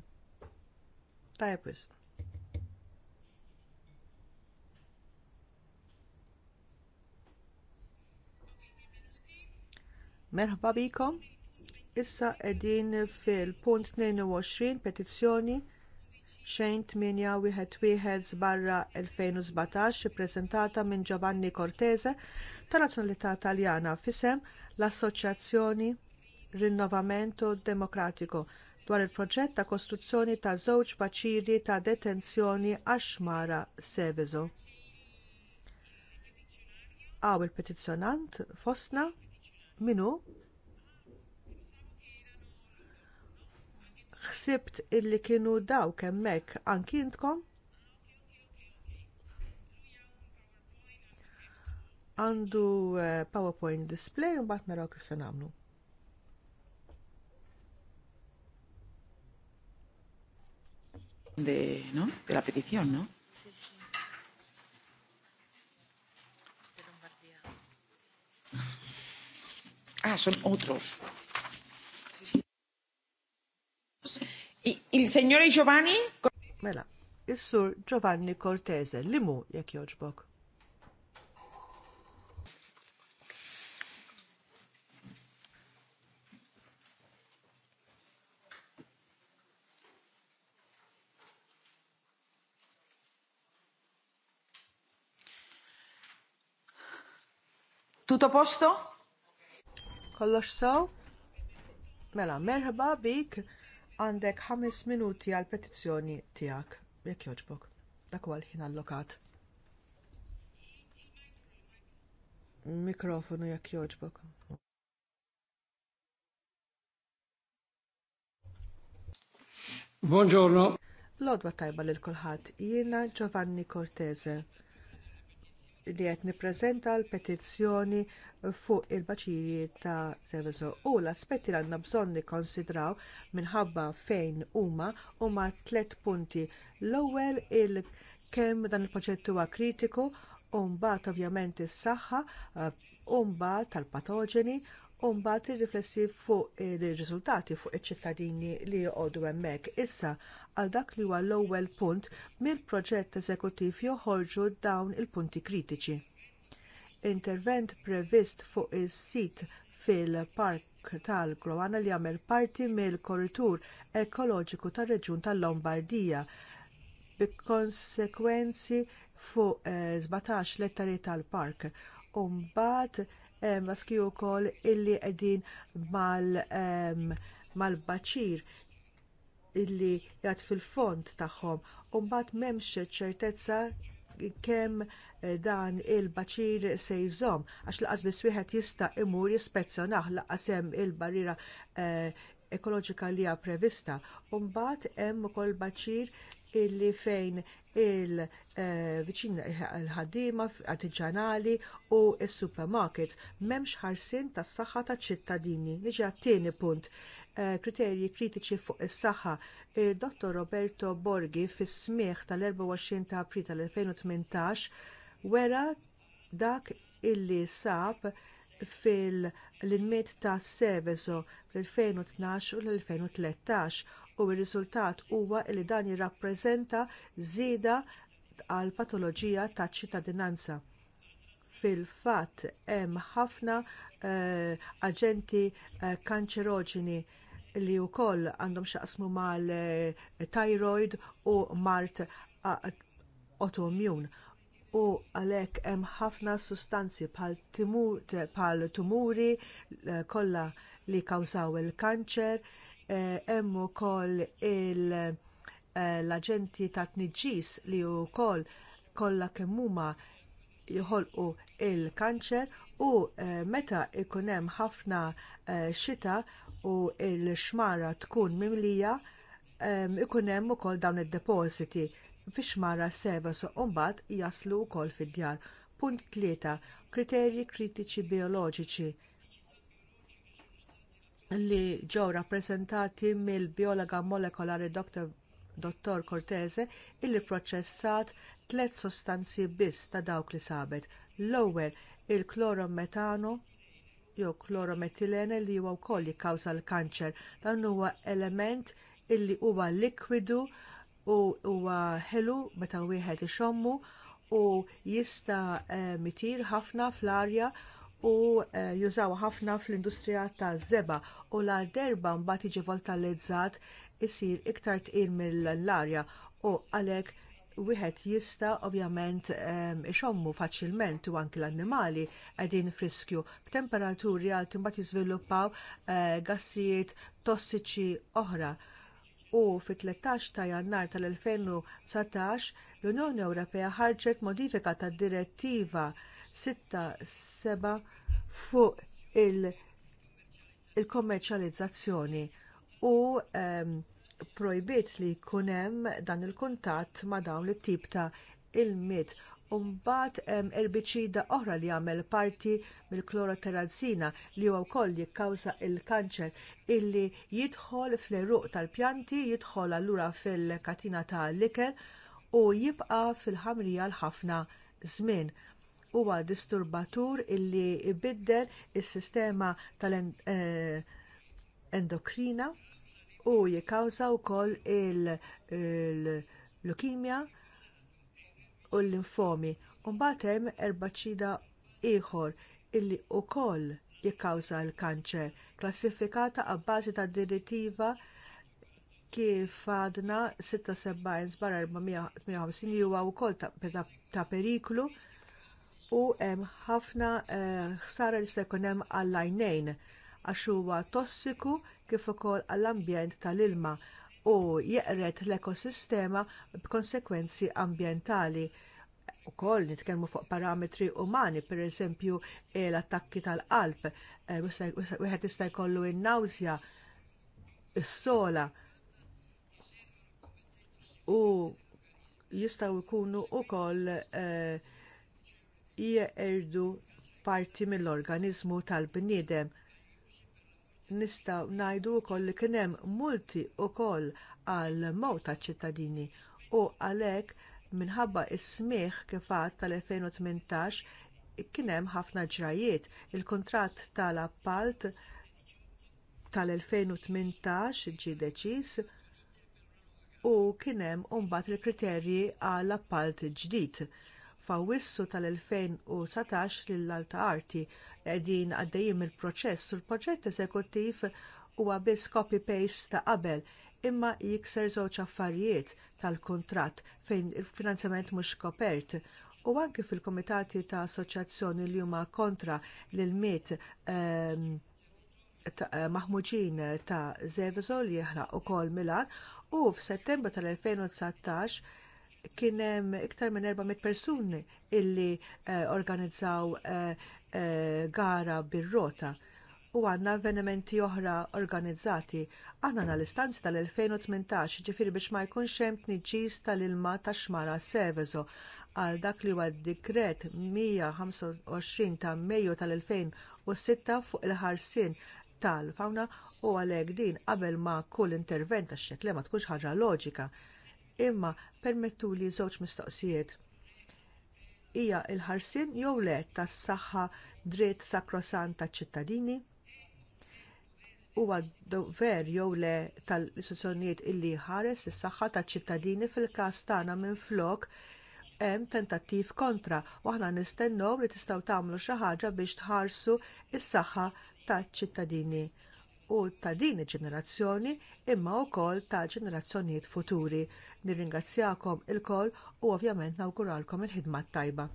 Tajbis. Merħba bikom. Issa qegħdin fil-punt 22 petizzjoni xejn wieħed barra 2017 ippreżentata minn Giovanni Cortese ta' nazzjonalità Taljana fisem l-Assoċjazzjoni rinnovamento demokratiku dwar il-proġett ta' kostruzzjoni ta' żewġ paċiri ta' detenzjoni għax-xmara Seveso. Għaw il-petizzjonant fostna minu ħsibt illi kienu dawk hemmhekk anki intkom għandu eh, PowerPoint display u mbagħad naraw kif se nagħmlu. de, ¿no? de la petición, ¿no? Ah, son otros. Sí. Y, el señor Giovanni? Mela, il-sur Giovanni Cortese, limu jekk joġbok. Tutto posto? Kollox sew? Mela, merħba bik għandek ħames minuti għal petizzjoni tiegħek. Jekk jogħġbok. Dak għal ħin allokat. Mikrofonu jekk jogħġbok. Buongiorno. Lodwa tajba lil kulħadd. Jiena Giovanni Cortese li qed nippreżenta l-petizzjoni fuq il-baċiri ta' Sevezo. u l-aspetti li għandna bżonn nikkonsidraw minħabba fejn huma huma tliet punti. L-ewwel il kemm dan il-proġett huwa kritiku u mbagħad ovvjament is-saħħa u mbagħad tal-patoġeni u mbagħad ir-riflessi fuq ir-riżultati fuq iċ-ċittadini li jgħodu hemmhekk. Issa għal dak li huwa l-ewwel punt mill-proġett eżekuttiv joħorġu dawn il-punti kritiċi. Intervent previst fuq is-sit fil-Park tal-Groana li għamel parti mill-korritur ekoloġiku tar-Reġjun tal-Lombardija bi konsekwenzi fuq eh, 17 lettari tal-park. Eh, u mbagħad maski wkoll illi qegħdin eh, mal-baċir illi jgħat fil fond tagħhom u mbagħad m'hemmx ċertezza kemm eh, dan il-baċir se jżomm għax laqas biss wieħed jista' imur jispezzjonah laqas hemm il-barriera eh, ekoloġika li hija prevista. u mbagħad hemm ukoll baċir illi fejn il-viċin eh, il-ħaddima artiġanali u s supermarkets m'hemmx ħarsien tas-saħħa taċ ċittadini. Niġi għat-tieni punt Eh, kriterji kritiċi fuq is-saħħa. Dr. Roberto Borghi fis smigħ tal-24 ta' April tal-2018 wera dak illi sab fil-inmiet ta' Seveso fl-2012 u l-2013 u r-riżultat huwa li dan jirrappreżenta żieda għal patoloġija taċ ċittadinanza. Fil-fatt hemm ħafna uh, aġenti uh, kanċeroġeni li wkoll għandhom xaqsmu mal tajroid u mart autoimmune. U għalhekk hemm ħafna sustanzi bħal tumuri eh, kollha li kawżaw il-kanċer, eh, hemm ukoll eh, l-aġenti ta' tniġġis li wkoll kollha kemm huma joħolqu l kanċer u eh, meta ikun hemm ħafna eh, xita u l-xmara tkun mimlija eh, ikun hemm ukoll dawn id-depositi fi xmara seva so mbagħad jaslu wkoll fid-djar. Punt tlieta: Kriterji kritiċi bioloġiċi li ġew rappreżentati mill-biologa molekolari Dr. Dottor Cortese illi proċessat tliet sostanzi biss ta' dawk li sabet. L-ewwel il-klorometano jew klorometilene li huwa wkoll jikkawża l-kanċer. Dan huwa element illi huwa likwidu u huwa ħelu meta wieħed ixommu u jista' mitir ehm, ħafna fl-arja u eh, jużaw ħafna fl-industrija taż zeba, u la derba mbagħad jiġi voltalizzat isir iktar tqil mill-arja u għalhekk wieħed jista ovvjament ehm, ixommu faċilment u anki l-annimali qegħdin friskju f'temperaturi għalti mbagħad jiżviluppaw eh, gassijiet tossiċi oħra. U fit-13 ta' Jannar tal-2019 l-Unjoni Ewropea ħarġet modifika tad direttiva 6-7 fuq il-kommerċjalizzazzjoni u ehm, projbiet li jkun hemm dan il-kuntatt ma dawn it tip ta' ilmiet. Umbat hemm erbiċida oħra li jagħmel parti mill-kloroterazina li huwa wkoll jikkawża l kanċer illi jidħol fl-eruq tal-pjanti, jidħol allura fil-katina tal-likel u jibqa' fil-ħamrija l-ħafna żmien. Huwa disturbatur illi jbiddel is-sistema tal-endokrina. Eh, -end u jikkawża wkoll il-leukemia u l-linfomi. u mbagħad hemm erbaċida ieħor illi wkoll jikkawża l-kanċer, klassifikata għabbażi tad direttiva kif għadna 76 barra 458 li huwa wkoll ta' periklu u hemm ħafna eh, ħsara li se jkun hemm għall-għajnejn għax huwa tossiku kif ukoll għall-ambjent tal-ilma u jeqret l-ekosistema b'konsegwenzi ambjentali. wkoll nitkellmu fuq parametri umani, pereżempju l-attakki tal-qalb, eh, wieħed jista' jkollu in-nawsja, is-sola u jistgħu jkunu wkoll eh, jeqerdu parti mill-organizmu tal-bniedem nistgħu ngħidu wkoll li kien hemm multi wkoll għal mowt taċ-ċittadini u għalhekk minħabba is-smigħ kif għad tal-2018 kien hemm ħafna ġrajiet. Il-kuntratt tal-appalt tal-2018 ġie deċiż u kien hemm mbagħad il-kriterji għall appalt ġdid. F'Awwissu tal-2019 lill-Alta Arti qegħdin għaddejjin il-proċess u l-proġett eżekuttiv huwa biss copy-paste ta' qabel imma jikser żewġ affarijiet tal-kuntratt fejn il-finanzjament mhux kopert u anke fil kumitati ta' assoċjazzjoni li huma kontra l-miet ehm, maħmuġin ta' Zevzo li jeħraq ukoll Milan u f'Settembru tal-2019 kien hemm iktar minn 400 persuni illi eh, organizzaw eh, Eh, gara bir-rota u għandna avvenimenti oħra organizzati aħna l istanzi tal-2018 ġifiri biex ma jkunx hemm tniġġis tal-ilma ta' xmara Seveso għal dak li huwa d-dekret 125 ta' Mejju tal-2006 fuq il ħarsien tal-fawna u għalhekk din qabel ma kull intervent tax-xekle ma tkunx ħaġa loġika. Imma permettu li żewġ mistoqsijiet hija l ħarsien jew le tas-saħħa dritt sakrosant taċ-ċittadini? Huwa dover jew le tal-istituzzjonijiet illi ħares is-saħħa taċ-ċittadini fil-każ tagħna minflok hemm tentattiv kontra u aħna nistennew li tistgħu tagħmlu xi ħaġa biex tħarsu s-saħħa taċ-ċittadini u ta' din il-ġenerazzjoni imma wkoll ta' ġenerazzjonijiet futuri. Nirringrazzjakom ilkoll u ovvjament nawguralkom il-ħidma tajba.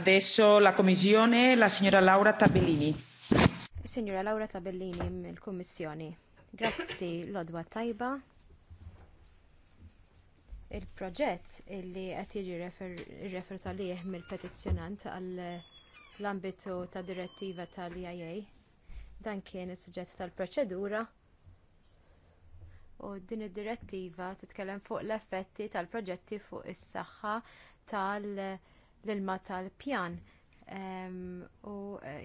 Adesso la Commissione, la signora Laura Tabellini. Signora Laura Tabellini mill-Kummissjoni. Grazzi l-odwa tajba. Il-proġett li qed jiġi refer, refer mill-petizzjonant għall ambitu ta' direttiva tal iaa Dan kien is-suġġett tal-proċedura u din id-direttiva titkellem fuq l-effetti tal-proġetti fuq is-saħħa tal-ilma tal-pjan. u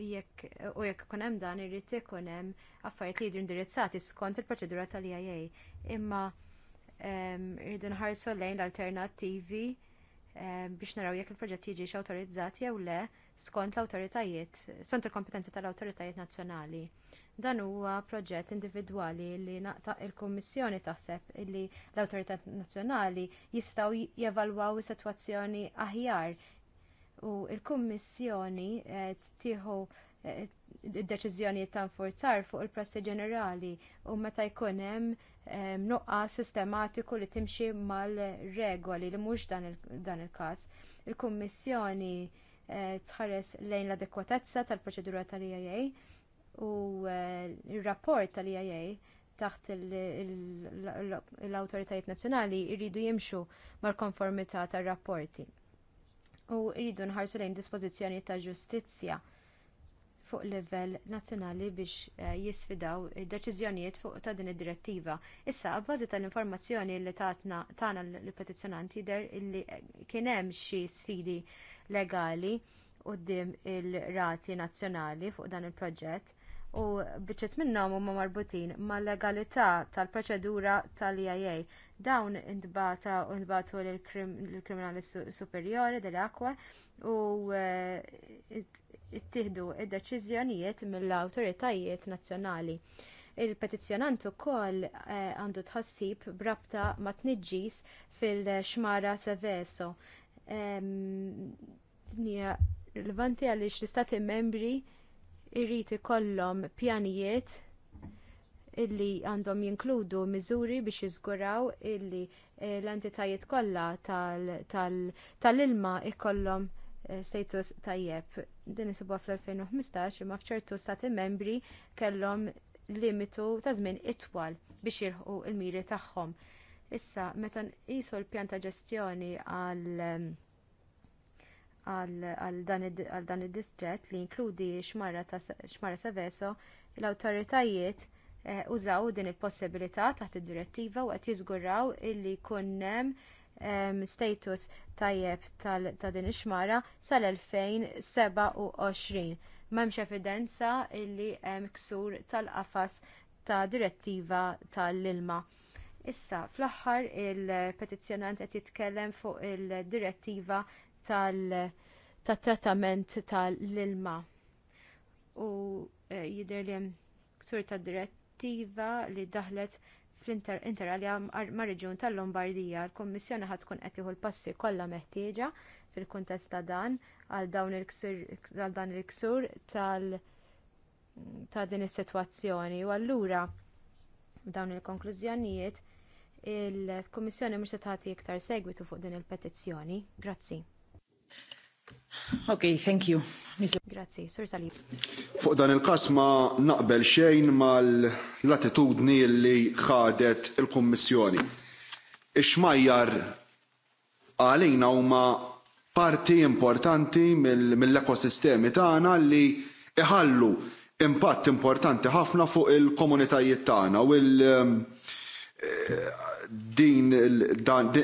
jekk ikun hemm dan irid ikun hemm affarijiet li jiġu indirizzati skont il-proċedura tal-IAA. Imma rridu nħarsu lejn l-alternattivi biex naraw jekk il-proġett jiġi awtorizzat jew le skont l-awtoritajiet, skont il-kompetenzi tal-awtoritajiet nazzjonali. Dan huwa proġett individwali li naqtaq il-Kummissjoni taħseb li l-awtoritajiet nazzjonali jistgħu jevalwaw is-sitwazzjoni aħjar u l kummissjoni eh, tieħu id eh, deċiżjonijiet ta' nfurzar fuq il-prassi ġenerali u meta jkun hemm eh, nuqqas sistematiku li timxi mal-regoli li mhux dan il-każ. Il-Kummissjoni il każ il kummissjoni Eh, tħares lejn l-adekwatezza tal-proċedura tal-IAA u eh, il-rapport tal-IAA taħt l awtoritajiet nazzjonali jridu jimxu mal-konformità tar rapporti U jridu nħarsu lejn dispożizzjoni ta' ġustizzja fuq livell nazzjonali biex eh, jisfidaw deċiżjonijiet fuq ta' din id-direttiva. Issa, bbażi tal-informazzjoni li tatna tagħna l-petizzjonanti der li eh, kien hemm xi sfidi legali quddiem ir rati nazzjonali fuq dan il-proġett u biċċet minnhom huma marbutin mal-legalità tal-proċedura tal iaa Dawn intbata u ntbatu lill-Kriminali Superjori dell-Akwa u eh, ttieħdu id-deċiżjonijiet mill-awtoritajiet nazzjonali. Il-petizzjonant ukoll eh, għandu tħassib brabta ma' tniġġis fil-xmara Seveso. Ehm, Dinja rilevanti għaliex l-istati membri irrid ikollhom pjanijiet illi għandhom jinkludu miżuri biex jiżguraw illi eh, l-entitajiet kollha tal-ilma ikollhom eh, status tajjeb. Din isibuha fl-2015 imma f'ċertu stati membri kellhom limitu ta' żmien itwal biex jilħqu l miri tagħhom. Issa, meta nqisu l-pjan ta' ġestjoni għal ehm, għal dan id-distret li jinkludi xmara Saveso, l awtoritajiet eh, użaw din il-possibilità taħt id-direttiva u qed jiżguraw illi jkun hemm status tajjeb ta' din ix-xmara sal-2027. M'hemmx evidenza illi hemm ksur tal-qafas ta' direttiva tal-ilma. Issa, fl-aħħar il-petizzjonant qed jitkellem fuq id direttiva tal-trattament tal-ilma. U eh, jidher li hemm ksur direttiva li daħlet fl-inter mar-reġjun tal-Lombardija. L-Kommissjoni ħad tkun qed l-passi kollha meħtieġa fil-kuntest ta' dan għal dawn il-ksur tal- ta' din is-sitwazzjoni. U allura dawn il-konklużjonijiet il-Kummissjoni mhux se tagħti iktar segwitu fuq din il-petizzjoni. Grazzi. Okay, thank you. Grazzi, Sur Salib. Fuq dan il-kas ma naqbel xejn mal-latitudni li ħadet il-Kummissjoni. Ixmajjar xmajjar għalina huma parti importanti mill-ekosistemi tagħna li iħallu impatt importanti ħafna fuq il-komunitajiet tagħna u il- eh, din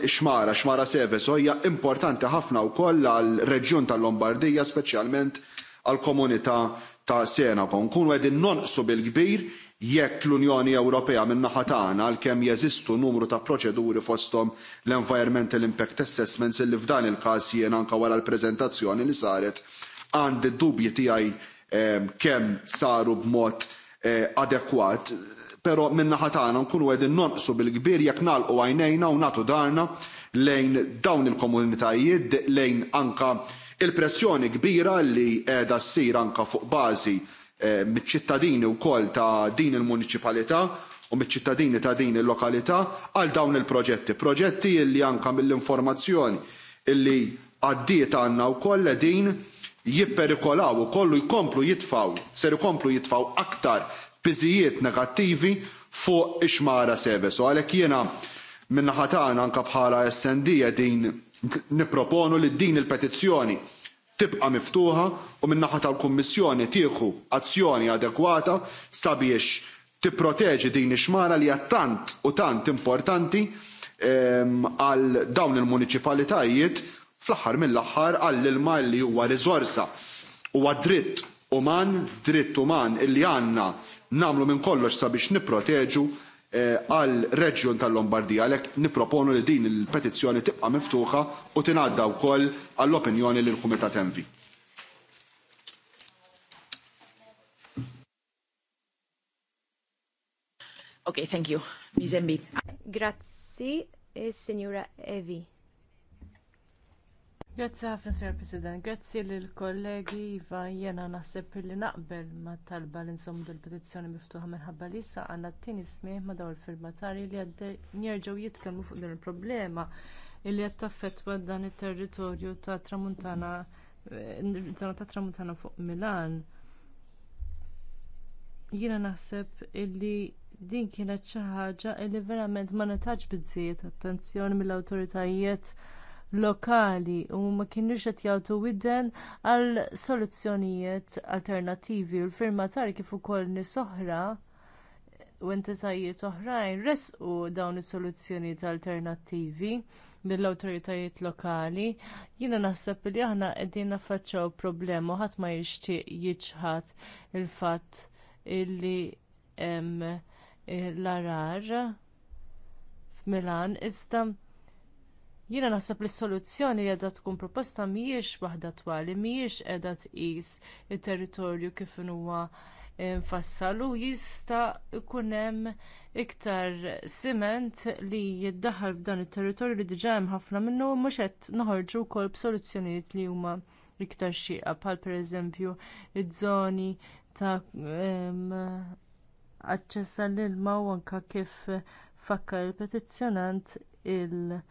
xmara, xmara Seveso hija importanti ħafna wkoll għal reġjun tal-Lombardija, speċjalment għal komunità ta' Senakon. Kunu għedin nonqsu bil-kbir jekk l-Unjoni Ewropea minn naħa tagħna għalkemm jeżistu numru ta' proċeduri fosthom l-Environmental Impact Assessments illi f'dan il-każ jien anke wara l-preżentazzjoni li saret għandi d-dubji tiegħi eh, kemm saru b'mod eh, adekwat Pero minna tagħna nkunu qegħdin nonqsu bil-kbir jekk nagħlqu għajnejna u nagħtu darna lejn dawn il-komunitajiet lejn anka il-pressjoni kbira li qiegħda ssir anka fuq bażi eh, miċ-ċittadini wkoll ta' din il municipalita u miċ-ċittadini ta' din il-lokalità għal dawn il-proġetti. Proġetti li anka mill-informazzjoni illi għaddiet għandna wkoll din jipperikolaw ukoll kollu jkomplu jitfaw, ser jkomplu jitfaw aktar biżijiet negattivi fuq ix-xmara service. U għalhekk jiena min-naħa tagħna anke bħala SND qegħdin nipproponu li din il-petizzjoni tibqa' miftuħa u min-naħa tal-Kummissjoni tieħu azzjoni adekwata sabiex tipproteġi din ix-xmara li hija tant u tant importanti ehm, għal dawn il-municipalitajiet fl-aħħar mill-aħħar għall ilma li huwa riżorsa huwa dritt uman, dritt uman illi għandna namlu minn kollox sabiex nipproteġu eh, għal reġjun tal-Lombardija għalhekk nipproponu li din il-petizzjoni tibqa' miftuħa u tingħadda wkoll għall-opinjoni l kumitat Envi. Okay, thank you. Mizembi. Grazzi, eh, signora Evi. Grazzi ħafna, Sir President. Grazzi lill kollegi Iva jena naħseb li naqbel ma talba li nsomm dal petizzjoni miftuħa minħabba li issa għandna t tini smih ma dawn il-firmatari li jerġgħu jitkellmu fuq din il-problema li qed taffettwa dan it-territorju ta' Tramuntana żona eh, ta' Tramuntana fuq Milan. Jiena naħseb illi din kienet xi ħaġa li verament ma netaġ biżżejjed attenzjoni mill-awtoritajiet lokali u ma kinux qed jagħtu widen għal soluzzjonijiet alternattivi u l tar kif ukoll nies oħra u entitajiet oħrajn resqu dawn is-soluzzjonijiet alternattivi mill-awtoritajiet lokali, jiena naħseb li aħna qegħdin naffaċċaw problema ħadd ma jixtieq jiġħad il-fatt illi hemm l-arar f'Milan iżda Jiena naħseb li s-soluzzjoni li għadha tkun proposta mhijiex waħda twali, mhijiex qiegħda tqis it-territorju kif huwa mfassal u jista' jkun hemm iktar siment li jiddaħħal f'dan it-territorju li diġà hemm ħafna minnu u mhux qed noħorġu wkoll b'soluzzjonijiet li huma iktar xieqa bħal pereżempju iż-żoni ta' aċċess għall-ilma u anke kif fakkar il-petizzjonant il-, -il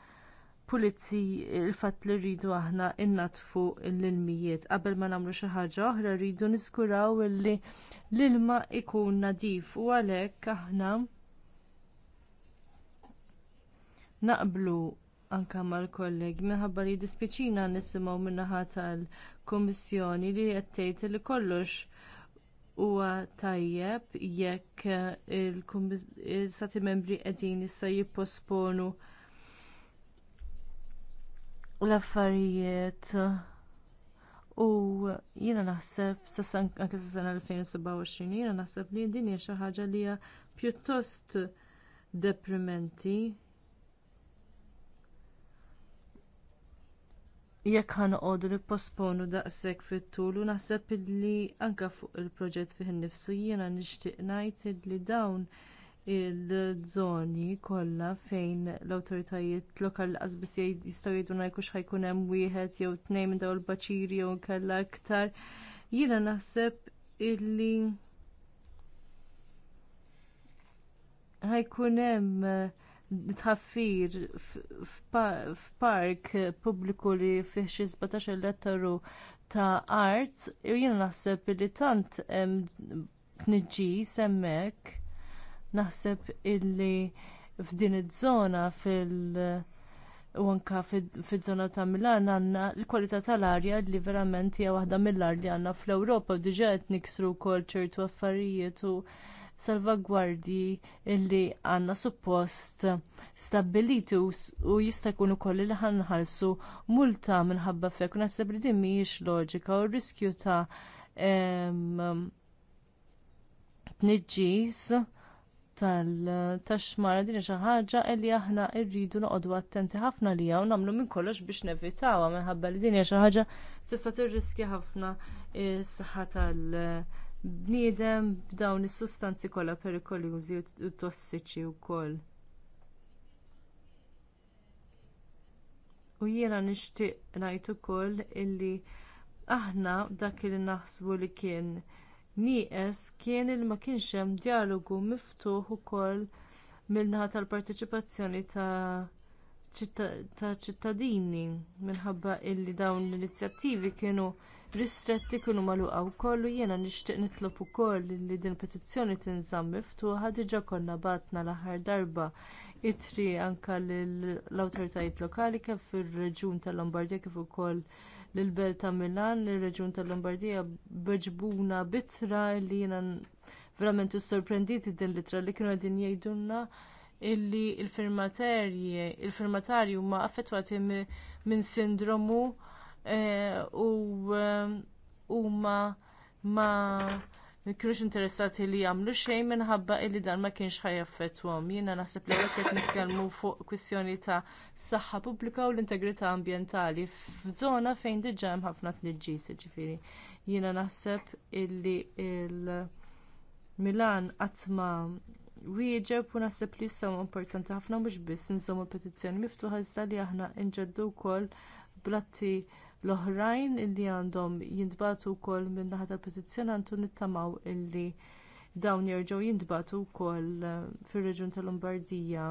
pulizzi il-fatt li rridu aħna innatfu l-ilmijiet qabel ma nagħmlu xi ħaġa oħra rridu niżguraw li l-ilma ikun nadif u għalhekk aħna naqblu anke mal-kolleg minħabba li dispiċina nisimgħu min-naħa tal-Kummissjoni li qed tgħid li kollox huwa tajjeb jekk il-Stati membri qegħdin issa jipposponu l-affarijiet u jiena naħseb anke sa sena 2027 jiena naħseb li din hija xi ħaġa li hija pjuttost deprimenti jekk ħanoqogħdu nipposponu daqshekk fit-tul u naħseb li anke fuq il-proġett fih innifsu jiena nixtieq ngħid li dawn il-żoni kollha fejn l-awtoritajiet lokali qasbis jistgħu jgħiduna jkux ħajkun hemm wieħed jew tnejn minn dawn il-baċiri jew kellha aktar. Jiena naħseb illi ħajkun hemm eh, tħaffir f'park pubbliku li fih xi 17 ettaru ta' art u jiena naħseb li tant hemm tniġġis hemmhekk Naħseb illi f'din iż-żona fil- u anka fiż-żona ta' Milan għandna l-kwalità tal-arja li verament hija waħda mill-arja li għandna fl-Ewropa u diġà qed niksru wkoll ċertu affarijiet u salvagwardji li għandna suppost stabbiliti u jista' jkun ukoll li ħanħallsu multa minħabba fek naħseb li din mhijiex loġika u r riskju ta' tniġġis tax taxmara din xi ħaġa li aħna rridu noqogħdu attenti ħafna li u nagħmlu minn kollox biex nevitawha minħabba li din hija xi ħaġa tista' tirriskja ħafna s-saħħa tal- bniedem b'dawn is-sustanzi kollha perikolużi u tossiċi wkoll. U jiena nixtieq ngħid ukoll illi aħna dak li naħsbu li kien nieqes kien li ma kienx hemm dijalogu miftuħ ukoll mill naħa tal-partiċipazzjoni ta' ċittadini minħabba illi dawn l-inizjattivi kienu ristretti kienu magħluqa wkoll u jiena nixtieq nitlob ukoll li din petizzjoni tinżamm miftuħa diġà konna bagħatna l-aħħar darba itri anke lill awtoritajiet lokali kif fir-reġjun tal-Lombardja kif ukoll l-belt ta' Milan, l-reġun tal-Lombardija bġbuna bitra li jiena verament sorprenditi din litra li kienu qegħdin jgħidulna illi il-firmatarji, il-firmatarji huma affettwati minn sindromu eh, u eh, huma ma' ma kienux interessati li jagħmlu xejn minħabba li dan ma kienx ħajaffettwhom. Jiena naħseb li hekk qed nitkellmu fuq kwistjoni ta' saħħa pubblika u l-integrità ambjentali f'żona fejn diġà hemm ħafna tniġġis, jiġifieri. Jiena naħseb illi il Milan qatt ma wieġeb u naħseb li jissaw importanti ħafna mhux biss insomma petizzjoni miftuħa iżda li aħna nġeddu wkoll blatti l-oħrajn illi għandhom jintbagħtu wkoll min-naħa tal-petizzjonant u nittamaw illi dawn jerġgħu jintbagħtu wkoll eh, fir-reġjun tal-Lombardija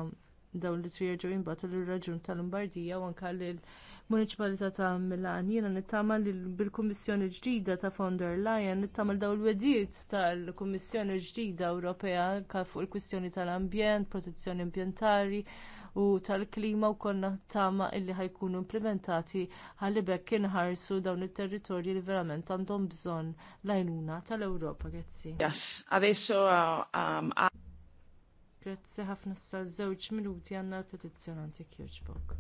dawn li jerġgħu jinbagħtu lir-reġjun tal-Lombardija u anke lill-Muniċipalità ta' Milan. Jiena nittama li bil-Kummissjoni ġdida ta' von der Leyen nittama dawn il-wedijiet tal-Kummissjoni ġdida Ewropea fuq il-kwistjoni tal-ambjent, protezzjoni ambjentali, u tal-klima u konna tama illi ħajkunu implementati ħalli bekk inħarsu dawn it-territorji li verament għandhom bżonn l tal-Ewropa. Grazzi. Yes, adesso um, Grazzi ħafna sa żewġ minuti għandna l-petizzjonanti Kjoċbog.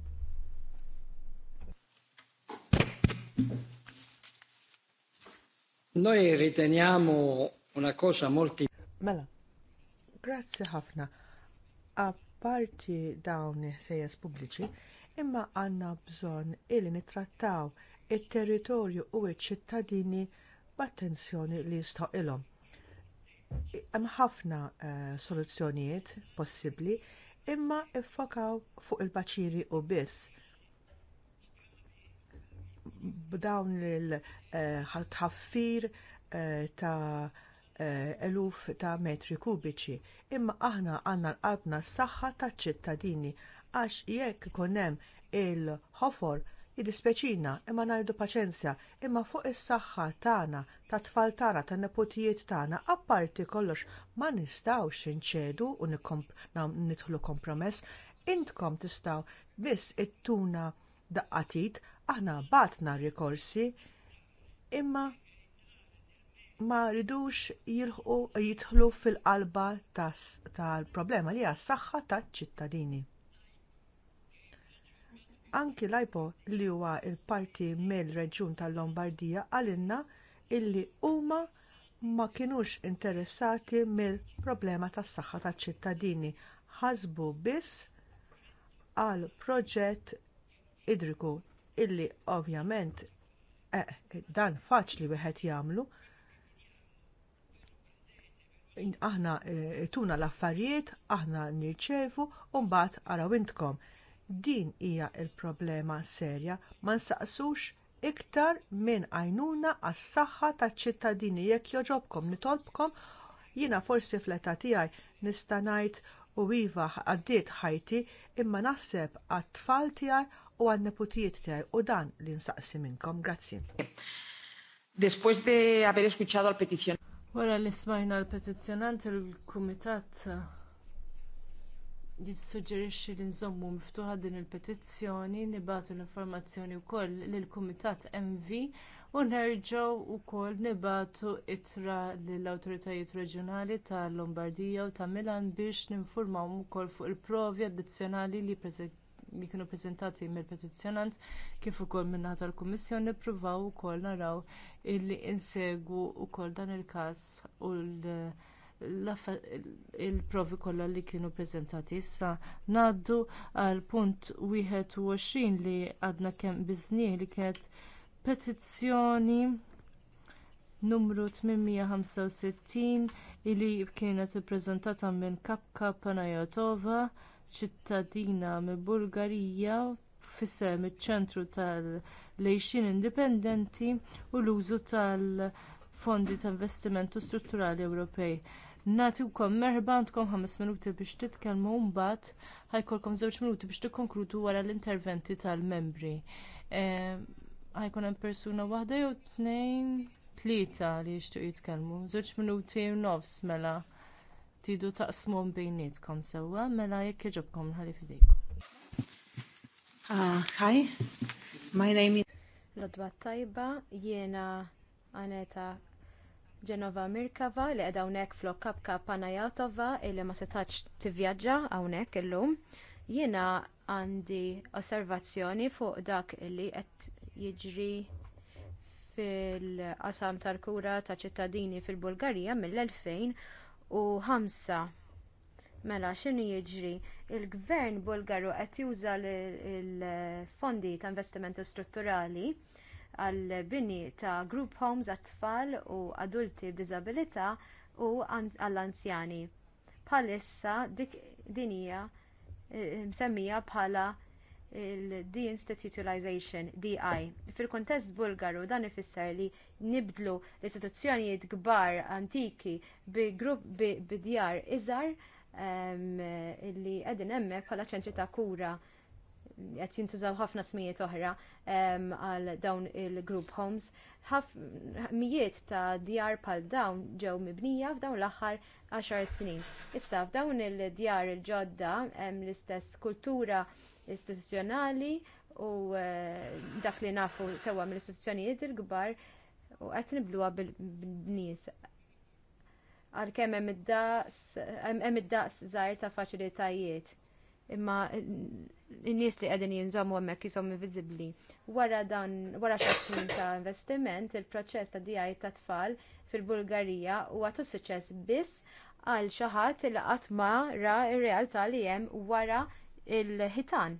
Noi riteniamo una cosa molto... Mela, grazie ħafna. A Parti dawn sejjes pubbliċi, imma għandna bżonn illi nittrattaw it-territorju u iċ-ċittadini b'attenzjoni li jistoqilhom. Hemm ħafna eh, soluzzjonijiet possibbli imma iffokaw fuq il-baċiri u biss. B'dawn il-ħaffir eh, eh, ta' Eh, eluf ta' metri kubiċi, imma aħna għandna l-qalbna s-saħħa taċ ċittadini għax jekk ikun hemm il-ħofor id-speċina imma ngħidu paċenzja imma fuq is-saħħa tagħna, tat tfal tagħna, tan nepotijiet tagħna, apparti kollox ma nistgħux inċedu u nidħlu kompromess, intkom tistgħu biss ittuna daqqatit aħna batna rikorsi imma ma ridux jilħu jidħlu fil-qalba tal-problema li għas saħħa taċ-ċittadini. Anki l-IPO li huwa l parti mill-Reġjun tal-Lombardija għalinna illi huma ma kinux interessati mill-problema tas-saħħa taċ-ċittadini. Ħasbu biss għal proġett idriku illi ovvjament eh, dan faċli wieħed jagħmlu aħna eh, tuna l-affarijiet, aħna nirċevu, u mbagħad araw intkom. Din hija l problema serja, ma nsaqsux iktar minn għajnuna għas-saħħa taċ-ċittadini jekk joġobkom nitolbkom jiena forsi fl-età tiegħi nista' ngħid u iva għaddiet ħajti imma naħseb għat-tfal tiegħi u għan-neputijiet tiegħi u dan li nsaqsi minnkom. Grazzi. Después de haber escuchado al Wara li smajna l-petizzjonant il-kumitat jissuġġerixxi li nżommu miftuħa din il-petizzjoni nibatu l-informazzjoni wkoll lill-Kumitat MV u nerġgħu wkoll nibatu ittra lill-awtoritajiet reġjonali tal-Lombardija u ta' Milan biex ninfurmawhom ukoll fuq il-provi addizzjonali li li kienu preżentati mill-petizzjonant kif ukoll min-naħa tal-Kummissjoni ppruvaw ukoll naraw illi insegwu ukoll dan il-każ u il-provi kollha li kienu ppreżentati issa ngħaddu għal punt 21 li għadna kemm biżżnieħ li kienet petizzjoni numru 865 illi kienet ippreżentata minn Kapka Panajotova ċittadina mill Bulgarija f'isem iċ-ċentru tal-lejxin indipendenti u l-użu tal-fondi ta' investimentu strutturali Ewropej. Natukom merħba għandkom ħames minuti biex titkellmu mbagħad ħajkolkom żewġ minuti biex tikkonkludu wara l-interventi tal-membri. Eh, ħajkun hemm persuna waħda jew tnejn tlieta li jixtieq jitkellmu. Żewġ minuti u nofs mela tidu taqsmum bejnietkom sewwa mela jekk iġobkom ħalli fidejkom. Ah, hi, my name is Lodwa Tajba, jiena Aneta Ġenova Mirkava li qiegħda hawnhekk flok Kapka Panajatova illi ma setax tivvjaġġa hawnhekk illum. Jiena għandi osservazzjoni fuq dak li qed jiġri fil-qasam tal-kura ta' ċittadini fil-Bulgarija mill-2000 u ħamsa. Mela, x'inhu jiġri? Il-gvern Bulgaru qed juża l-fondi ta' investimenti strutturali għall bini ta' group homes għat-tfal u adulti b'diżabilità u għall-anzjani. Bħalissa dik din hija eh, msemmija bħala il-deinstitutionalization, DI. Fil-kontest bulgaru dan ifisser li nibdlu l-istituzzjonijiet kbar antiki bi grupp bi, bi djar iżar um, li qegħdin hemmhekk bħala ċentri ta' kura qed jintużaw ħafna smijiet oħra għal dawn il-group homes. Mijiet ta' djar pal dawn ġew mibnija f'dawn l-aħħar 10 snin. Issa f'dawn il-djar il-ġodda hemm l-istess kultura istituzzjonali u eh, dak li nafu sewa mill-istituzzjonijiet il-kbar u qed nibluha bil-nies għalkemm hemm id-daqs hemm id-daqs żgħir ta' faċilitajiet imma n-nies li qegħdin jinżommu hemmhekk jisom inviżibbli. Wara dan wara xi ta' investiment, il-proċess ta' dijaj ta' tfal fil-Bulgarija huwa ta' suċċess biss għal xi ħadd li qatt ma ra r-realtà li hemm wara il-ħitan.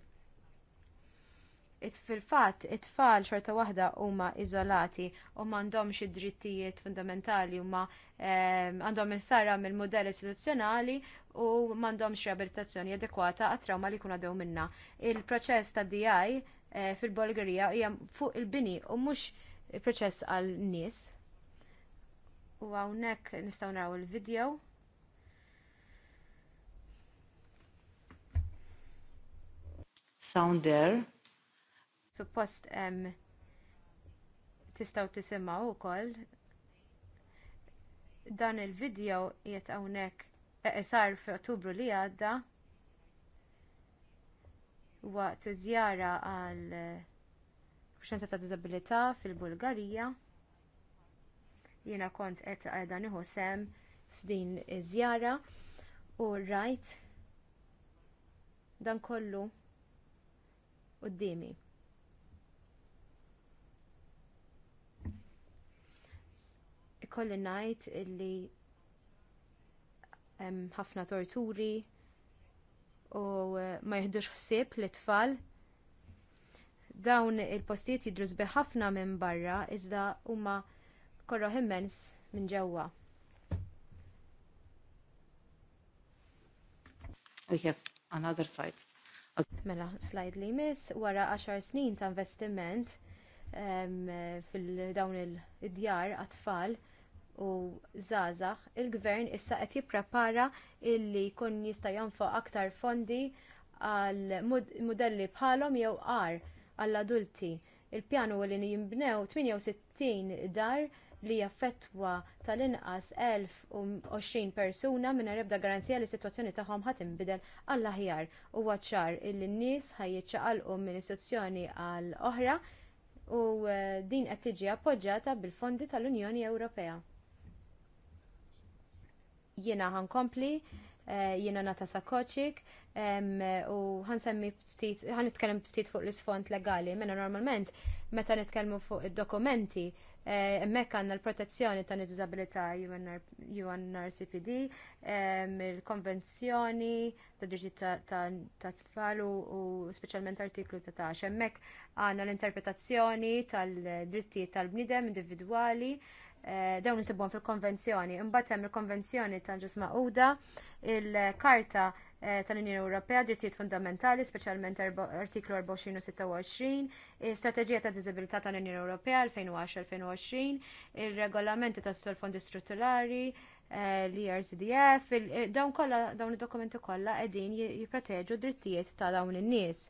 It fil-fat, it-tfal xorta waħda huma iżolati u m'għandhomx id-drittijiet fundamentali huma ehm, għandhom il-sara mill-modell istituzzjonali u m'għandhomx riabilitazzjoni adekwata għat-trauma li jkun għadew minnha. Il-proċess ta' DI eh, fil-Bulgarija hija fuq il-bini u mhux il-proċess għal nies. U hawnhekk nistgħu naraw il-video. sound there. Suppost um, tistaw tisimaw ukoll dan il-video jiet hawnhekk e, e, sar f'Ottubru li għadda waqt żjara għal eh, xenza ta' diżabilità fil-Bulgarija. Jiena kont qed qiegħda nieħu sem f'din iż-żjara u rajt dan kollu qudiemi. Ikolli ngħid illi hemm ħafna torturi u eh, ma jihdux ħsieb li tfal dawn il-postijiet jidru ħafna minn barra iżda huma korroħ immens minn ġewwa. We have another side. Mela, slide li jmiss, wara 10 snin ta' investiment fil-dawn il-djar għat-tfal u zazax, il-gvern issa qed jipprepara illi kun jista' jonfoq aktar fondi għal mudelli bħalhom jew għar għall-adulti. Il-pjanu li jimbnew 68 dar li jaffettwa tal-inqas 1020 persuna minn ebda garanzija li s-sitwazzjoni tagħhom ħat inbidel għall aħjar u ċar illi n-nies ħajjiċċaqalqu minn istituzzjoni għal oħra u eh, din qed tiġi appoġġjata bil-fondi tal-Unjoni Ewropea. Jiena ħankompli eh, jiena nata sakoċik u ħansemmi ftit ħanitkellem ftit fuq l isfond legali mena normalment meta nitkellmu fuq id-dokumenti Eh, Emmek għanna l-protezzjoni ta' disabilità UNRCPD, ehm, il-konvenzjoni ta' dirġi ta' tfal u specialment artiklu 13. Emmek għanna l-interpretazzjoni tal-dritti tal-bnidem individuali, eh, dawn nisibbon fil-konvenzjoni. Imbatem il-konvenzjoni tal ġisma Uda, il-karta Eh, tal-Unjoni Ewropea, drittijiet fundamentali, speċjalment artiklu 24 u 26, strategija ta' diżabilità tal-Unjoni Ewropea 2010-2020, ir-regolamenti ta' tal fondi strutturali, eh, l-ERCDF, eh, dawn kollha dawn id-dokumenti kollha qegħdin jipproteġu drittijiet ta' dawn in-nies.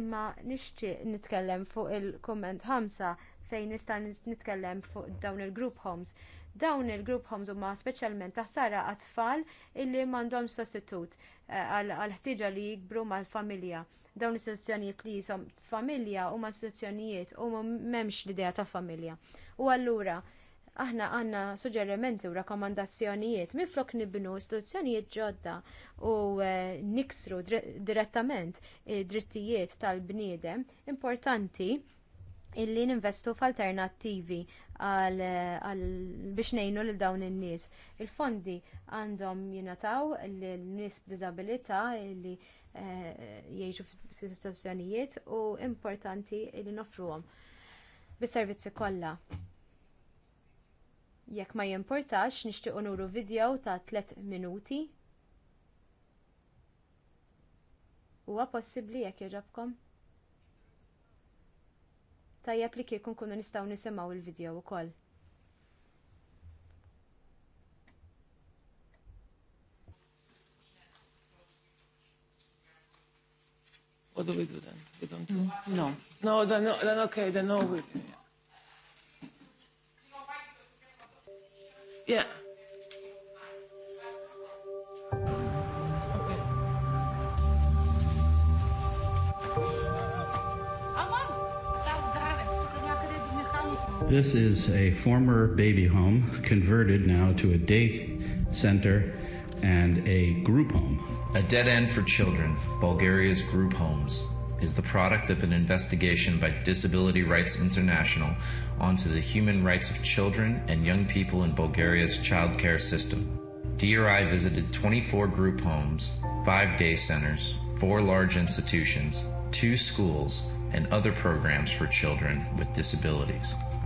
Imma nixtieq nitkellem fuq il-komment ħamsa fejn nista' nitkellem fuq dawn il-group homes. Dawn il-grupp homes huma speċjalment taħsara għat-tfal illi m'għandhomx sostitut eh, għal-ħtiġa li jikbru mal-familja. Dawn istituzzjonijiet li jisom familja huma istituzzjonijiet u m'hemmx l-idea ta' familja. U allura aħna għandna suġġerimenti u rakkomandazzjonijiet minflok nibnu istituzzjonijiet ġodda u eh, niksru direttament id eh, drittijiet tal-bniedem importanti illi ninvestu f'alternattivi biex ngħinu lil dawn in-nies. Il-fondi għandhom jingħataw lil nies b'diżabilità li eh, jgħixu f'istituzzjonijiet u importanti li nofruhom bis-servizzi kollha. Jekk ma jimportax nixtiequ nuru video ta' tliet minuti. Huwa possibbli jekk jogħġobkom? tajjeb li kieku nkunu nistgħu nisimgħu il-video wkoll. What do we do then? We don't do No. No, then, then okay, then no. We, yeah. yeah. This is a former baby home converted now to a day center and a group home. A dead end for children, Bulgaria's group homes, is the product of an investigation by Disability Rights International onto the human rights of children and young people in Bulgaria's child care system. DRI visited 24 group homes, five day centers, four large institutions, two schools, and other programs for children with disabilities.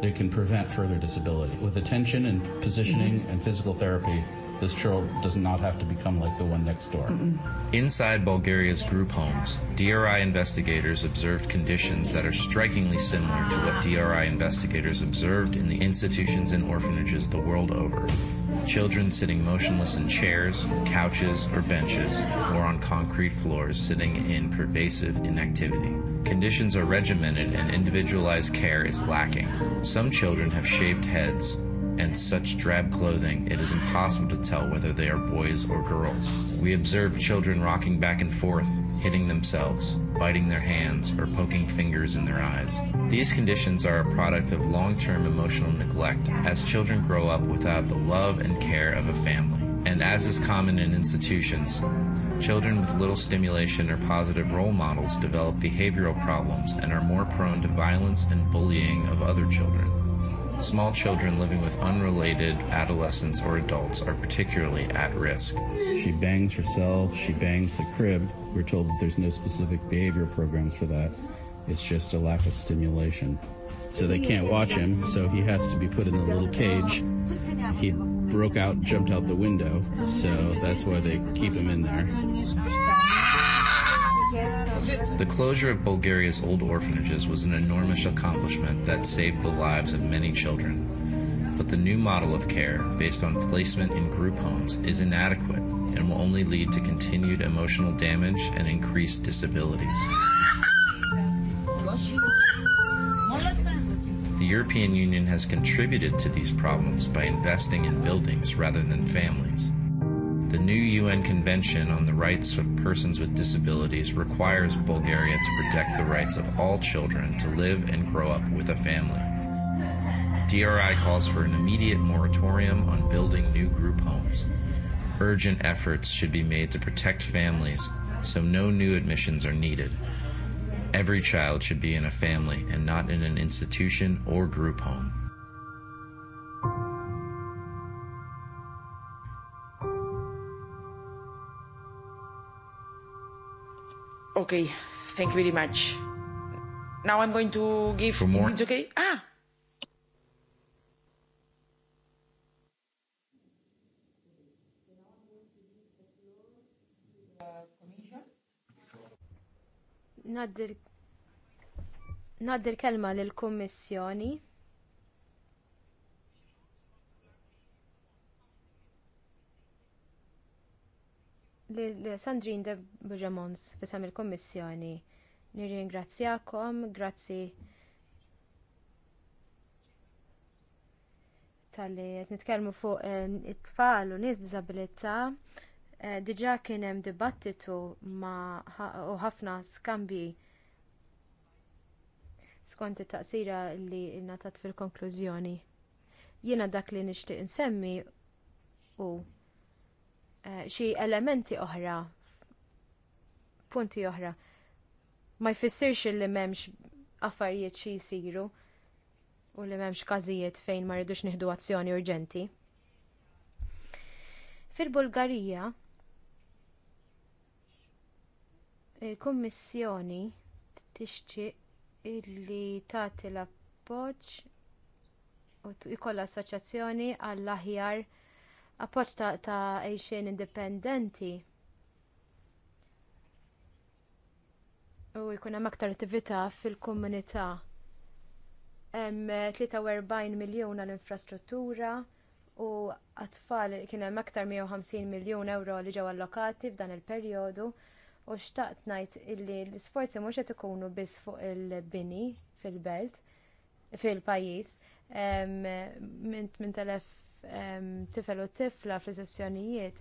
They can prevent further disability. With attention and positioning mm -hmm. and physical therapy, this child does not have to become like the one next door. Mm -mm. Inside Bulgaria's group homes, DRI investigators observed conditions that are strikingly similar to what DRI investigators observed in the institutions and orphanages the world over. Children sitting motionless in chairs, couches, or benches, or on concrete floors sitting in pervasive inactivity. Conditions are regimented and individualized care is lacking. Some children have shaved heads, and such drab clothing, it is impossible to tell whether they are boys or girls. We observe children rocking back and forth, hitting themselves, biting their hands, or poking fingers in their eyes. These conditions are a product of long term emotional neglect as children grow up without the love and care of a family. And as is common in institutions, Children with little stimulation or positive role models develop behavioral problems and are more prone to violence and bullying of other children. Small children living with unrelated adolescents or adults are particularly at risk. She bangs herself, she bangs the crib. We're told that there's no specific behavior programs for that. It's just a lack of stimulation. So they can't watch him, so he has to be put in the little cage. He broke out, jumped out the window, so that's why they keep him in there. Ah! The closure of Bulgaria's old orphanages was an enormous accomplishment that saved the lives of many children. But the new model of care, based on placement in group homes, is inadequate and will only lead to continued emotional damage and increased disabilities. The European Union has contributed to these problems by investing in buildings rather than families. The new UN Convention on the Rights of Persons with Disabilities requires Bulgaria to protect the rights of all children to live and grow up with a family. DRI calls for an immediate moratorium on building new group homes. Urgent efforts should be made to protect families so no new admissions are needed. Every child should be in a family and not in an institution or group home. Okay, thank you very much. Now I'm going to give... For more? It's okay? Ah! nadir kelma lil kummissjoni sandrine de Bujamons fisam il-Kommissjoni. Nirringrazzjakom, grazzi tal-li nitkellmu fuq eh, it-tfal u nies b'diżabilità. Eh, diġà kien hemm dibattitu u ħafna skambji skont it-taqsira li natat fil-konklużjoni. Jiena dak li nixtieq insemmi u Eh, xi elementi oħra, punti oħra. Ma jfissirx li m'hemmx affarijiet xi jsiru u li m'hemmx każijiet fejn ma rridux nieħdu azzjoni urġenti. Fil-Bulgarija il-Kummissjoni tixtieq illi tagħti l-appoġġ u jkollha assoċjazzjoni għall aħjar appoċ ta', ta għejxin indipendenti. U jkun hemm aktar attività fil-komunità. Hemm 43 eh, miljun għall-infrastruttura u għat-tfal kien hemm aktar 150 miljun euro li ġew allokati f'dan il-perjodu u xtaqt ngħid illi l-isforzi mhux qed ikunu biss fuq il-bini fil-belt fil-pajjiż eh, minn tifel u tifla fl-istituzzjonijiet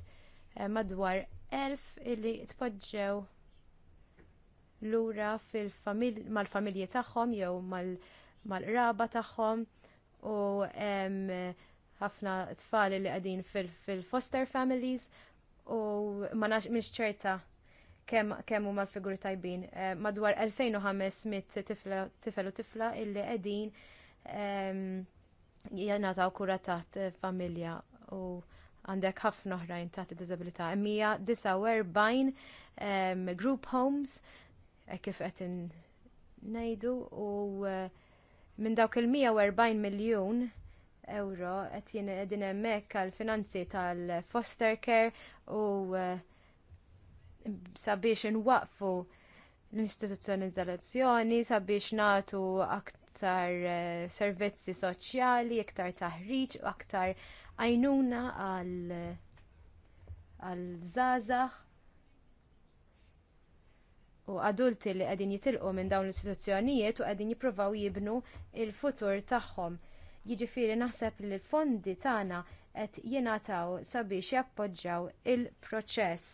madwar elf illi tpoġġew lura mal-familji tagħhom jew mal-qraba tagħhom u ħafna tfal li qegħdin fil-foster families u ma nafx ċerta kemm huma l-figuri tajbin. Eh, madwar 2500 tifel u tifla illi qegħdin jena ta' kura taħt eh, familja u għandek ħafna oħrajn taħt disabilità. Mija 49 group homes e kif qed ngħidu u eh, minn dawk il-140 miljun euro qed jien hemmhekk għall finanzi tal-foster care u eh, sabiex inwaqfu l-istituzzjonizzazzjoni sabiex nagħtu aktar iktar eh, servizzi soċjali, iktar taħriġ, aktar għajnuna għal żgħażagħ u adulti li qegħdin jitilqu minn dawn l-istituzzjonijiet u qegħdin jippruvaw jibnu l futur tagħhom. Jiġifieri naħseb li l-fondi tagħna qed jingħataw sabiex jappoġġjaw il-proċess.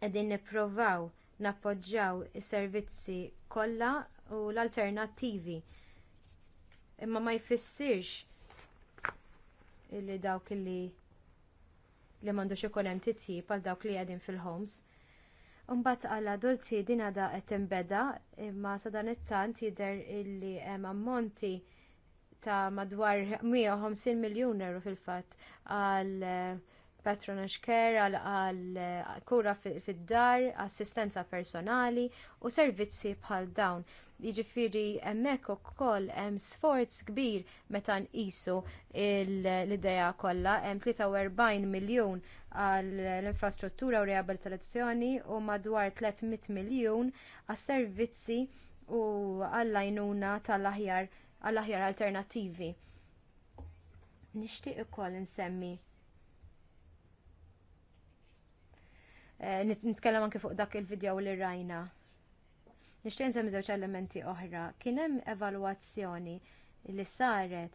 Qegħdin nippruvaw nappoġġjaw is-servizzi kollha u l-alternattivi. Imma ma jfissirx li dawk li li m'għandux ikun hemm titjib għal dawk li qegħdin fil-homes. Imbagħad għal adulti din għadha qed tinbeda imma sa dan it-tant jidher illi hemm ammonti ta' madwar 150 miljun euro fil-fatt għal eh, patronage care, għal eh, kura fid-dar, assistenza personali u servizzi bħal dawn. Jiġifieri hemmhekk ukoll hemm sforz kbir meta nqisu l-idea kollha hemm 43 miljun għall infrastruttura u riabilitazzjoni u madwar 300 miljun għas-servizzi u għall-għajnuna tal-aħjar għall-aħjar alternattivi. Nixtieq ukoll insemmi eh, nitkellem anke fuq dak il-video li rajna Nixtieq nżemm żewġ elementi oħra. Kien hemm evalwazzjoni li saret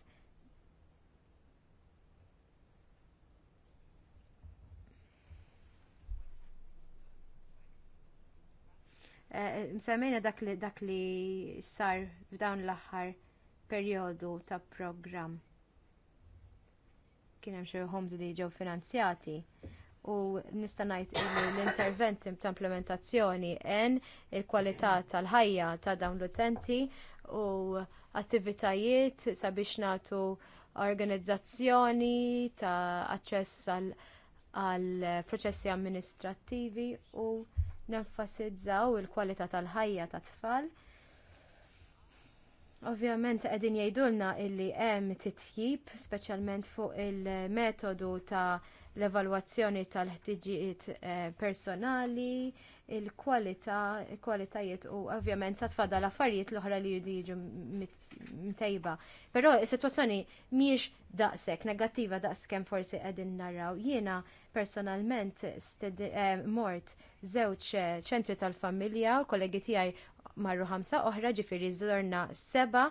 Msemmejna eh, dak li dak li sar f'dawn l-aħħar perjodu ta' programm. Kien hemm xi homes li ġew finanzjati u nista' ngħid li l-intervent ta' implementazzjoni en il-kwalità tal-ħajja ta' dawn l-utenti u attivitajiet sabiex nagħtu organizzazzjoni ta' aċċess għall proċessi amministrattivi u nenfasizzaw il-kwalità tal-ħajja tat tfal. Ovvjament qegħdin jgħidulna illi hemm titjib speċjalment fuq il-metodu ta' l-evalwazzjoni tal-ħtiġijiet eh, personali, il-kwalità, il-kwalitajiet u ovvjament ta' tfada l affarijiet l-oħra li jridu jiġu mtejba. Però is-sitwazzjoni mhijiex daqshekk negattiva daqskemm forsi qegħdin narraw. Jiena personalment eh, mort żewġ eh, ċentri tal-familja u kollegi tiegħi marru ħamsa oħra ġifieri żorna seba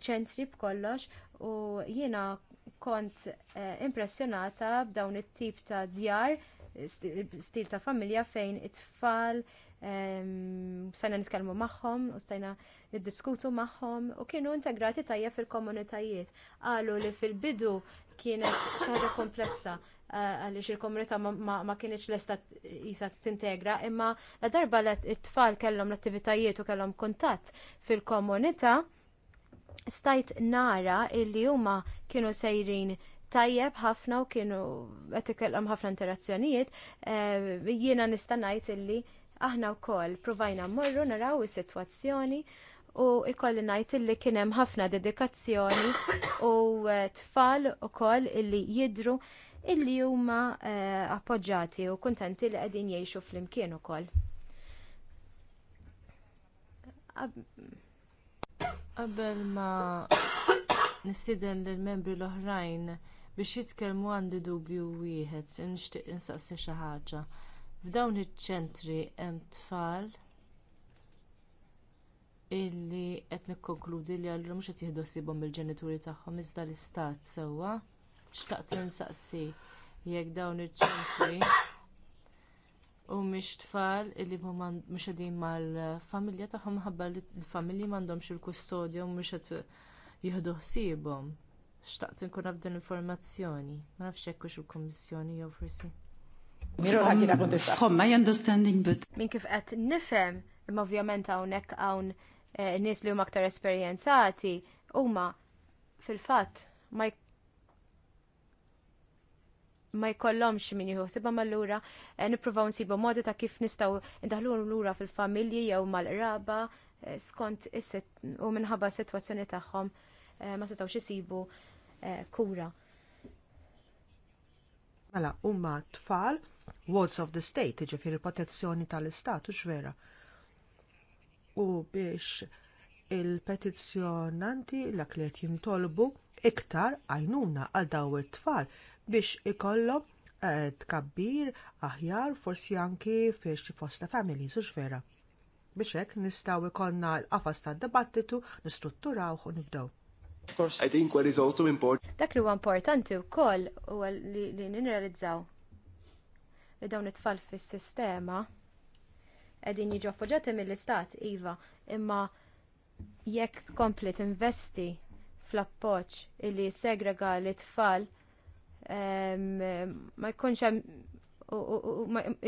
ċentri b'kollox u jiena kont eh, impressjonata b'dawn it-tip ta' djar, stil ta' familja fejn it-tfal ehm, stajna nitkellmu magħhom u stajna niddiskutu magħhom u kienu integrati tajjeb fil-komunitajiet. Qalu li fil-bidu kienet xi ħaġa komplessa eh, għaliex il-komunità ma kienx lesta jisa tintegra imma la darba l t-tfal kellhom l-attivitajiet u kellhom kuntatt fil-komunità stajt nara illi huma kienu sejrin tajjeb ħafna u kienu qed ikollhom ħafna interazzjonijiet, eh, jiena nista' ngħid illi aħna wkoll provajna mmorru naraw is-sitwazzjoni u ikolli ngħid illi kien hemm ħafna dedikazzjoni u eh, tfal ukoll illi jidhru illi huma eh, appoġġjati u kuntenti li qegħdin jgħixu flimkien ukoll Qabel ma nistieden lill membri l-oħrajn biex jitkellmu għandi dubju wieħed, nixtieq insaqsi xi ħaġa. F'dawn iċ-ċentri hemm tfal illi qed nikkonkludi li għallhom mhux qed jieħdu ħsiebhom il-ġenituri tagħhom iżda l-istat sewwa. Xtaqt insaqsi jekk dawn iċ-ċentri u mhix tfal li mhux qegħdin mal-familja tagħhom ħabba li l-familji m'għandhomx il-kustodja u mhux qed jieħdu ħsiebhom. Xtaqt inkun naf l informazzjoni. Ma nafx hekk il-Kummissjoni jew forsi. Homma understanding but. Min kif qed nifhem imma ovvjament hawnhekk hawn eh, nies li huma aktar esperjenzati huma fil-fatt ma ma jkollhomx min jieħu sibha l lura eh, nippruvaw nsibu modi ta' kif nistgħu ndaħlu lura fil-familji jew mal-qraba eh, skont u minħabba s-sitwazzjoni tagħhom eh, ma setgħux isibu kura. Mela, huma tfal, walls of the state, ġifir il-protezzjoni tal-istat, u vera. U biex il-petizzjonanti l-aklet jintolbu iktar għajnuna għal daw it-tfal biex ikollhom eh, tkabbir aħjar forsi anki fiex fosta familji, sux vera. Biex hekk nistgħu jkollna l-qafas tad-dibattitu nistrutturaw u nibdew. I think what is also important. Dak li huwa importanti wkoll huwa li nirrealizzaw li dawn it-tfal fis-sistema qegħdin jiġu appoġġjati mill-istat iva, imma jekk tkompli tinvesti fl-appoġġ illi segrega l-tfal ma jkunx hemm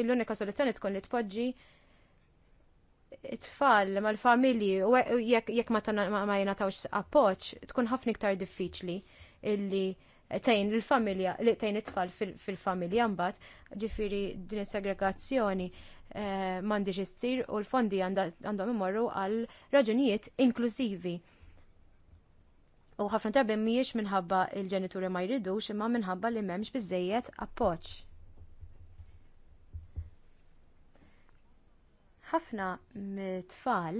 l-unika soluzzjoni tkun li tpoġġi it-tfal mal-familji u e- jekk ma jingħatawx appoġġ tkun ħafna iktar diffiċli illi tejn il-familja, li tejn it-tfal fil-familja mbagħad, ġifieri din is-segregazzjoni eh, m'għandix issir u l-fondi għandhom imorru għal raġunijiet inklużivi. U ħafna drabi mhijiex minħabba l ġenituri ma jridux imma minħabba li m'hemmx biżżejjed appoġġ. Ħafna mit-tfal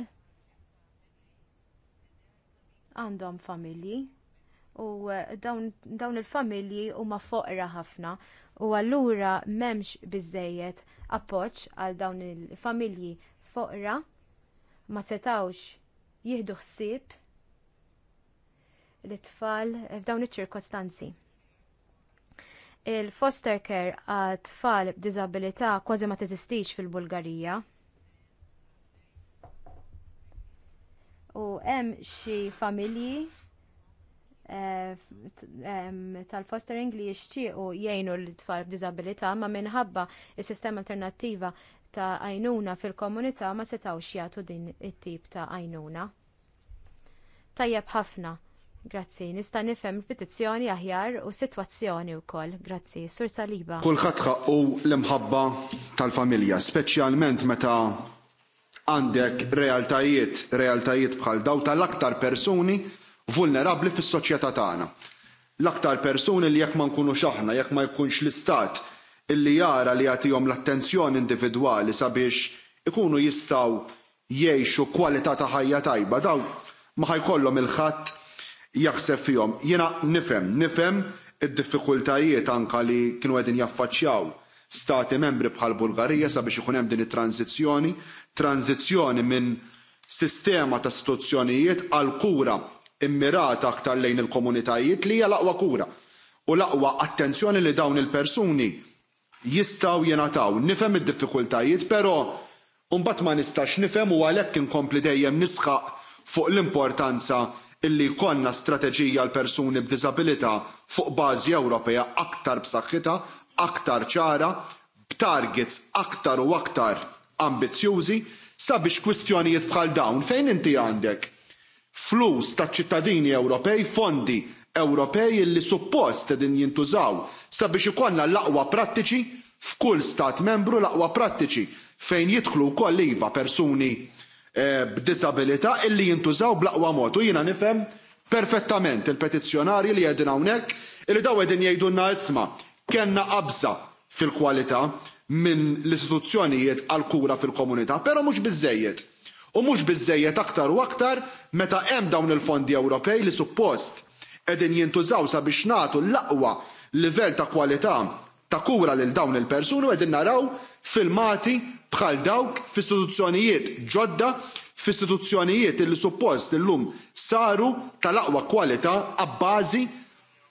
għandhom familji u dawn, il-familji huma foqra ħafna u allura m'hemmx biżżejjed appoġġ għal dawn il-familji foqra ma setawx jieħdu ħsieb l-tfal f'dawn iċ-ċirkostanzi. Il-foster care għat tfal b'diżabilità kważi ma teżistix fil-Bulgarija. U hemm xi familji eh, tal-fostering li jixtiequ jgħinu l-tfal b'diżabilità ma minħabba s sistema alternattiva ta' għajnuna fil-komunità ma setawx jagħtu din it-tip ta' għajnuna. Tajjeb ħafna Grazzi, nista' nifhem petizzjoni aħjar u sitwazzjoni koll. Grazzi, Sur Saliba. Kulħadd ħaqqu l-imħabba tal-familja, speċjalment meta għandek realtajiet, realtajiet bħal daw tal-aktar persuni vulnerabli fis soċjetà tagħna. L-aktar persuni li jekk ma nkunux aħna, jekk ma jkunx l-istat illi jara li jagħtihom l-attenzjoni individwali sabiex ikunu jistgħu jgħixu kwalità ta' ħajja tajba daw ma ħajkollhom il-ħadd jaħseb fihom. Jiena nifhem, nifhem id-diffikultajiet anka li kienu qegħdin jaffaċċjaw stati membri bħal Bulgarija sabiex ikun hemm din it-tranzizzjoni, tranzizzjoni minn sistema ta' istituzzjonijiet għal kura immirata aktar lejn il-komunitajiet li hija l-aqwa kura u l-aqwa attenzjoni li dawn il-persuni jistgħu jingħataw. Nifhem id-diffikultajiet, però mbagħad ma nistax nifhem u għalhekk inkompli dejjem nisħaq fuq l-importanza illi jkollna strateġija għal persuni b'diżabilità fuq bażi Ewropea aktar b'saħħitha, aktar ċara, b'targets aktar u aktar ambizzjużi sabiex kwistjonijiet bħal dawn fejn inti għandek flus taċ ċittadini Ewropej, fondi Ewropej li suppost din jintużaw sabiex ikollna l-aqwa prattiċi f'kull stat membru l-aqwa prattiċi fejn jidħlu wkoll iva persuni Eh, b'diżabilità illi jintużaw bl-aqwa mod. U jiena nifhem perfettament il-petizzjonarji li qegħdin hawnhekk illi daw qegħdin jgħidulna isma' kellna qabża fil-kwalità minn l-istituzzjonijiet għal kura fil-komunità, però mhux biżejjed. U mhux biżejjed aktar u aktar meta hemm dawn il-fondi Ewropej li suppost qegħdin jintużaw sabiex nagħtu l-aqwa livell ta' kwalità ta' kura lil dawn il-persuni u qegħdin naraw filmati bħal dawk f'istituzzjonijiet ġodda f'istituzzjonijiet illi suppost illum saru tal-aqwa kwalità abbażi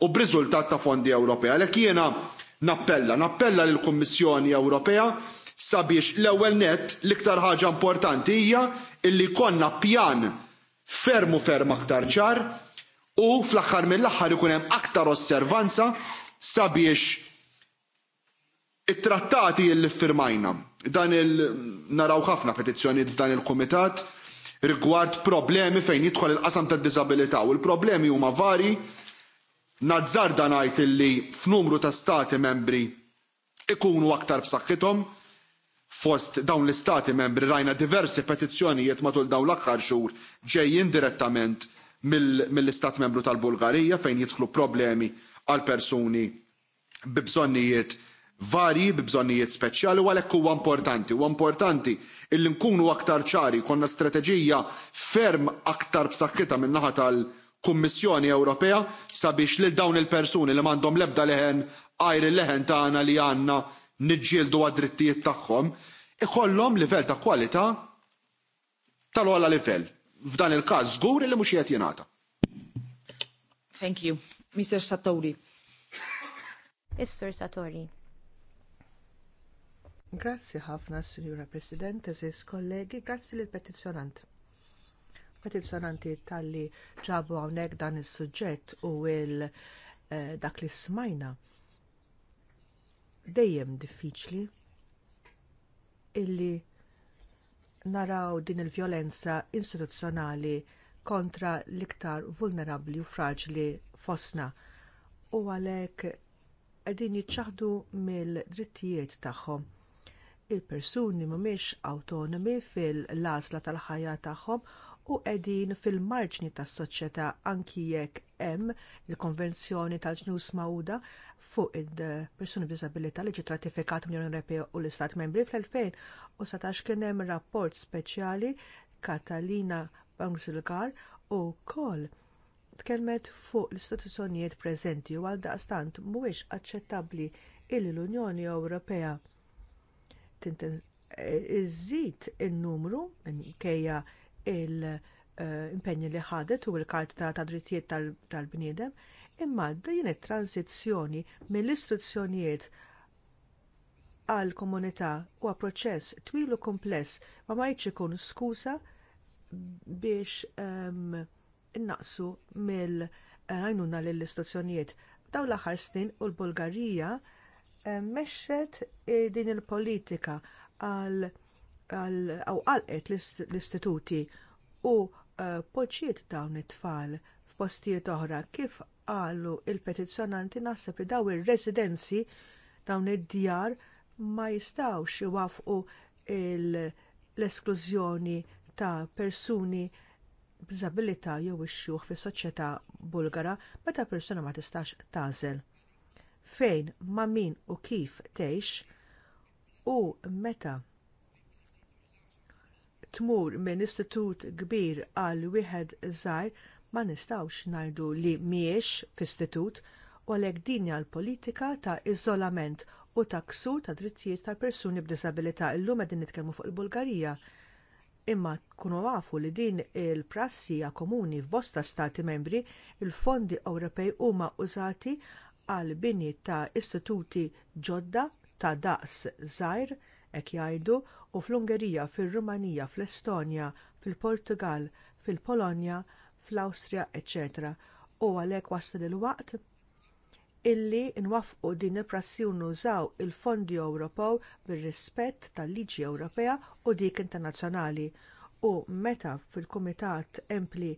u b'riżultat ta' fondi Ewropea. Għalhekk jiena nappella, nappella lill kummissjoni Ewropea sabiex l-ewwel nett l-iktar ħaġa importanti hija illi jkollna pjan fermu ferm aktar ċar u fl-aħħar mill-aħħar ikun hemm aktar osservanza sabiex it-trattati illi ffirmajna Dan il naraw ħafna petizzjonijiet f'dan il-kumitat rigward problemi fejn jidħol il-qasam tad-diżabilità u l-problemi huma vari nazzar dan li illi f'numru ta' stati membri ikunu aktar b'saħħithom fost dawn l-istati membri rajna diversi petizzjonijiet matul dawn l-aħħar xhur ġejjin direttament mill-istat membru tal-Bulgarija fejn jidħlu problemi għal persuni bi bżonnijiet varji bi speċjali u għalhekk huwa importanti. Huwa importanti illi nkunu aktar ċari konna strateġija ferm aktar b'saħħitha min-naħa tal-Kummissjoni Ewropea sabiex lil dawn il-persuni li m'għandhom l-ebda leħen għajri leħen tagħna li għandna niġġieldu għad-drittijiet tagħhom ikollhom livell ta' kwalità tal-ogħla livell. F'dan il-każ żgur li mhux qed jingħata. Thank you. Mr. Satori. Satori. Grazzi ħafna, Signora President, eżis kollegi, grazzi lill petizzjonant Petizzjonanti talli ġabu hawnhekk dan is suġġett u il eh, dak li smajna dejjem diffiċli illi naraw din il vjolenza istituzzjonali kontra l-iktar vulnerabbli u fraġli fostna u għalhekk qegħdin jiċċaħdu mill-drittijiet tagħhom il-persuni mhumiex awtonomi fil-lasla tal-ħajja tagħhom u qegħdin fil-marġni tas-soċjetà anki jekk hemm il-Konvenzjoni tal-Ġnus Magħquda fuq il-persuni b'diżabilità li ġiet ratifikat mill-Unjoni Ewropea u l-Istat Membri fl-2017 kien hemm rapport speċjali Katalina Bangsilgar u tkellmet fuq l-istituzzjonijiet preżenti u għaldaqstant mhuwiex aċċettabbli illi l-Unjoni Ewropea Eh, iżżid in-numru minkejja l eh, impegni li ħadet u l-karta ta' drittijiet tal-bniedem imma din it-transizzjoni mill-istituzzjonijiet għall komunità huwa proċess twil u kumpless ma ma ikun skuża biex ehm, innaqsu mill eh, għajnuna lill istituzzjonijiet Dawn l-aħħar snin u l-Bulgarija mexxet din il-politika għal għaw għalqet l-istituti u eh, poċiet dawn it-tfal f'postijiet oħra kif qalu l petizzjonanti naħseb li dawn ir-residenzi dawn id-djar ma jistawx iwafqu l-esklużjoni ta' persuni b'diżabilità jew ix fis-soċjetà Bulgara meta persuna ma tistax tażel fejn, ma' min u kif tgħix u meta tmur minn istitut kbir għal wieħed żgħir ma nistgħux ngħidu li mhijiex f'istitut u għalhekk din l-politika ta' iżolament u ta' ksur ta' drittijiet tal persuni b'diżabilità illum qegħdin nitkellmu fuq il-Bulgarija. Imma tkunu għafu li din il-prassi hija komuni f'bosta stati membri, il-fondi Ewropej huma użati għal bini ta' istituti ġodda ta' daqs żgħir hekk jgħidu u fl-Ungerija, fir-Rumanija, fl-Estonja, fil-Portugal, fil-Polonja, fl-Awstrija, etc. U għalhekk waslu il-waqt illi nwaffqu din il-prassi u nużaw il-fondi Ewropew bir-rispett tal-liġi Ewropea u dik internazzjonali. U meta fil-Kumitat Empli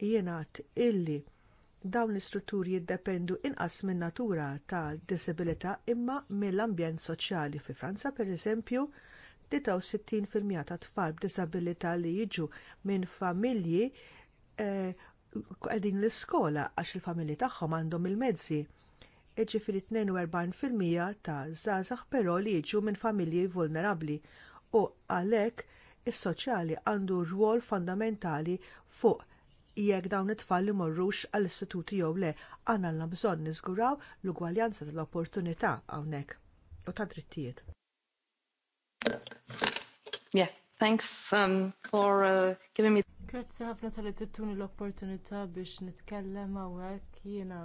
jingħad illi dawn l-istrutturi jiddependu inqas min natura tad disabilità imma mill-ambjent soċjali fi Franza pereżempju 63% ta' tfal b'diżabilità li jiġu minn familji qegħdin eh, l-iskola għax il-familji tagħhom għandhom il-mezzi. Iġifieri 42% ta' żgħażagħ però li jiġu minn familji vulnerabbli u għalhekk is-soċjali għandu rwol fondamentali fuq jekk dawn it-tfal li morrux għall-istituti jew le, għandna l bżonn niżguraw l-ugwaljanza tal-opportunità hawnhekk u ta' drittijiet. Yeah, thanks um, for uh, giving me Grazzi ħafna tal tittuni l-opportunità biex nitkellem hawnhekk jiena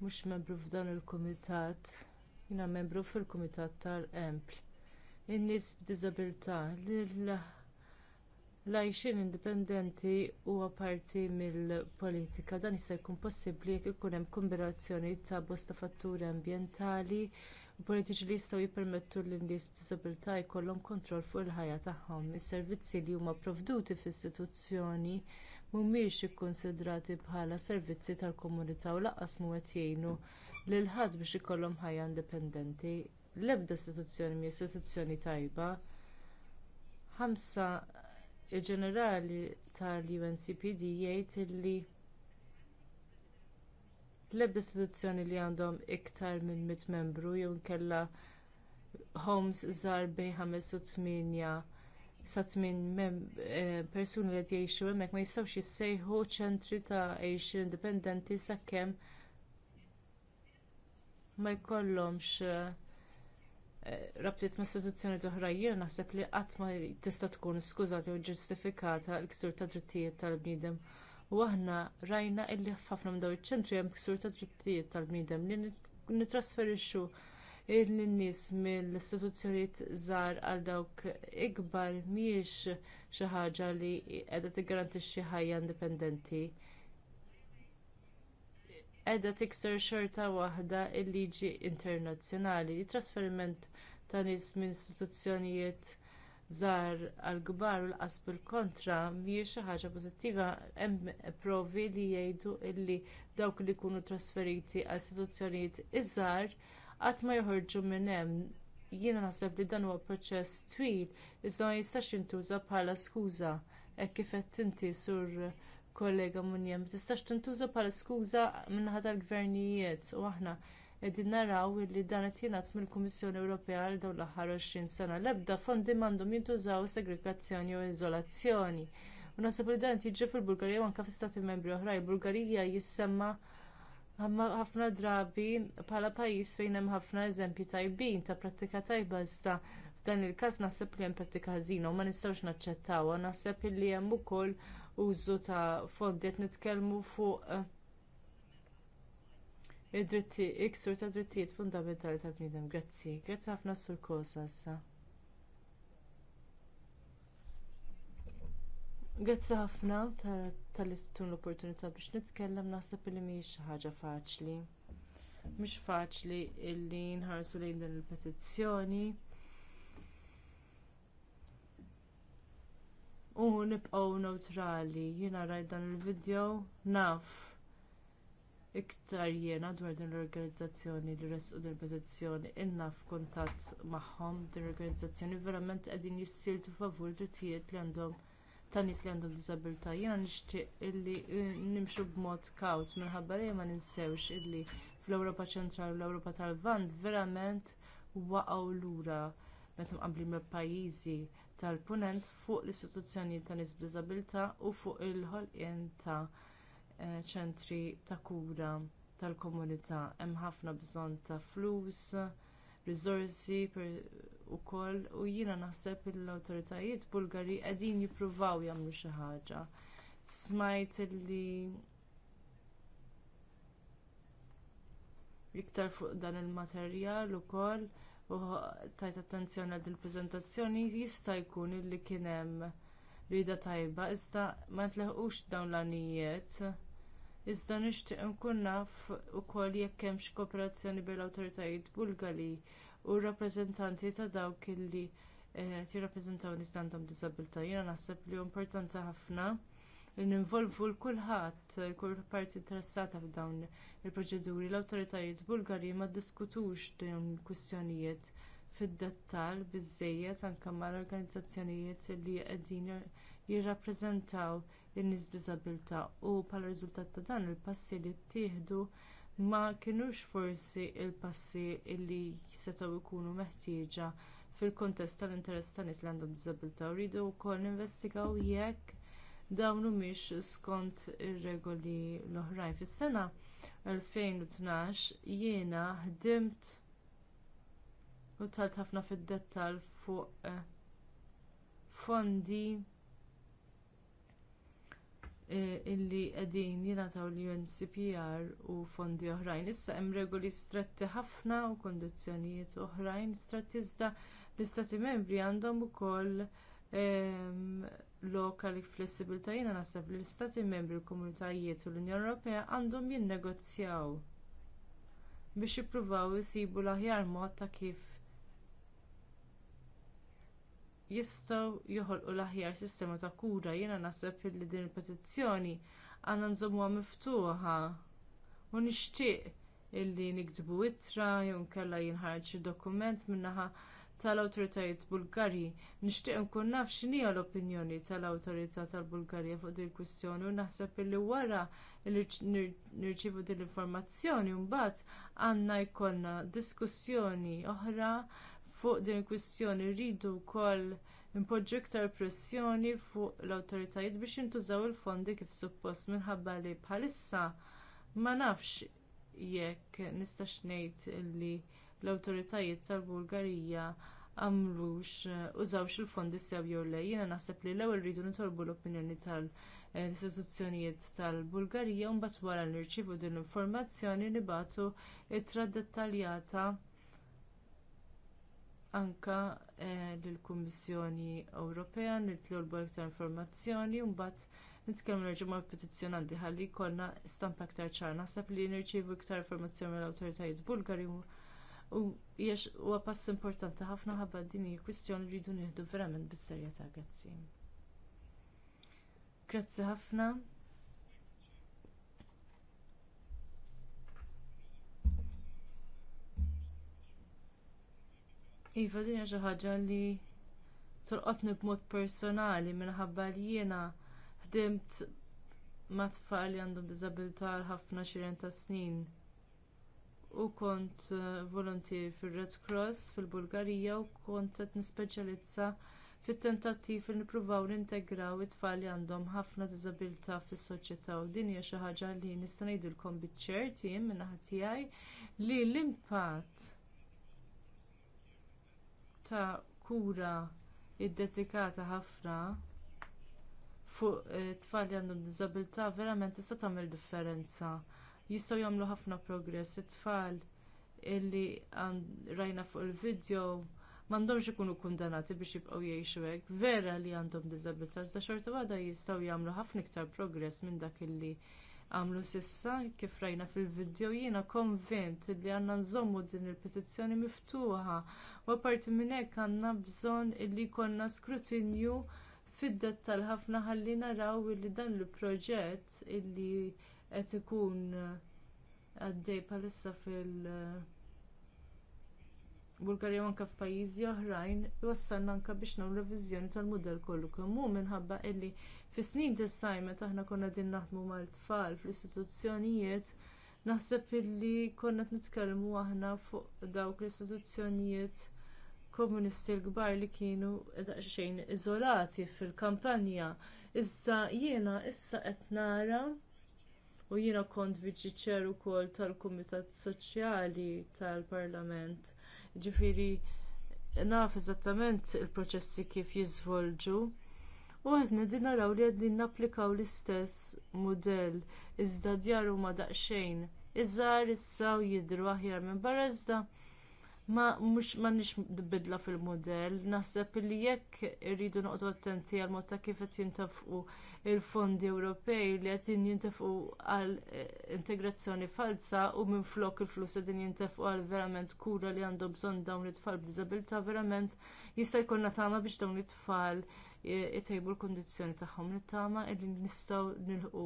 mhux membru f'dan il-kumitat, jiena membru fil-kumitat tal-Empl. In-nies b'diżabilità li l-għajxin indipendenti huwa parti mill-politika dan jista' jkun possibbli jekk ikun hemm kombinazzjoni ta' bosta fatturi ambjentali u politiċi li jistgħu jippermettu lin nies b'diżabilità jkollhom kontroll fuq il-ħajja tagħhom. Is-servizzi li huma pprovduti fl-istituzzjoni mhumiex ikkunsidrati bħala servizzi tal-komunità u lanqas mu qed jgħinu lil ħadd biex ikollhom ħajja indipendenti. L-ebda istituzzjoni mhi istituzzjoni tajba. Ħamsa il-ġenerali tal-UNCPD jgħid li l-ebda istituzzjoni li għandhom iktar minn 100 membru jew inkella homes żgħar bejn ħames u sa tmien eh, persuni li qed jgħixu hemmhekk ma jistgħux jissejħu ċentri ta' għexi indipendenti sakemm ma jkollhomx eh, rabtiet ma' istituzzjoni oħra jiena naħseb li qatt ma tista' tkun skużata u ġustifikata l-ksur ta' drittijiet tal-bniedem. U aħna rajna illi ħafna minn dawn iċ-ċentri hemm ksur ta' drittijiet tal-bniedem li nitrasferixxu il-nies mill-istituzzjonijiet żgħar għal dawk ikbar mhijiex xi ħaġa li qiegħda tiggarantixxi ħajja indipendenti qiegħda tikser xorta waħda l-liġi internazzjonali. It-trasferiment ta' nies minn istituzzjonijiet żgħar għal kbar u l-qas bil-kontra mhijiex xi ħaġa pożittiva hemm provi li jgħidu li dawk li jkunu trasferiti għal istituzzjonijiet iżgħar qatt ma joħorġu minn hemm jiena naħseb li dan huwa proċess twil iżda ma jistax jintuża bħala skuża hekk kif qed inti sur kollega Munjem, tistax tintuża bħala skuża minnaħa tal-gvernijiet u aħna qegħdin naraw li dan qed jingħad mill-Kummissjoni Ewropea għal dawn l-aħħar 20 sena. L-ebda fondi m'għandhom jintużaw segregazzjoni u iżolazzjoni. U naħseb li dan jiġi fil-Bulgarija u anke fl-Stati Membri oħra. Il-Bulgarija jissemma ħafna drabi bħala pajjiż fejn hemm ħafna eżempji tajbin ta' prattika tajba iżda f'dan il-każ naħseb li hemm prattika ħażina u ma nistgħux naċċettawha. Naħseb li hemm ukoll użu ta' fondiet nitkellmu fuq eh, id-dritti iksur ta' drittijiet fundamentali ta' bniedem. Grazzi, grazzi ħafna sur kosa issa. Grazzi ħafna tal-istun l-opportunità biex nitkellem naħseb li mhijiex ħaġa faċli. Mhux faċli illi nħarsu lejn din il-petizzjoni u nibqgħu neutrali. Jiena rajt dan il-video naf iktar jiena dwar din l-organizzazzjoni li resqu din petizzjoni inna f'kuntatt magħhom din l-organizzazzjoni verament qegħdin jissiltu favur drittijiet li għandhom ta' nies li għandhom diżabilità. Jiena nixtieq illi eh, nimxu b'mod kawt minħabba li ma ninsewx illi fl-Ewropa ċentrali u l-Ewropa tal-Vant verament waqgħu lura meta mqabbli mill-pajjiżi tal-punent fuq l-istituzzjonijiet ta' nies b'diżabilità u fuq il-ħolqien ta' eh, ċentri ta' kura tal-komunità. Hemm ħafna bżonn ta' flus, riżorsi wkoll u jiena naħseb li l awtoritajiet Bulgari qegħdin jippruvaw jagħmlu xi ħaġa. Smajt li iktar fuq dan il-materjal ukoll u tajt attenzjoni għal din il-preżentazzjoni jista' jkun illi kien hemm rida tajba iżda ma tleħqux dawn l għanijiet Iżda nixtieq nkun naf ukoll jekk hemm xi kooperazzjoni bejn l-awtoritajiet Bulgari u r-rappreżentanti ta' dawk illi eh, tirrappreżentaw nies għandhom diżabilità. Jiena naħseb li hu importanti ħafna li ninvolvu l-kulħadd, kull parti interessata f'dawn il-proċeduri. L-awtoritajiet Bulgari ma ddiskutux dawn il-kwistjonijiet fid-dettall biżżejjed anke mal-organizzazzjonijiet li qegħdin jirrappreżentaw in-nies b'diżabilità u bħala riżultat ta' dan il-passi li ttieħdu ma kinux forsi l passi li setgħu jkunu meħtieġa fil-kontest tal-interess tan nies li għandhom diżabilità u jridu wkoll ninvestigaw jekk dawn mhumiex skont ir-regoli l-oħrajn. Fis-sena 2012 jiena ħdimt u talt ħafna fid dettall fuq eh, fondi eh, illi qegħdin jingħataw l UNCPR u fondi oħrajn. Issa hemm regoli stretti ħafna u kundizzjonijiet oħrajn stretti iżda l-istati membri għandhom ukoll ehm, lokali flessibilità jiena naħseb li l-Istati membri l-Komunitajiet u l-Unjoni Ewropea għandhom jinnegozjaw biex jippruvaw isibu l-aħjar mod ta' kif jistgħu joħolqu l-aħjar sistema ta' kura jiena naħseb li din il-petizzjoni għandna nżommuha miftuħa u nixtieq illi nikdbu ittra jew nkella jinħarġ dokument min-naħa tal-awtoritajiet Bulgarji. Nixtieq nkun naf x'inhi l-opinjoni tal-awtorità tal-Bulgarja fuq din il-kwistjoni u naħseb li wara li nirċievu din l-informazzjoni mbagħad għandna jkollna diskussjoni oħra fuq din il-kwistjoni rridu wkoll impoġġu iktar pressjoni fuq l-awtoritajiet biex jintużaw il-fondi kif suppost minħabba li bħalissa ma nafx jekk nistax ngħid li l-awtoritajiet tal-Bulgarija għamlux eh, użawx il-fondi sew jew le. Jiena naħseb li l-ewwel rridu nitolbu l-opinjoni tal-istituzzjonijiet tal-Bulgarija u mbagħad wara nirċievu din l-informazzjoni li bagħtu ittra dettaljata anke eh, lill-Kummissjoni Ewropea nitlobu iktar informazzjoni u mbagħad nitkellmu nerġgħu ma' petizzjonanti ħalli jkollna stampa aktar ċar. Naħseb li nirċievu iktar informazzjoni mill-awtoritajiet Bulgari U jiex huwa pass importanti ħafna ħabba din hija kwistjoni rridu nieħdu verament bis-serjetà grazzi. Grazzi ħafna. Iva din hija xi ħaġa li tolqotni b'mod personali minħabba li jiena ħdimt ma' tfal li għandhom diżabilità ħafna xiren ta' snin u kont eh, volontier fir red Cross fil-Bulgarija u kont qed nispeċjalizza fit-tentattiv li nippruvaw nintegraw it-tfal li għandhom ħafna diżabilità fis-soċjetà u din hija xi ħaġa li nista' ngħidilkom biċ-ċerti min naħa tiegħi li l-impatt ta' kura iddedikata ħafna fuq it-tfal eh, li għandhom diżabilità verament tista' tagħmel differenza jistgħu jagħmlu ħafna progress. It-tfal illi rajna fuq il-video m'għandhomx ikunu kundanati biex jibqgħu jgħixu hekk, vera li għandhom diżabilità, iżda xorta waħda jistgħu jagħmlu ħafna iktar progress minn dak illi għamlu sissa kif rajna fil-video jiena konvint li għandna nżommu din il-petizzjoni miftuħa u apparti minn hekk għandna bżonn li jkollna skrutinju fid-dettal ħafna ħalli naraw li dan il-proġett illi qed ikun eh, għaddej bħalissa fil- eh, Bulgarija anke f'pajjiżi oħrajn wassalna anke biex nagħmlu reviżjoni tal-mudell kollu kemm hu minħabba illi fis snin tas-sajmet aħna konna din naħdmu mal-tfal fl-istituzzjonijiet naħseb illi konna qed nitkellmu aħna fuq dawk l-istituzzjonijiet komunisti l-kbar li kienu daqsxejn iżolati fil-kampanja. Iżda jiena issa qed nara u jiena kont viċiċer ukoll tal-Kumitat Soċjali tal-Parlament. jiġifieri naf eżattament il-proċessi kif jiżvolġu. U qed din naraw li qegħdin napplikaw l-istess mudell iżda djar huma daqsxejn. Iżgħar issa u jidhru aħjar minn barra iżda ma mhux m'għandniex bidla fil mudell Naħseb li jekk irridu noqogħdu attenti għal mod ta' kif qed jintafqu il-fondi Ewropej li qed jintefqu għal eh, integrazzjoni falsa u minflok il-flus qegħdin jintefgħu għal verament kura li għandhom bżonn dawn it-tfal b'diżabilità verament jista' jkollna tama biex dawn it-tfal jtejbu eh, l kundizzjoni tagħhom li tama li nistgħu nilħu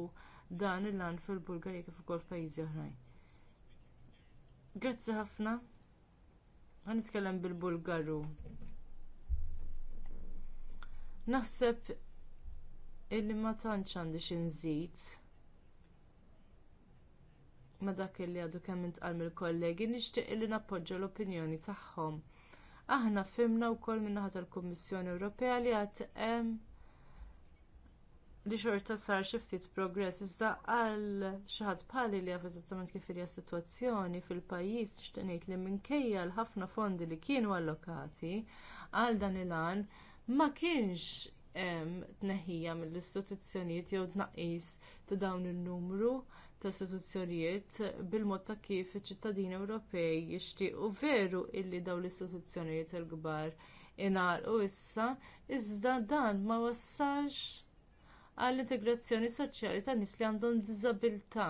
dan il-lan fil-Bulgarija kif ukoll pajjiżi oħrajn. Grazzi ħafna. Għan bil-Bulgaru. Naħseb illi ma tantx għandi xi ma dak illi għadu kemm intqal mill-kollegi nixtieq illi nappoġġa l-opinjoni tagħhom. Aħna fimna wkoll min naħa tal-Kummissjoni Ewropea li għad hemm li xorta sar xi ftit progress iżda għal xi ħadd bħali li jaf eżattament kif hija s-sitwazzjoni fil-pajjiż nixtieq ngħid li minkejja l ħafna fondi li kienu allokati għal dan il-għan ma kienx hemm tneħħija mill-istituzzjonijiet jew tnaqqis ta' dawn in-numru ta' istituzzjonijiet bil-mod ta' kif iċ-ċittadini Ewropej jixtiequ veru illi dawn l-istituzzjonijiet il-kbar ingħalqu issa iżda dan ma wassalx għall-integrazzjoni soċjali tan nies li għandhom diżabilità.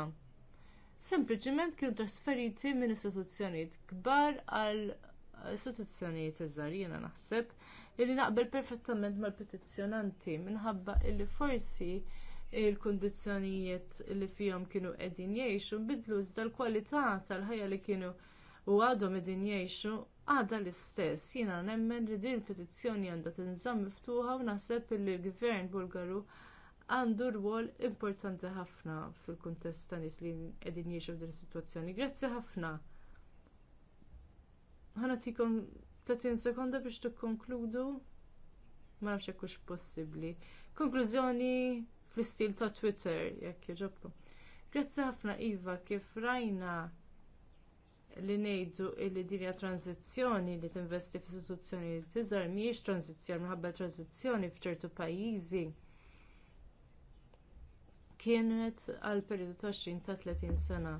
Sempliċiment kienu trasferiti minn istituzzjonijiet kbar għal istituzzjonijiet iżgħar jiena naħseb illi naqbel perfettament mal-petizzjonanti minħabba illi forsi il kundizzjonijiet li fihom kienu qegħdin jgħixu nbidlu iżda l-kwalità tal-ħajja li kienu u għadhom qegħdin jgħixu għadha l-istess. Jiena nemmen li din il-petizzjoni għandha tinżamm miftuħa u naħseb li l-Gvern Bulgaru għandu rwol importanti ħafna fil-kuntest ta' nies li qegħdin jgħixu f'din is-sitwazzjoni. Grazzi ħafna. Ħanatikom 30 sekonda biex tikkonkludu. Ma nafx hekk hux possibbli. Konklużjoni fl-istil ta' Twitter jekk jogħġobkom. Grazzi ħafna Iva kif rajna li ngħidu li dinja hija tranzizzjoni li tinvesti f'istituzzjoni li tiżar mhijiex tranzizjoni, minħabba tranzizjoni f'ċertu pajjiżi kienet għal perjodu ta' 20 ta' 30 sena.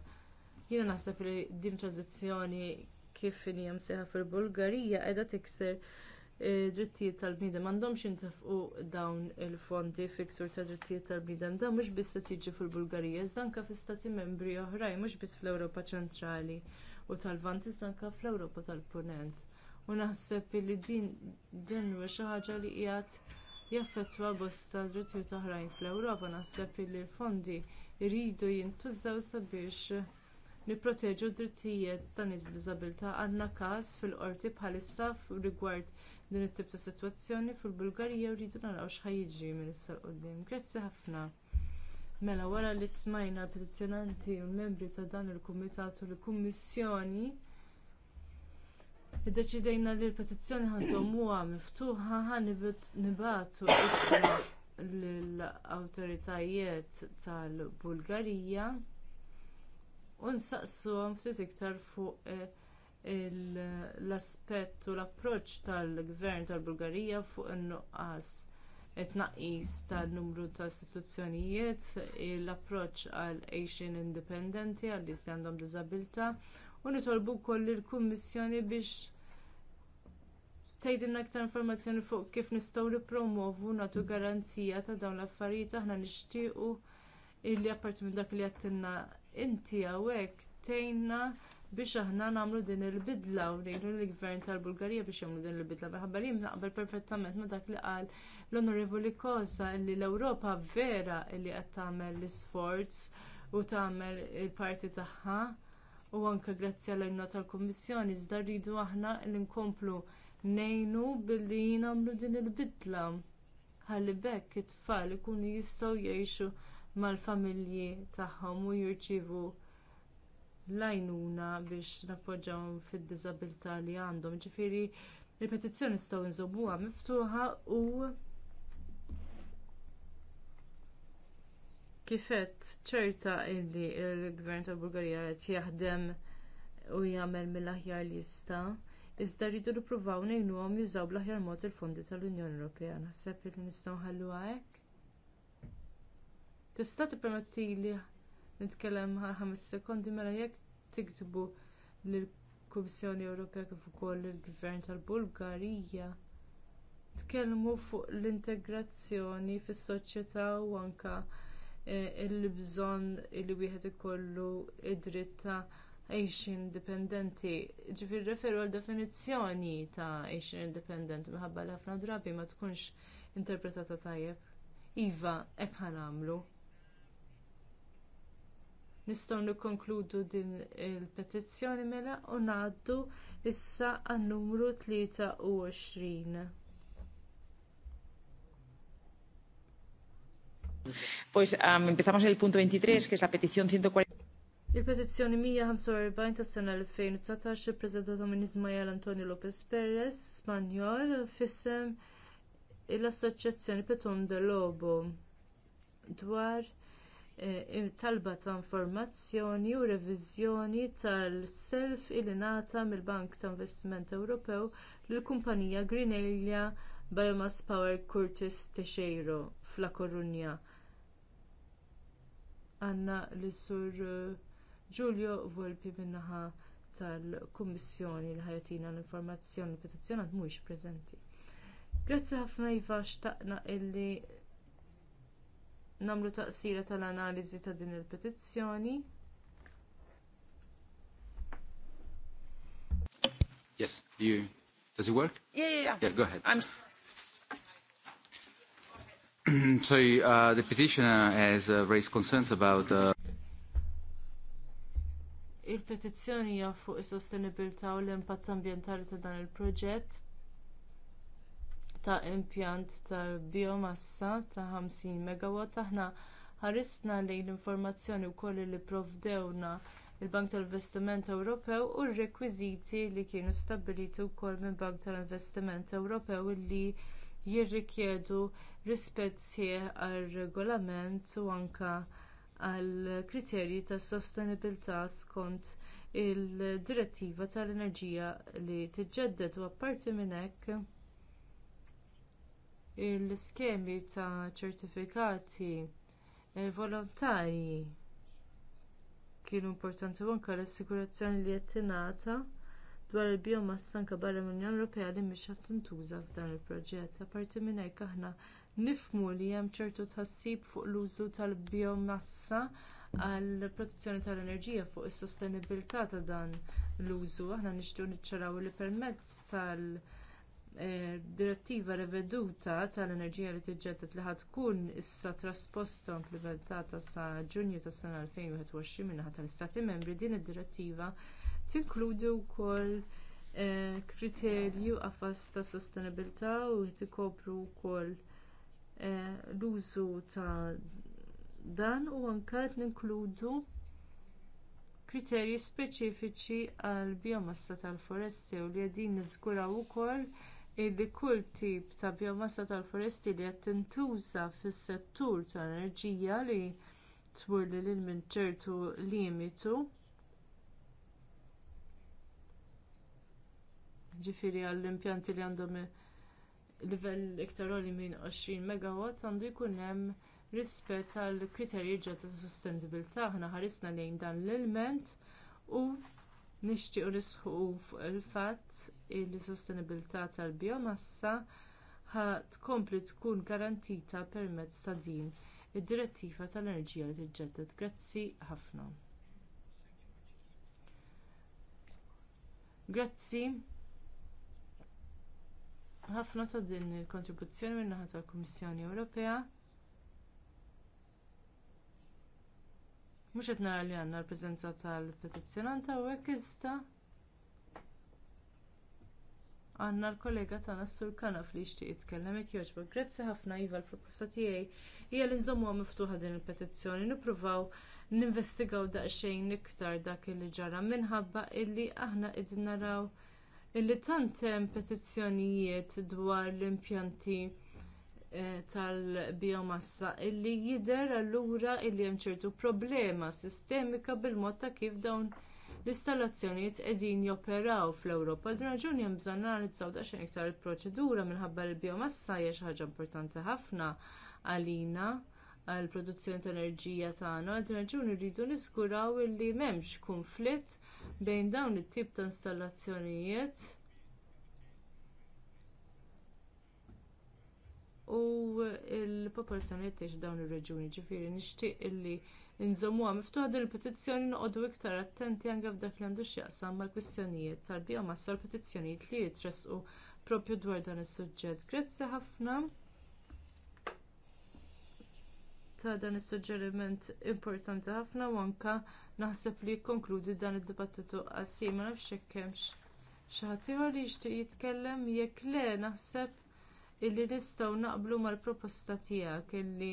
Jiena naħseb li din tranzizzjoni kif inhi hemm fil-Bulgarija qiegħda tikser eh, drittijiet tal-bniedem m'għandhomx intefqu dawn il-fondi fiksur ta' drittijiet tal-bniedem dan mhux biss se tiġi fil-Bulgarija iżda anke fi stati membri oħrajn mhux biss fl-Ewropa ċentrali u tal-Vant iżda anke fl-Ewropa tal-Punent. U naħseb li din din xi ħaġa li qiegħed jaffettwa bosta drittijiet oħrajn fl-Ewropa naħseb li l-fondi jridu jintużaw sabiex nipproteġu d-drittijiet ta' nies b'diżabilità għandna każ fil-qorti bħalissa rigward din it-tip ta' sitwazzjoni fil-Bulgarija rridu naraw x'ħajjiġri minn issa l qudiem Grazzi ħafna. Mela wara li smajna l-petizzjonanti u l-membri ta' dan il-kumitat u l-kummissjoni iddeċidejna li l-petizzjoni ħanżommuha miftuħa ħan nibatu lill-awtoritajiet tal-Bulgarija u nsaqsuhom ftit iktar fuq eh, l-aspett u l approċċ tal-gvern tal-Bulgarija fuq in-nuqqas it-tnaqqis eh, tan-numru ta' istituzzjonijiet, l-approċċ għal għejxin indipendenti għal li għandhom diżabilità u nitolbu wkoll il-Kummissjoni biex tgħidilna aktar informazzjoni fuq kif nistgħu nippromovu nagħtu garanzija ta' dawn l-affarijiet aħna nixtiequ illi apparti minn dak li għattinna inti hawnhekk tgħinna biex aħna nagħmlu din il-bidla u ngħidu lill-Gvern tal-Bulgarija biex jagħmlu din il-bidla. Minħabba li naqbel perfettament ma dak li qal l-Onorevoli Kosa li l-Ewropa vera li qed tagħmel l-isforz u tagħmel il-parti tagħha u anke grazzi għall għajnuna tal-Kummissjoni iżda rridu aħna li nkomplu ngħinu billi nagħmlu din il-bidla ħalli bekk it-tfal ikunu jistgħu jgħixu mal-familji tagħhom u jirċievu l-għajnuna biex nappoġġawhom fid-diżabilità li għandhom. Ġifieri il-petizzjoni nistgħu nżommuha miftuħa u kif għedt ċerta li l-Gvern tal-Bulgarija qed jaħdem u jagħmel mill-aħjar li jista' iżda rridu nippruvaw ngħinuhom jużaw bl-aħjar mod il-fondi tal-Unjoni Ewropea. Naħseb li nistgħu nħalluha hekk. Tista' tippermettili nitkellem ħames sekondi mela jekk tiktbu lill-Kummissjoni Ewropea kif ukoll il-Gvern tal-Bulgarija tkellmu fuq l-integrazzjoni fis-soċjetà u anke e, il-bżonn li wieħed ikollu id-dritt ta' għejxin indipendenti. Ġifir referu għal definizzjoni ta' għejxin indipendenti minħabba li ħafna drabi ma tkunx interpretata tajjeb. Iva, hekk ħanamlu. nagħmlu. Nistgħu nikkonkludu din il-petizzjoni mela u ngħaddu issa għan-numru 23. Pues um, empezamos el punto 23, que es la petición 140. Il-petizzjoni 145 tas sena 2019 ippreżentata minn Ismael Antonio Lopez Perez, Spanjol, fissem l-Assoċjazzjoni peton de Lobo dwar Eh, talba ta' informazzjoni u reviżjoni tal-self il-nata mill-Bank ta' Investiment Ewropew lill kumpanija Greenelia Biomass Power Curtis Teixeiro fla Korunja. Għanna li sur eh, Giulio Volpi min-naħa tal-Kummissjoni li ħajatina l-informazzjoni petizzjonat mhuwiex preżenti. Grazzi ħafna Iva xtaqna illi nagħmlu taqsira tal-analiżi ta' din il-petizzjoni. Yes, you does it work? Yeah, yeah, yeah. Yeah, go ahead. I'm so uh, the petitioner has uh, raised concerns about uh... il-petizzjoni hija fuq is-sostenibilità u l-impatt ambjentali ta' dan il-proġett ta' impjant tal-biomassa ta' 50 MW aħna ħarisna lejn l-informazzjoni wkoll li pprovdewna il bank tal-Investiment Ewropew u r-rekwiżiti li kienu stabbiliti wkoll mill Bank tal-Investiment Ewropew li jirrikjedu rispett sħiħ għar-regolament u anke għall kriterji ta' sostenibilità skont id direttiva tal-enerġija li tiġġedded u apparti minn hekk l-iskemi ta' ċertifikati eh, volontarji kienu importanti anke l-assikurazzjoni li qed tingħata dwar il-biomassa anke barra mill-Unjoni Ewropea li mhix qed tintuża f'dan il-proġett. Apparti minn hekk aħna nifhmu li hemm ċertu tħassib fuq l-użu tal-biomassa għall produzzjoni tal-enerġija fuq is-sostenibilità ta' dan l-użu. Aħna nixtru niċċaraw li permezz tal- Eh, direttiva reveduta tal-enerġija li tiġġedded li ħad tkun issa trasposta u implementata sa Ġunju tas-sena 2021 min-naħa tal-Istati Membri din id-direttiva tinkludi wkoll eh, kriterju qafas ta' sostenibilità u tikopru wkoll eh, l-użu ta' dan u anke ninkludu kriterji speċifiċi għall biomassa tal-foresti u li qegħdin niżguraw ukoll illi kull tip ta' biomassa tal-foresti li qed tintuża fis-settur tal-enerġija li twirli lil minn ċertu limitu Ġifieri għall-impjanti li għandhom livell iktar għoli minn 20 megawatt għandu jkun hemm rispett għall kriterji ġodda ta' sostenibilità aħna ħarisna lejn dan l-ilment u Nixtiequ nisħu fuq il-fatt li sostenibilità tal-biomassa tkompli tkun garantita permezz ta' din id-direttiva tal-enerġija li tiġġedded. Grazzi ħafna. Grazzi ħafna ta' din il-kontribuzzjoni min-naħa tal-Kummissjoni Ewropea. Mhux qed nara li għandna l-preżenza tal-petizzjonanta u hekk iżda għandna l-kollega tagħna s-sur kanaf li jixtieq jitkellem jekk jogħġbok. Grazzi ħafna iva l-proposta tiegħi hija li nżommuha miftuħa din il-petizzjoni nippruvaw ninvestigaw daqsxejn iktar dak li ġara minħabba illi aħna qegħdin naraw illi tant hemm petizzjonijiet dwar l-impjanti Eh, tal-biomassa illi jidher allura illi hemm ċertu problema sistemika bil-mod ta' kif dawn l-installazzjonijiet qegħdin joperaw fl-Ewropa. Din raġuni hemm bżonn analizzaw daqsxejn iktar il-proċedura minħabba li l-biomassa hija xi ħaġa importanti ħafna għalina għall produzzjoni ta' enerġija tagħna. Għal raġuni rridu niżguraw illi m'hemmx kunflitt bejn dawn it-tip ta' installazzjonijiet u l-popolazzjoni jtiex dawn ir-reġuni ġifieri nixtieq illi nżommuha miftuħa din il-petizzjoni noqogħdu iktar attenti anke f'dak li għandu x'jaqsam mal-kwistjonijiet tal-biomassa l petizzjonijiet li jitresqu proprju dwar dan is-suġġett. Grazzi ħafna ta' dan is-suġġeriment importanti ħafna u anke naħseb li jikkonkludi dan id-dibattitu qasir ma nafx hekk xi ħadd ieħor li jixtieq jitkellem jekk le naħseb illi nistgħu naqblu mal-proposta tiegħek illi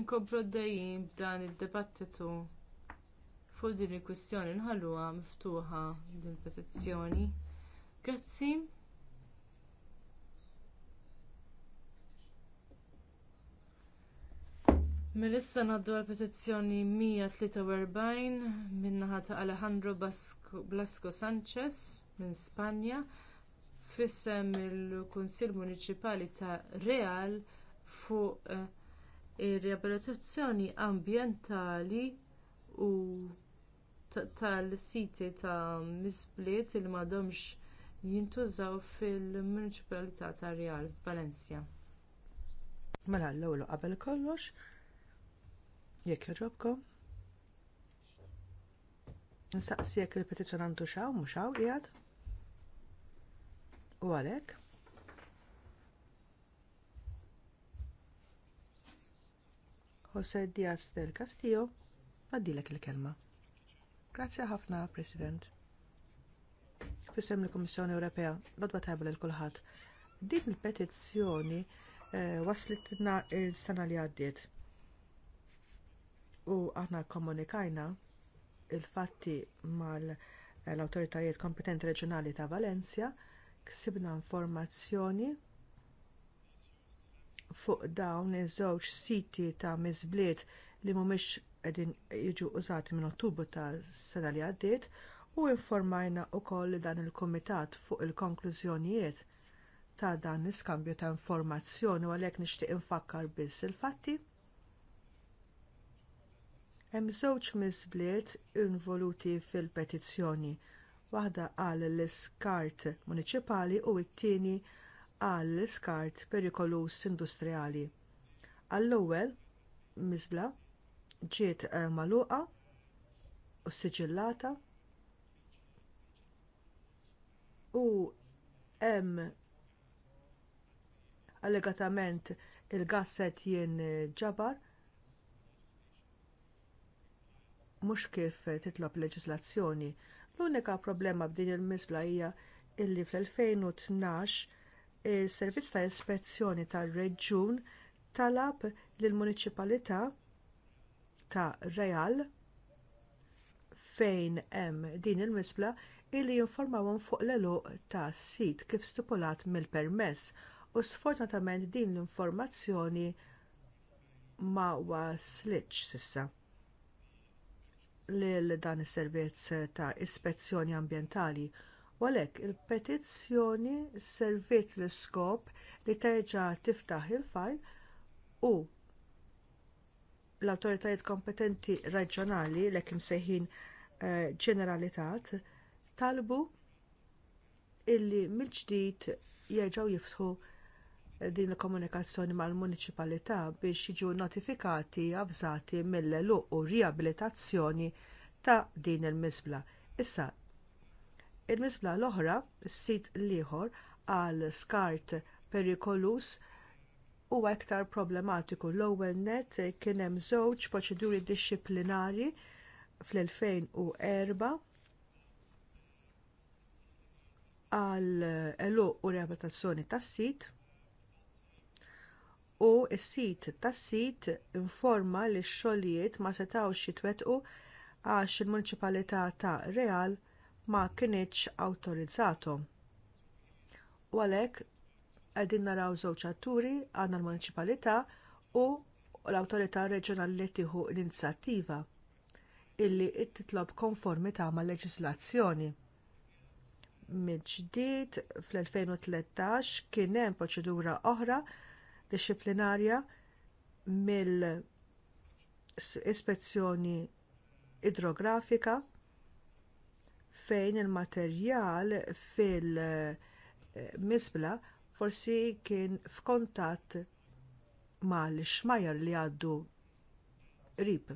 inkomplu d b'dan id-dibattitu fuq din il-kwistjoni nħalluha miftuħa din il-petizzjoni. Grazzi. Melissa naddu għal petizzjoni 143 min-naħa ta' Alejandro Blasco Sanchez minn Spanja fissem il-Kunsill Municipali ta' Real fuq eh, ir-riabilitazzjoni ambjentali u tal-siti ta' misbliet li m'għadhomx jintużaw fil-Municipalità ta' Real Valencia. Mela l-ewwel qabel kollox, jekk jogħġobkom, Nsaqsi jekk il-petizjonantu xaw, mhux xaw qiegħed. U għalhekk Jose Diaz del Castillo għaddilek il-kelma. Grazzi ħafna, President. Fissem l-Komissjoni Ewropea, badba tajba il kulħat Din il-petizzjoni eh, waslitna il-sena li għaddiet. U aħna komunikajna il-fatti mal eh, l-autoritajiet kompetenti reġjonali ta' Valencia ksibna informazzjoni fuq dawn iż-żewġ siti ta' miżbliet li mhumiex qegħdin jiġu użati minn Ottubru ta' sena li għaddiet u informajna wkoll dan il-Kumitat fuq il-konklużjonijiet ta' dan l-iskambju ta' informazzjoni u għalhekk nixtieq infakkar biss il-fatti. Hemm żewġ miżbliet involuti fil-petizzjoni waħda għal l-iskart muniċipali u t-tieni għal l-iskart perikolus industrijali. Għall-ewwel miżla ġiet eh, magħluqa u siġillata u hemm allegatament il-gasset jien ġabar mhux kif titlob leġiżlazzjoni L-unika problema b'din il-miżla hija illi fl-2012 is servizz ta' ispezzjoni tar-reġjun talab lill muniċipalità ta' Real fejn hemm din il-misbla illi jinformawhom fuq l-eluq ta' sit kif stipulat mill-permess u sfortunatament din l-informazzjoni ma waslitx sissa lil dan is-servizz ta' ispezzjoni ambjentali u għalhekk il-petizzjoni serviet l-iskop li terġa' tiftaħ il-fajl u l-awtoritajiet kompetenti reġjonali l-ek imsejħin eh, ġeneralitat talbu illi mill-ġdid jerġgħu jiftħu din il-komunikazzjoni mal-municipalità biex jiġu notifikati avżati mill-eluq u riabilitazzjoni ta' din il-misbla. Issa, il-misbla l-oħra, sit ieħor għal skart perikolus huwa iktar problematiku l-ewwel net kien hemm żewġ proċeduri dixxiplinari fl-2004 għal eluq u riabilitazzjoni tas-sit u s-sit tas-sit informa li x-xogħlijiet ma setgħux jitwettqu għax il-Municipalità ta' Real ma kinitx awtorizzatom. U għalhekk qegħdin naraw żewġ atturi għandna l-Municipalità u l-Awtorità Reġjonali li tieħu l-inizjattiva illi titlob konformità mal leġiżlazzjoni. Mid-ġdid fl-2013 kien hemm proċedura oħra disciplinarja mill-ispezzjoni idrografika fejn il-materjal fil-misbla eh, forsi kien f'kuntatt mal xmajar li għaddu qrib.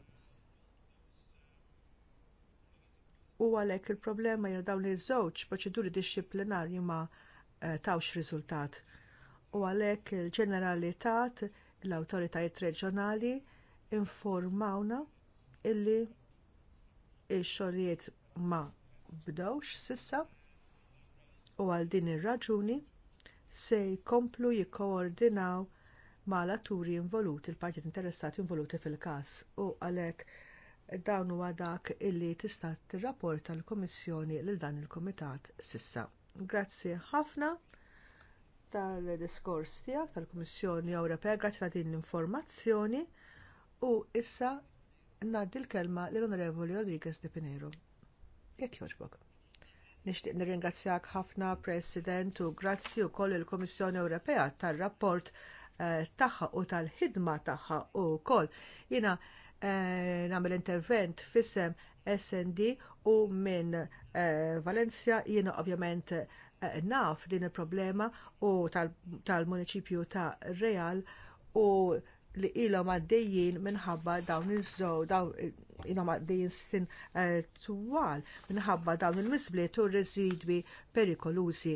U għalhekk il-problema jir dawn iż-żewġ proċeduri disciplinarji ma eh, tawx riżultat u għalhekk il-ġeneralitat l awtoritajiet reġjonali informawna illi x-xogħlijiet ma bdewx sissa u għal din ir-raġuni se jkomplu jikkoordinaw mal-atturi involuti, il-partijiet interessati involuti fil-każ u għalhekk dawn huwa dak illi tista' tirrapporta l-Kummissjoni lil dan il-Kumitat sissa. Grazzi ħafna tal-diskors tiegħek tal-Kummissjoni Ewropea grazzi ta' din l-informazzjoni u issa ngħaddi l-kelma lill-Onorevoli Rodriguez de Pinero. Jekk jogħġbok. Nixtieq nirringrazzjak ħafna President u grazzi wkoll il-Kummissjoni Ewropea tar-rapport eh, tagħha u tal-ħidma tagħha wkoll. Jiena eh, nagħmel intervent fissem SND u minn eh, Valencia jiena ovvjament naf din il-problema u tal-municipju ta' Real u li ilhom għaddejjin minħabba dawn iż-żow, dawn ilhom għaddejjin stin eh, twal minħabba dawn il-misbliet u residwi perikolużi.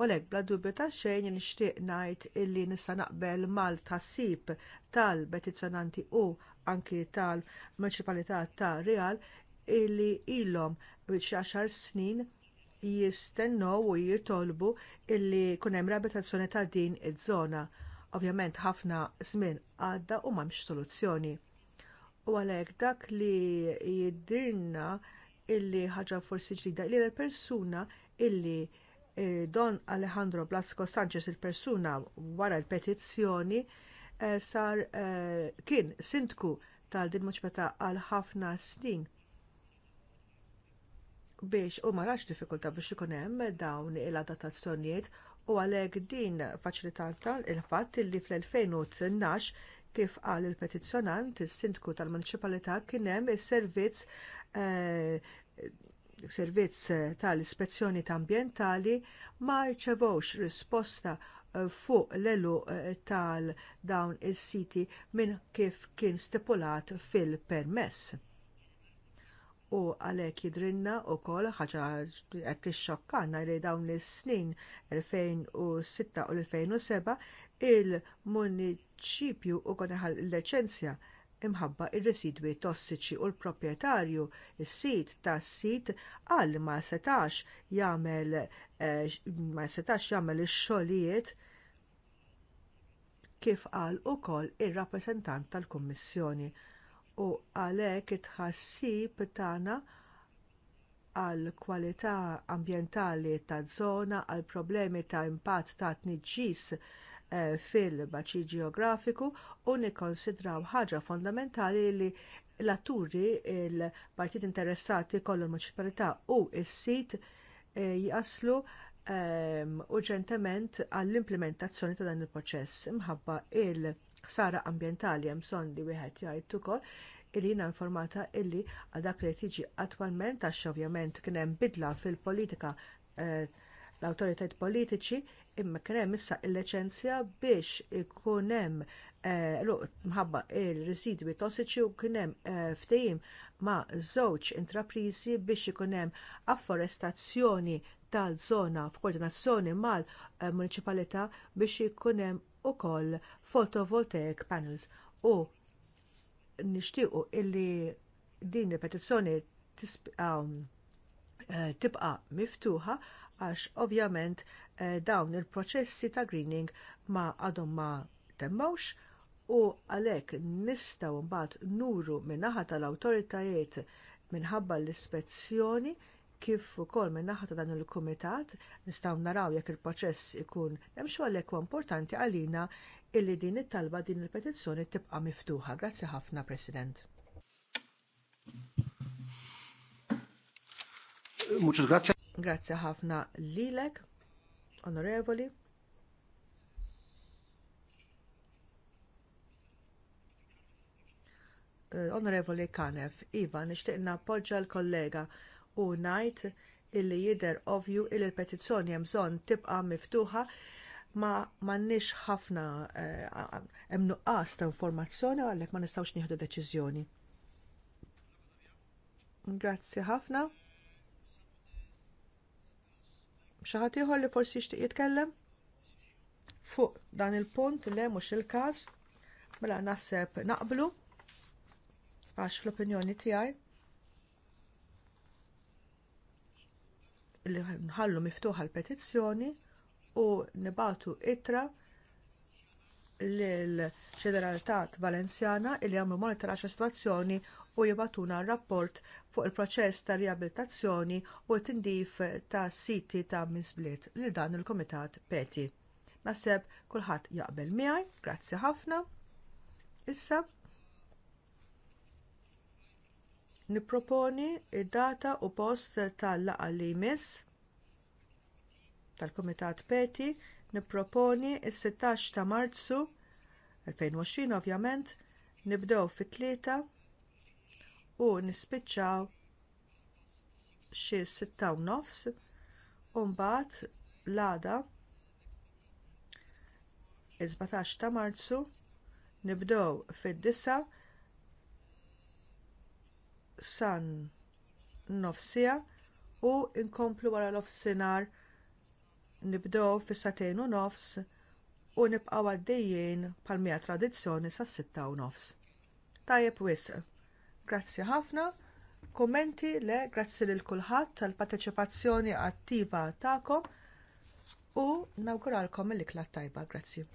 U lek bla dubju ta' xejn nixtieq ngħid illi nista' naqbel mal-tassib tal betizzonanti u anki tal-Municipalità ta' Real illi ilhom xi għaxar snin jistennew u jitolbu illi jkun hemm reabilitazzjoni ta' din iż-żona. Ovvjament ħafna żmien għadda u m'hemmx soluzzjoni. U għalhekk dak li jiddirna illi ħaġa forsi ġdida li l-persuna illi eh, Don Alejandro Blasco Sanchez il-persuna wara l-petizzjoni eh, sar eh, kien sindku tal-din muċbeta għal ħafna snin biex u marax diffikulta biex ikun hemm dawn il-adattazzjonijiet u għalhekk din faċilitata il-fatt li fl-2012 kif qal il-petizzjonant is-sindku tal-Municipalità kien hemm is-servizz eh, servizz tal-ispezzjoni ta' ambjentali ma rċevewx risposta eh, fuq l-elu eh, tal dawn is-siti minn kif kien stipulat fil-permess u għalhekk jidrinna wkoll ħaġa qed tixxokkanna li dawn is-snin 2006 u l-2007 il-municipju ukoll iħall il-liċenzja imħabba r residwi tossiċi u l-proprjetarju s sit tas-sit qal ma setax jagħmel eh, ma setax jagħmel ix-xogħlijiet kif qal ukoll ir-rappreżentant tal-Kummissjoni u għalhekk it-tħassib tagħna għall kwalità ambjentali taż-żona għal problemi ta' impatt ta' tniġġis eh, fil-baċi ġeografiku u nikkonsidraw ħaġa fondamentali li l-atturi l partit interessati kollu l-municipalità u s-sit eh, jaslu eh, urġentement għall-implementazzjoni ta' dan il-proċess imħabba il- ħsara ambjentali hemm bżonn li wieħed jgħid ukoll illi jiena informata illi għal dak li tiġi attwalment għax ovvjament kien hemm bidla fil-politika eh, l-awtoritajiet politiċi imma kien hemm issa il-liċenzja biex ikun hemm eh, mħabba il-residwi tossiċi u kien hemm eh, ftehim ma' żewġ intrapriżi biex ikun hemm afforestazzjoni tal-żona f'koordinazzjoni mal-municipalità biex ikun hemm ukoll photovoltaic panels u nixtiequ illi din il-petizzjoni um, eh, tibqa miftuħa għax ovvjament eh, dawn il-proċessi ta' greening ma għadhom ma temmawx u għalhekk nistgħu mbagħad nuru min-naħa tal-awtoritajiet minħabba l-ispezzjoni kif ukoll minn naħa ta' dan il-kumitat nistgħu naraw jekk il-proċess ikun hemm xogħol huwa importanti għalina illi din it-talba din il-petizzjoni tibqa' miftuħa. Grazzi ħafna, President. Muċus grazie. Grazie ħafna lilek, onorevoli. Eh, onorevoli Kanef, Iva, nixtieq nappoġġa l-kollega u ngħid illi jidher ovvju illi l petizzjoni hemm bżonn tibqa' miftuħa ma m'għandniex ħafna eh, hemm nuqqas ta' informazzjoni għalhekk ma nistgħux nieħdu deċiżjoni. Grazzi ħafna. Xi ħadd ieħor li forsi jixtieq jitkellem? Fuq dan il-punt le mhux il-każ, mela naħseb naqblu għax fl-opinjoni tiegħi li nħallu miftuħa l-petizzjoni u nibatu ittra l ġeneralitat Valenzjana li għamlu monitoraċ situazzjoni u jibatuna rapport fuq il-proċess ta' riabilitazzjoni u t-tindif ta' siti ta' minsblit li dan il kumitat Peti. Naseb kulħadd jaqbel miegħi, grazzi ħafna. Issa, Nipproponi id-data u post tal laqgħa li jmiss tal kumitat Peti nipproponi s 16 ta' Marzu 2020 ovvjament nibdew fit-tlieta u nispiċċaw xi sitta u nofs u mbagħad l-għada 17 ta' Marzu nibdew fid-disa' san nofsija u nkomplu wara l-offsinar nibdow fis-satejn u nofs u nibqa' għaddejjin bħal-mija tradizzjoni sas sitta u nofs. Tajjeb wisq. Grazzi ħafna. Kummenti le grazzi lil kulħadd tal-parteċipazzjoni attiva tagħkom u nawguralkom l-ikla tajba. Grazzi.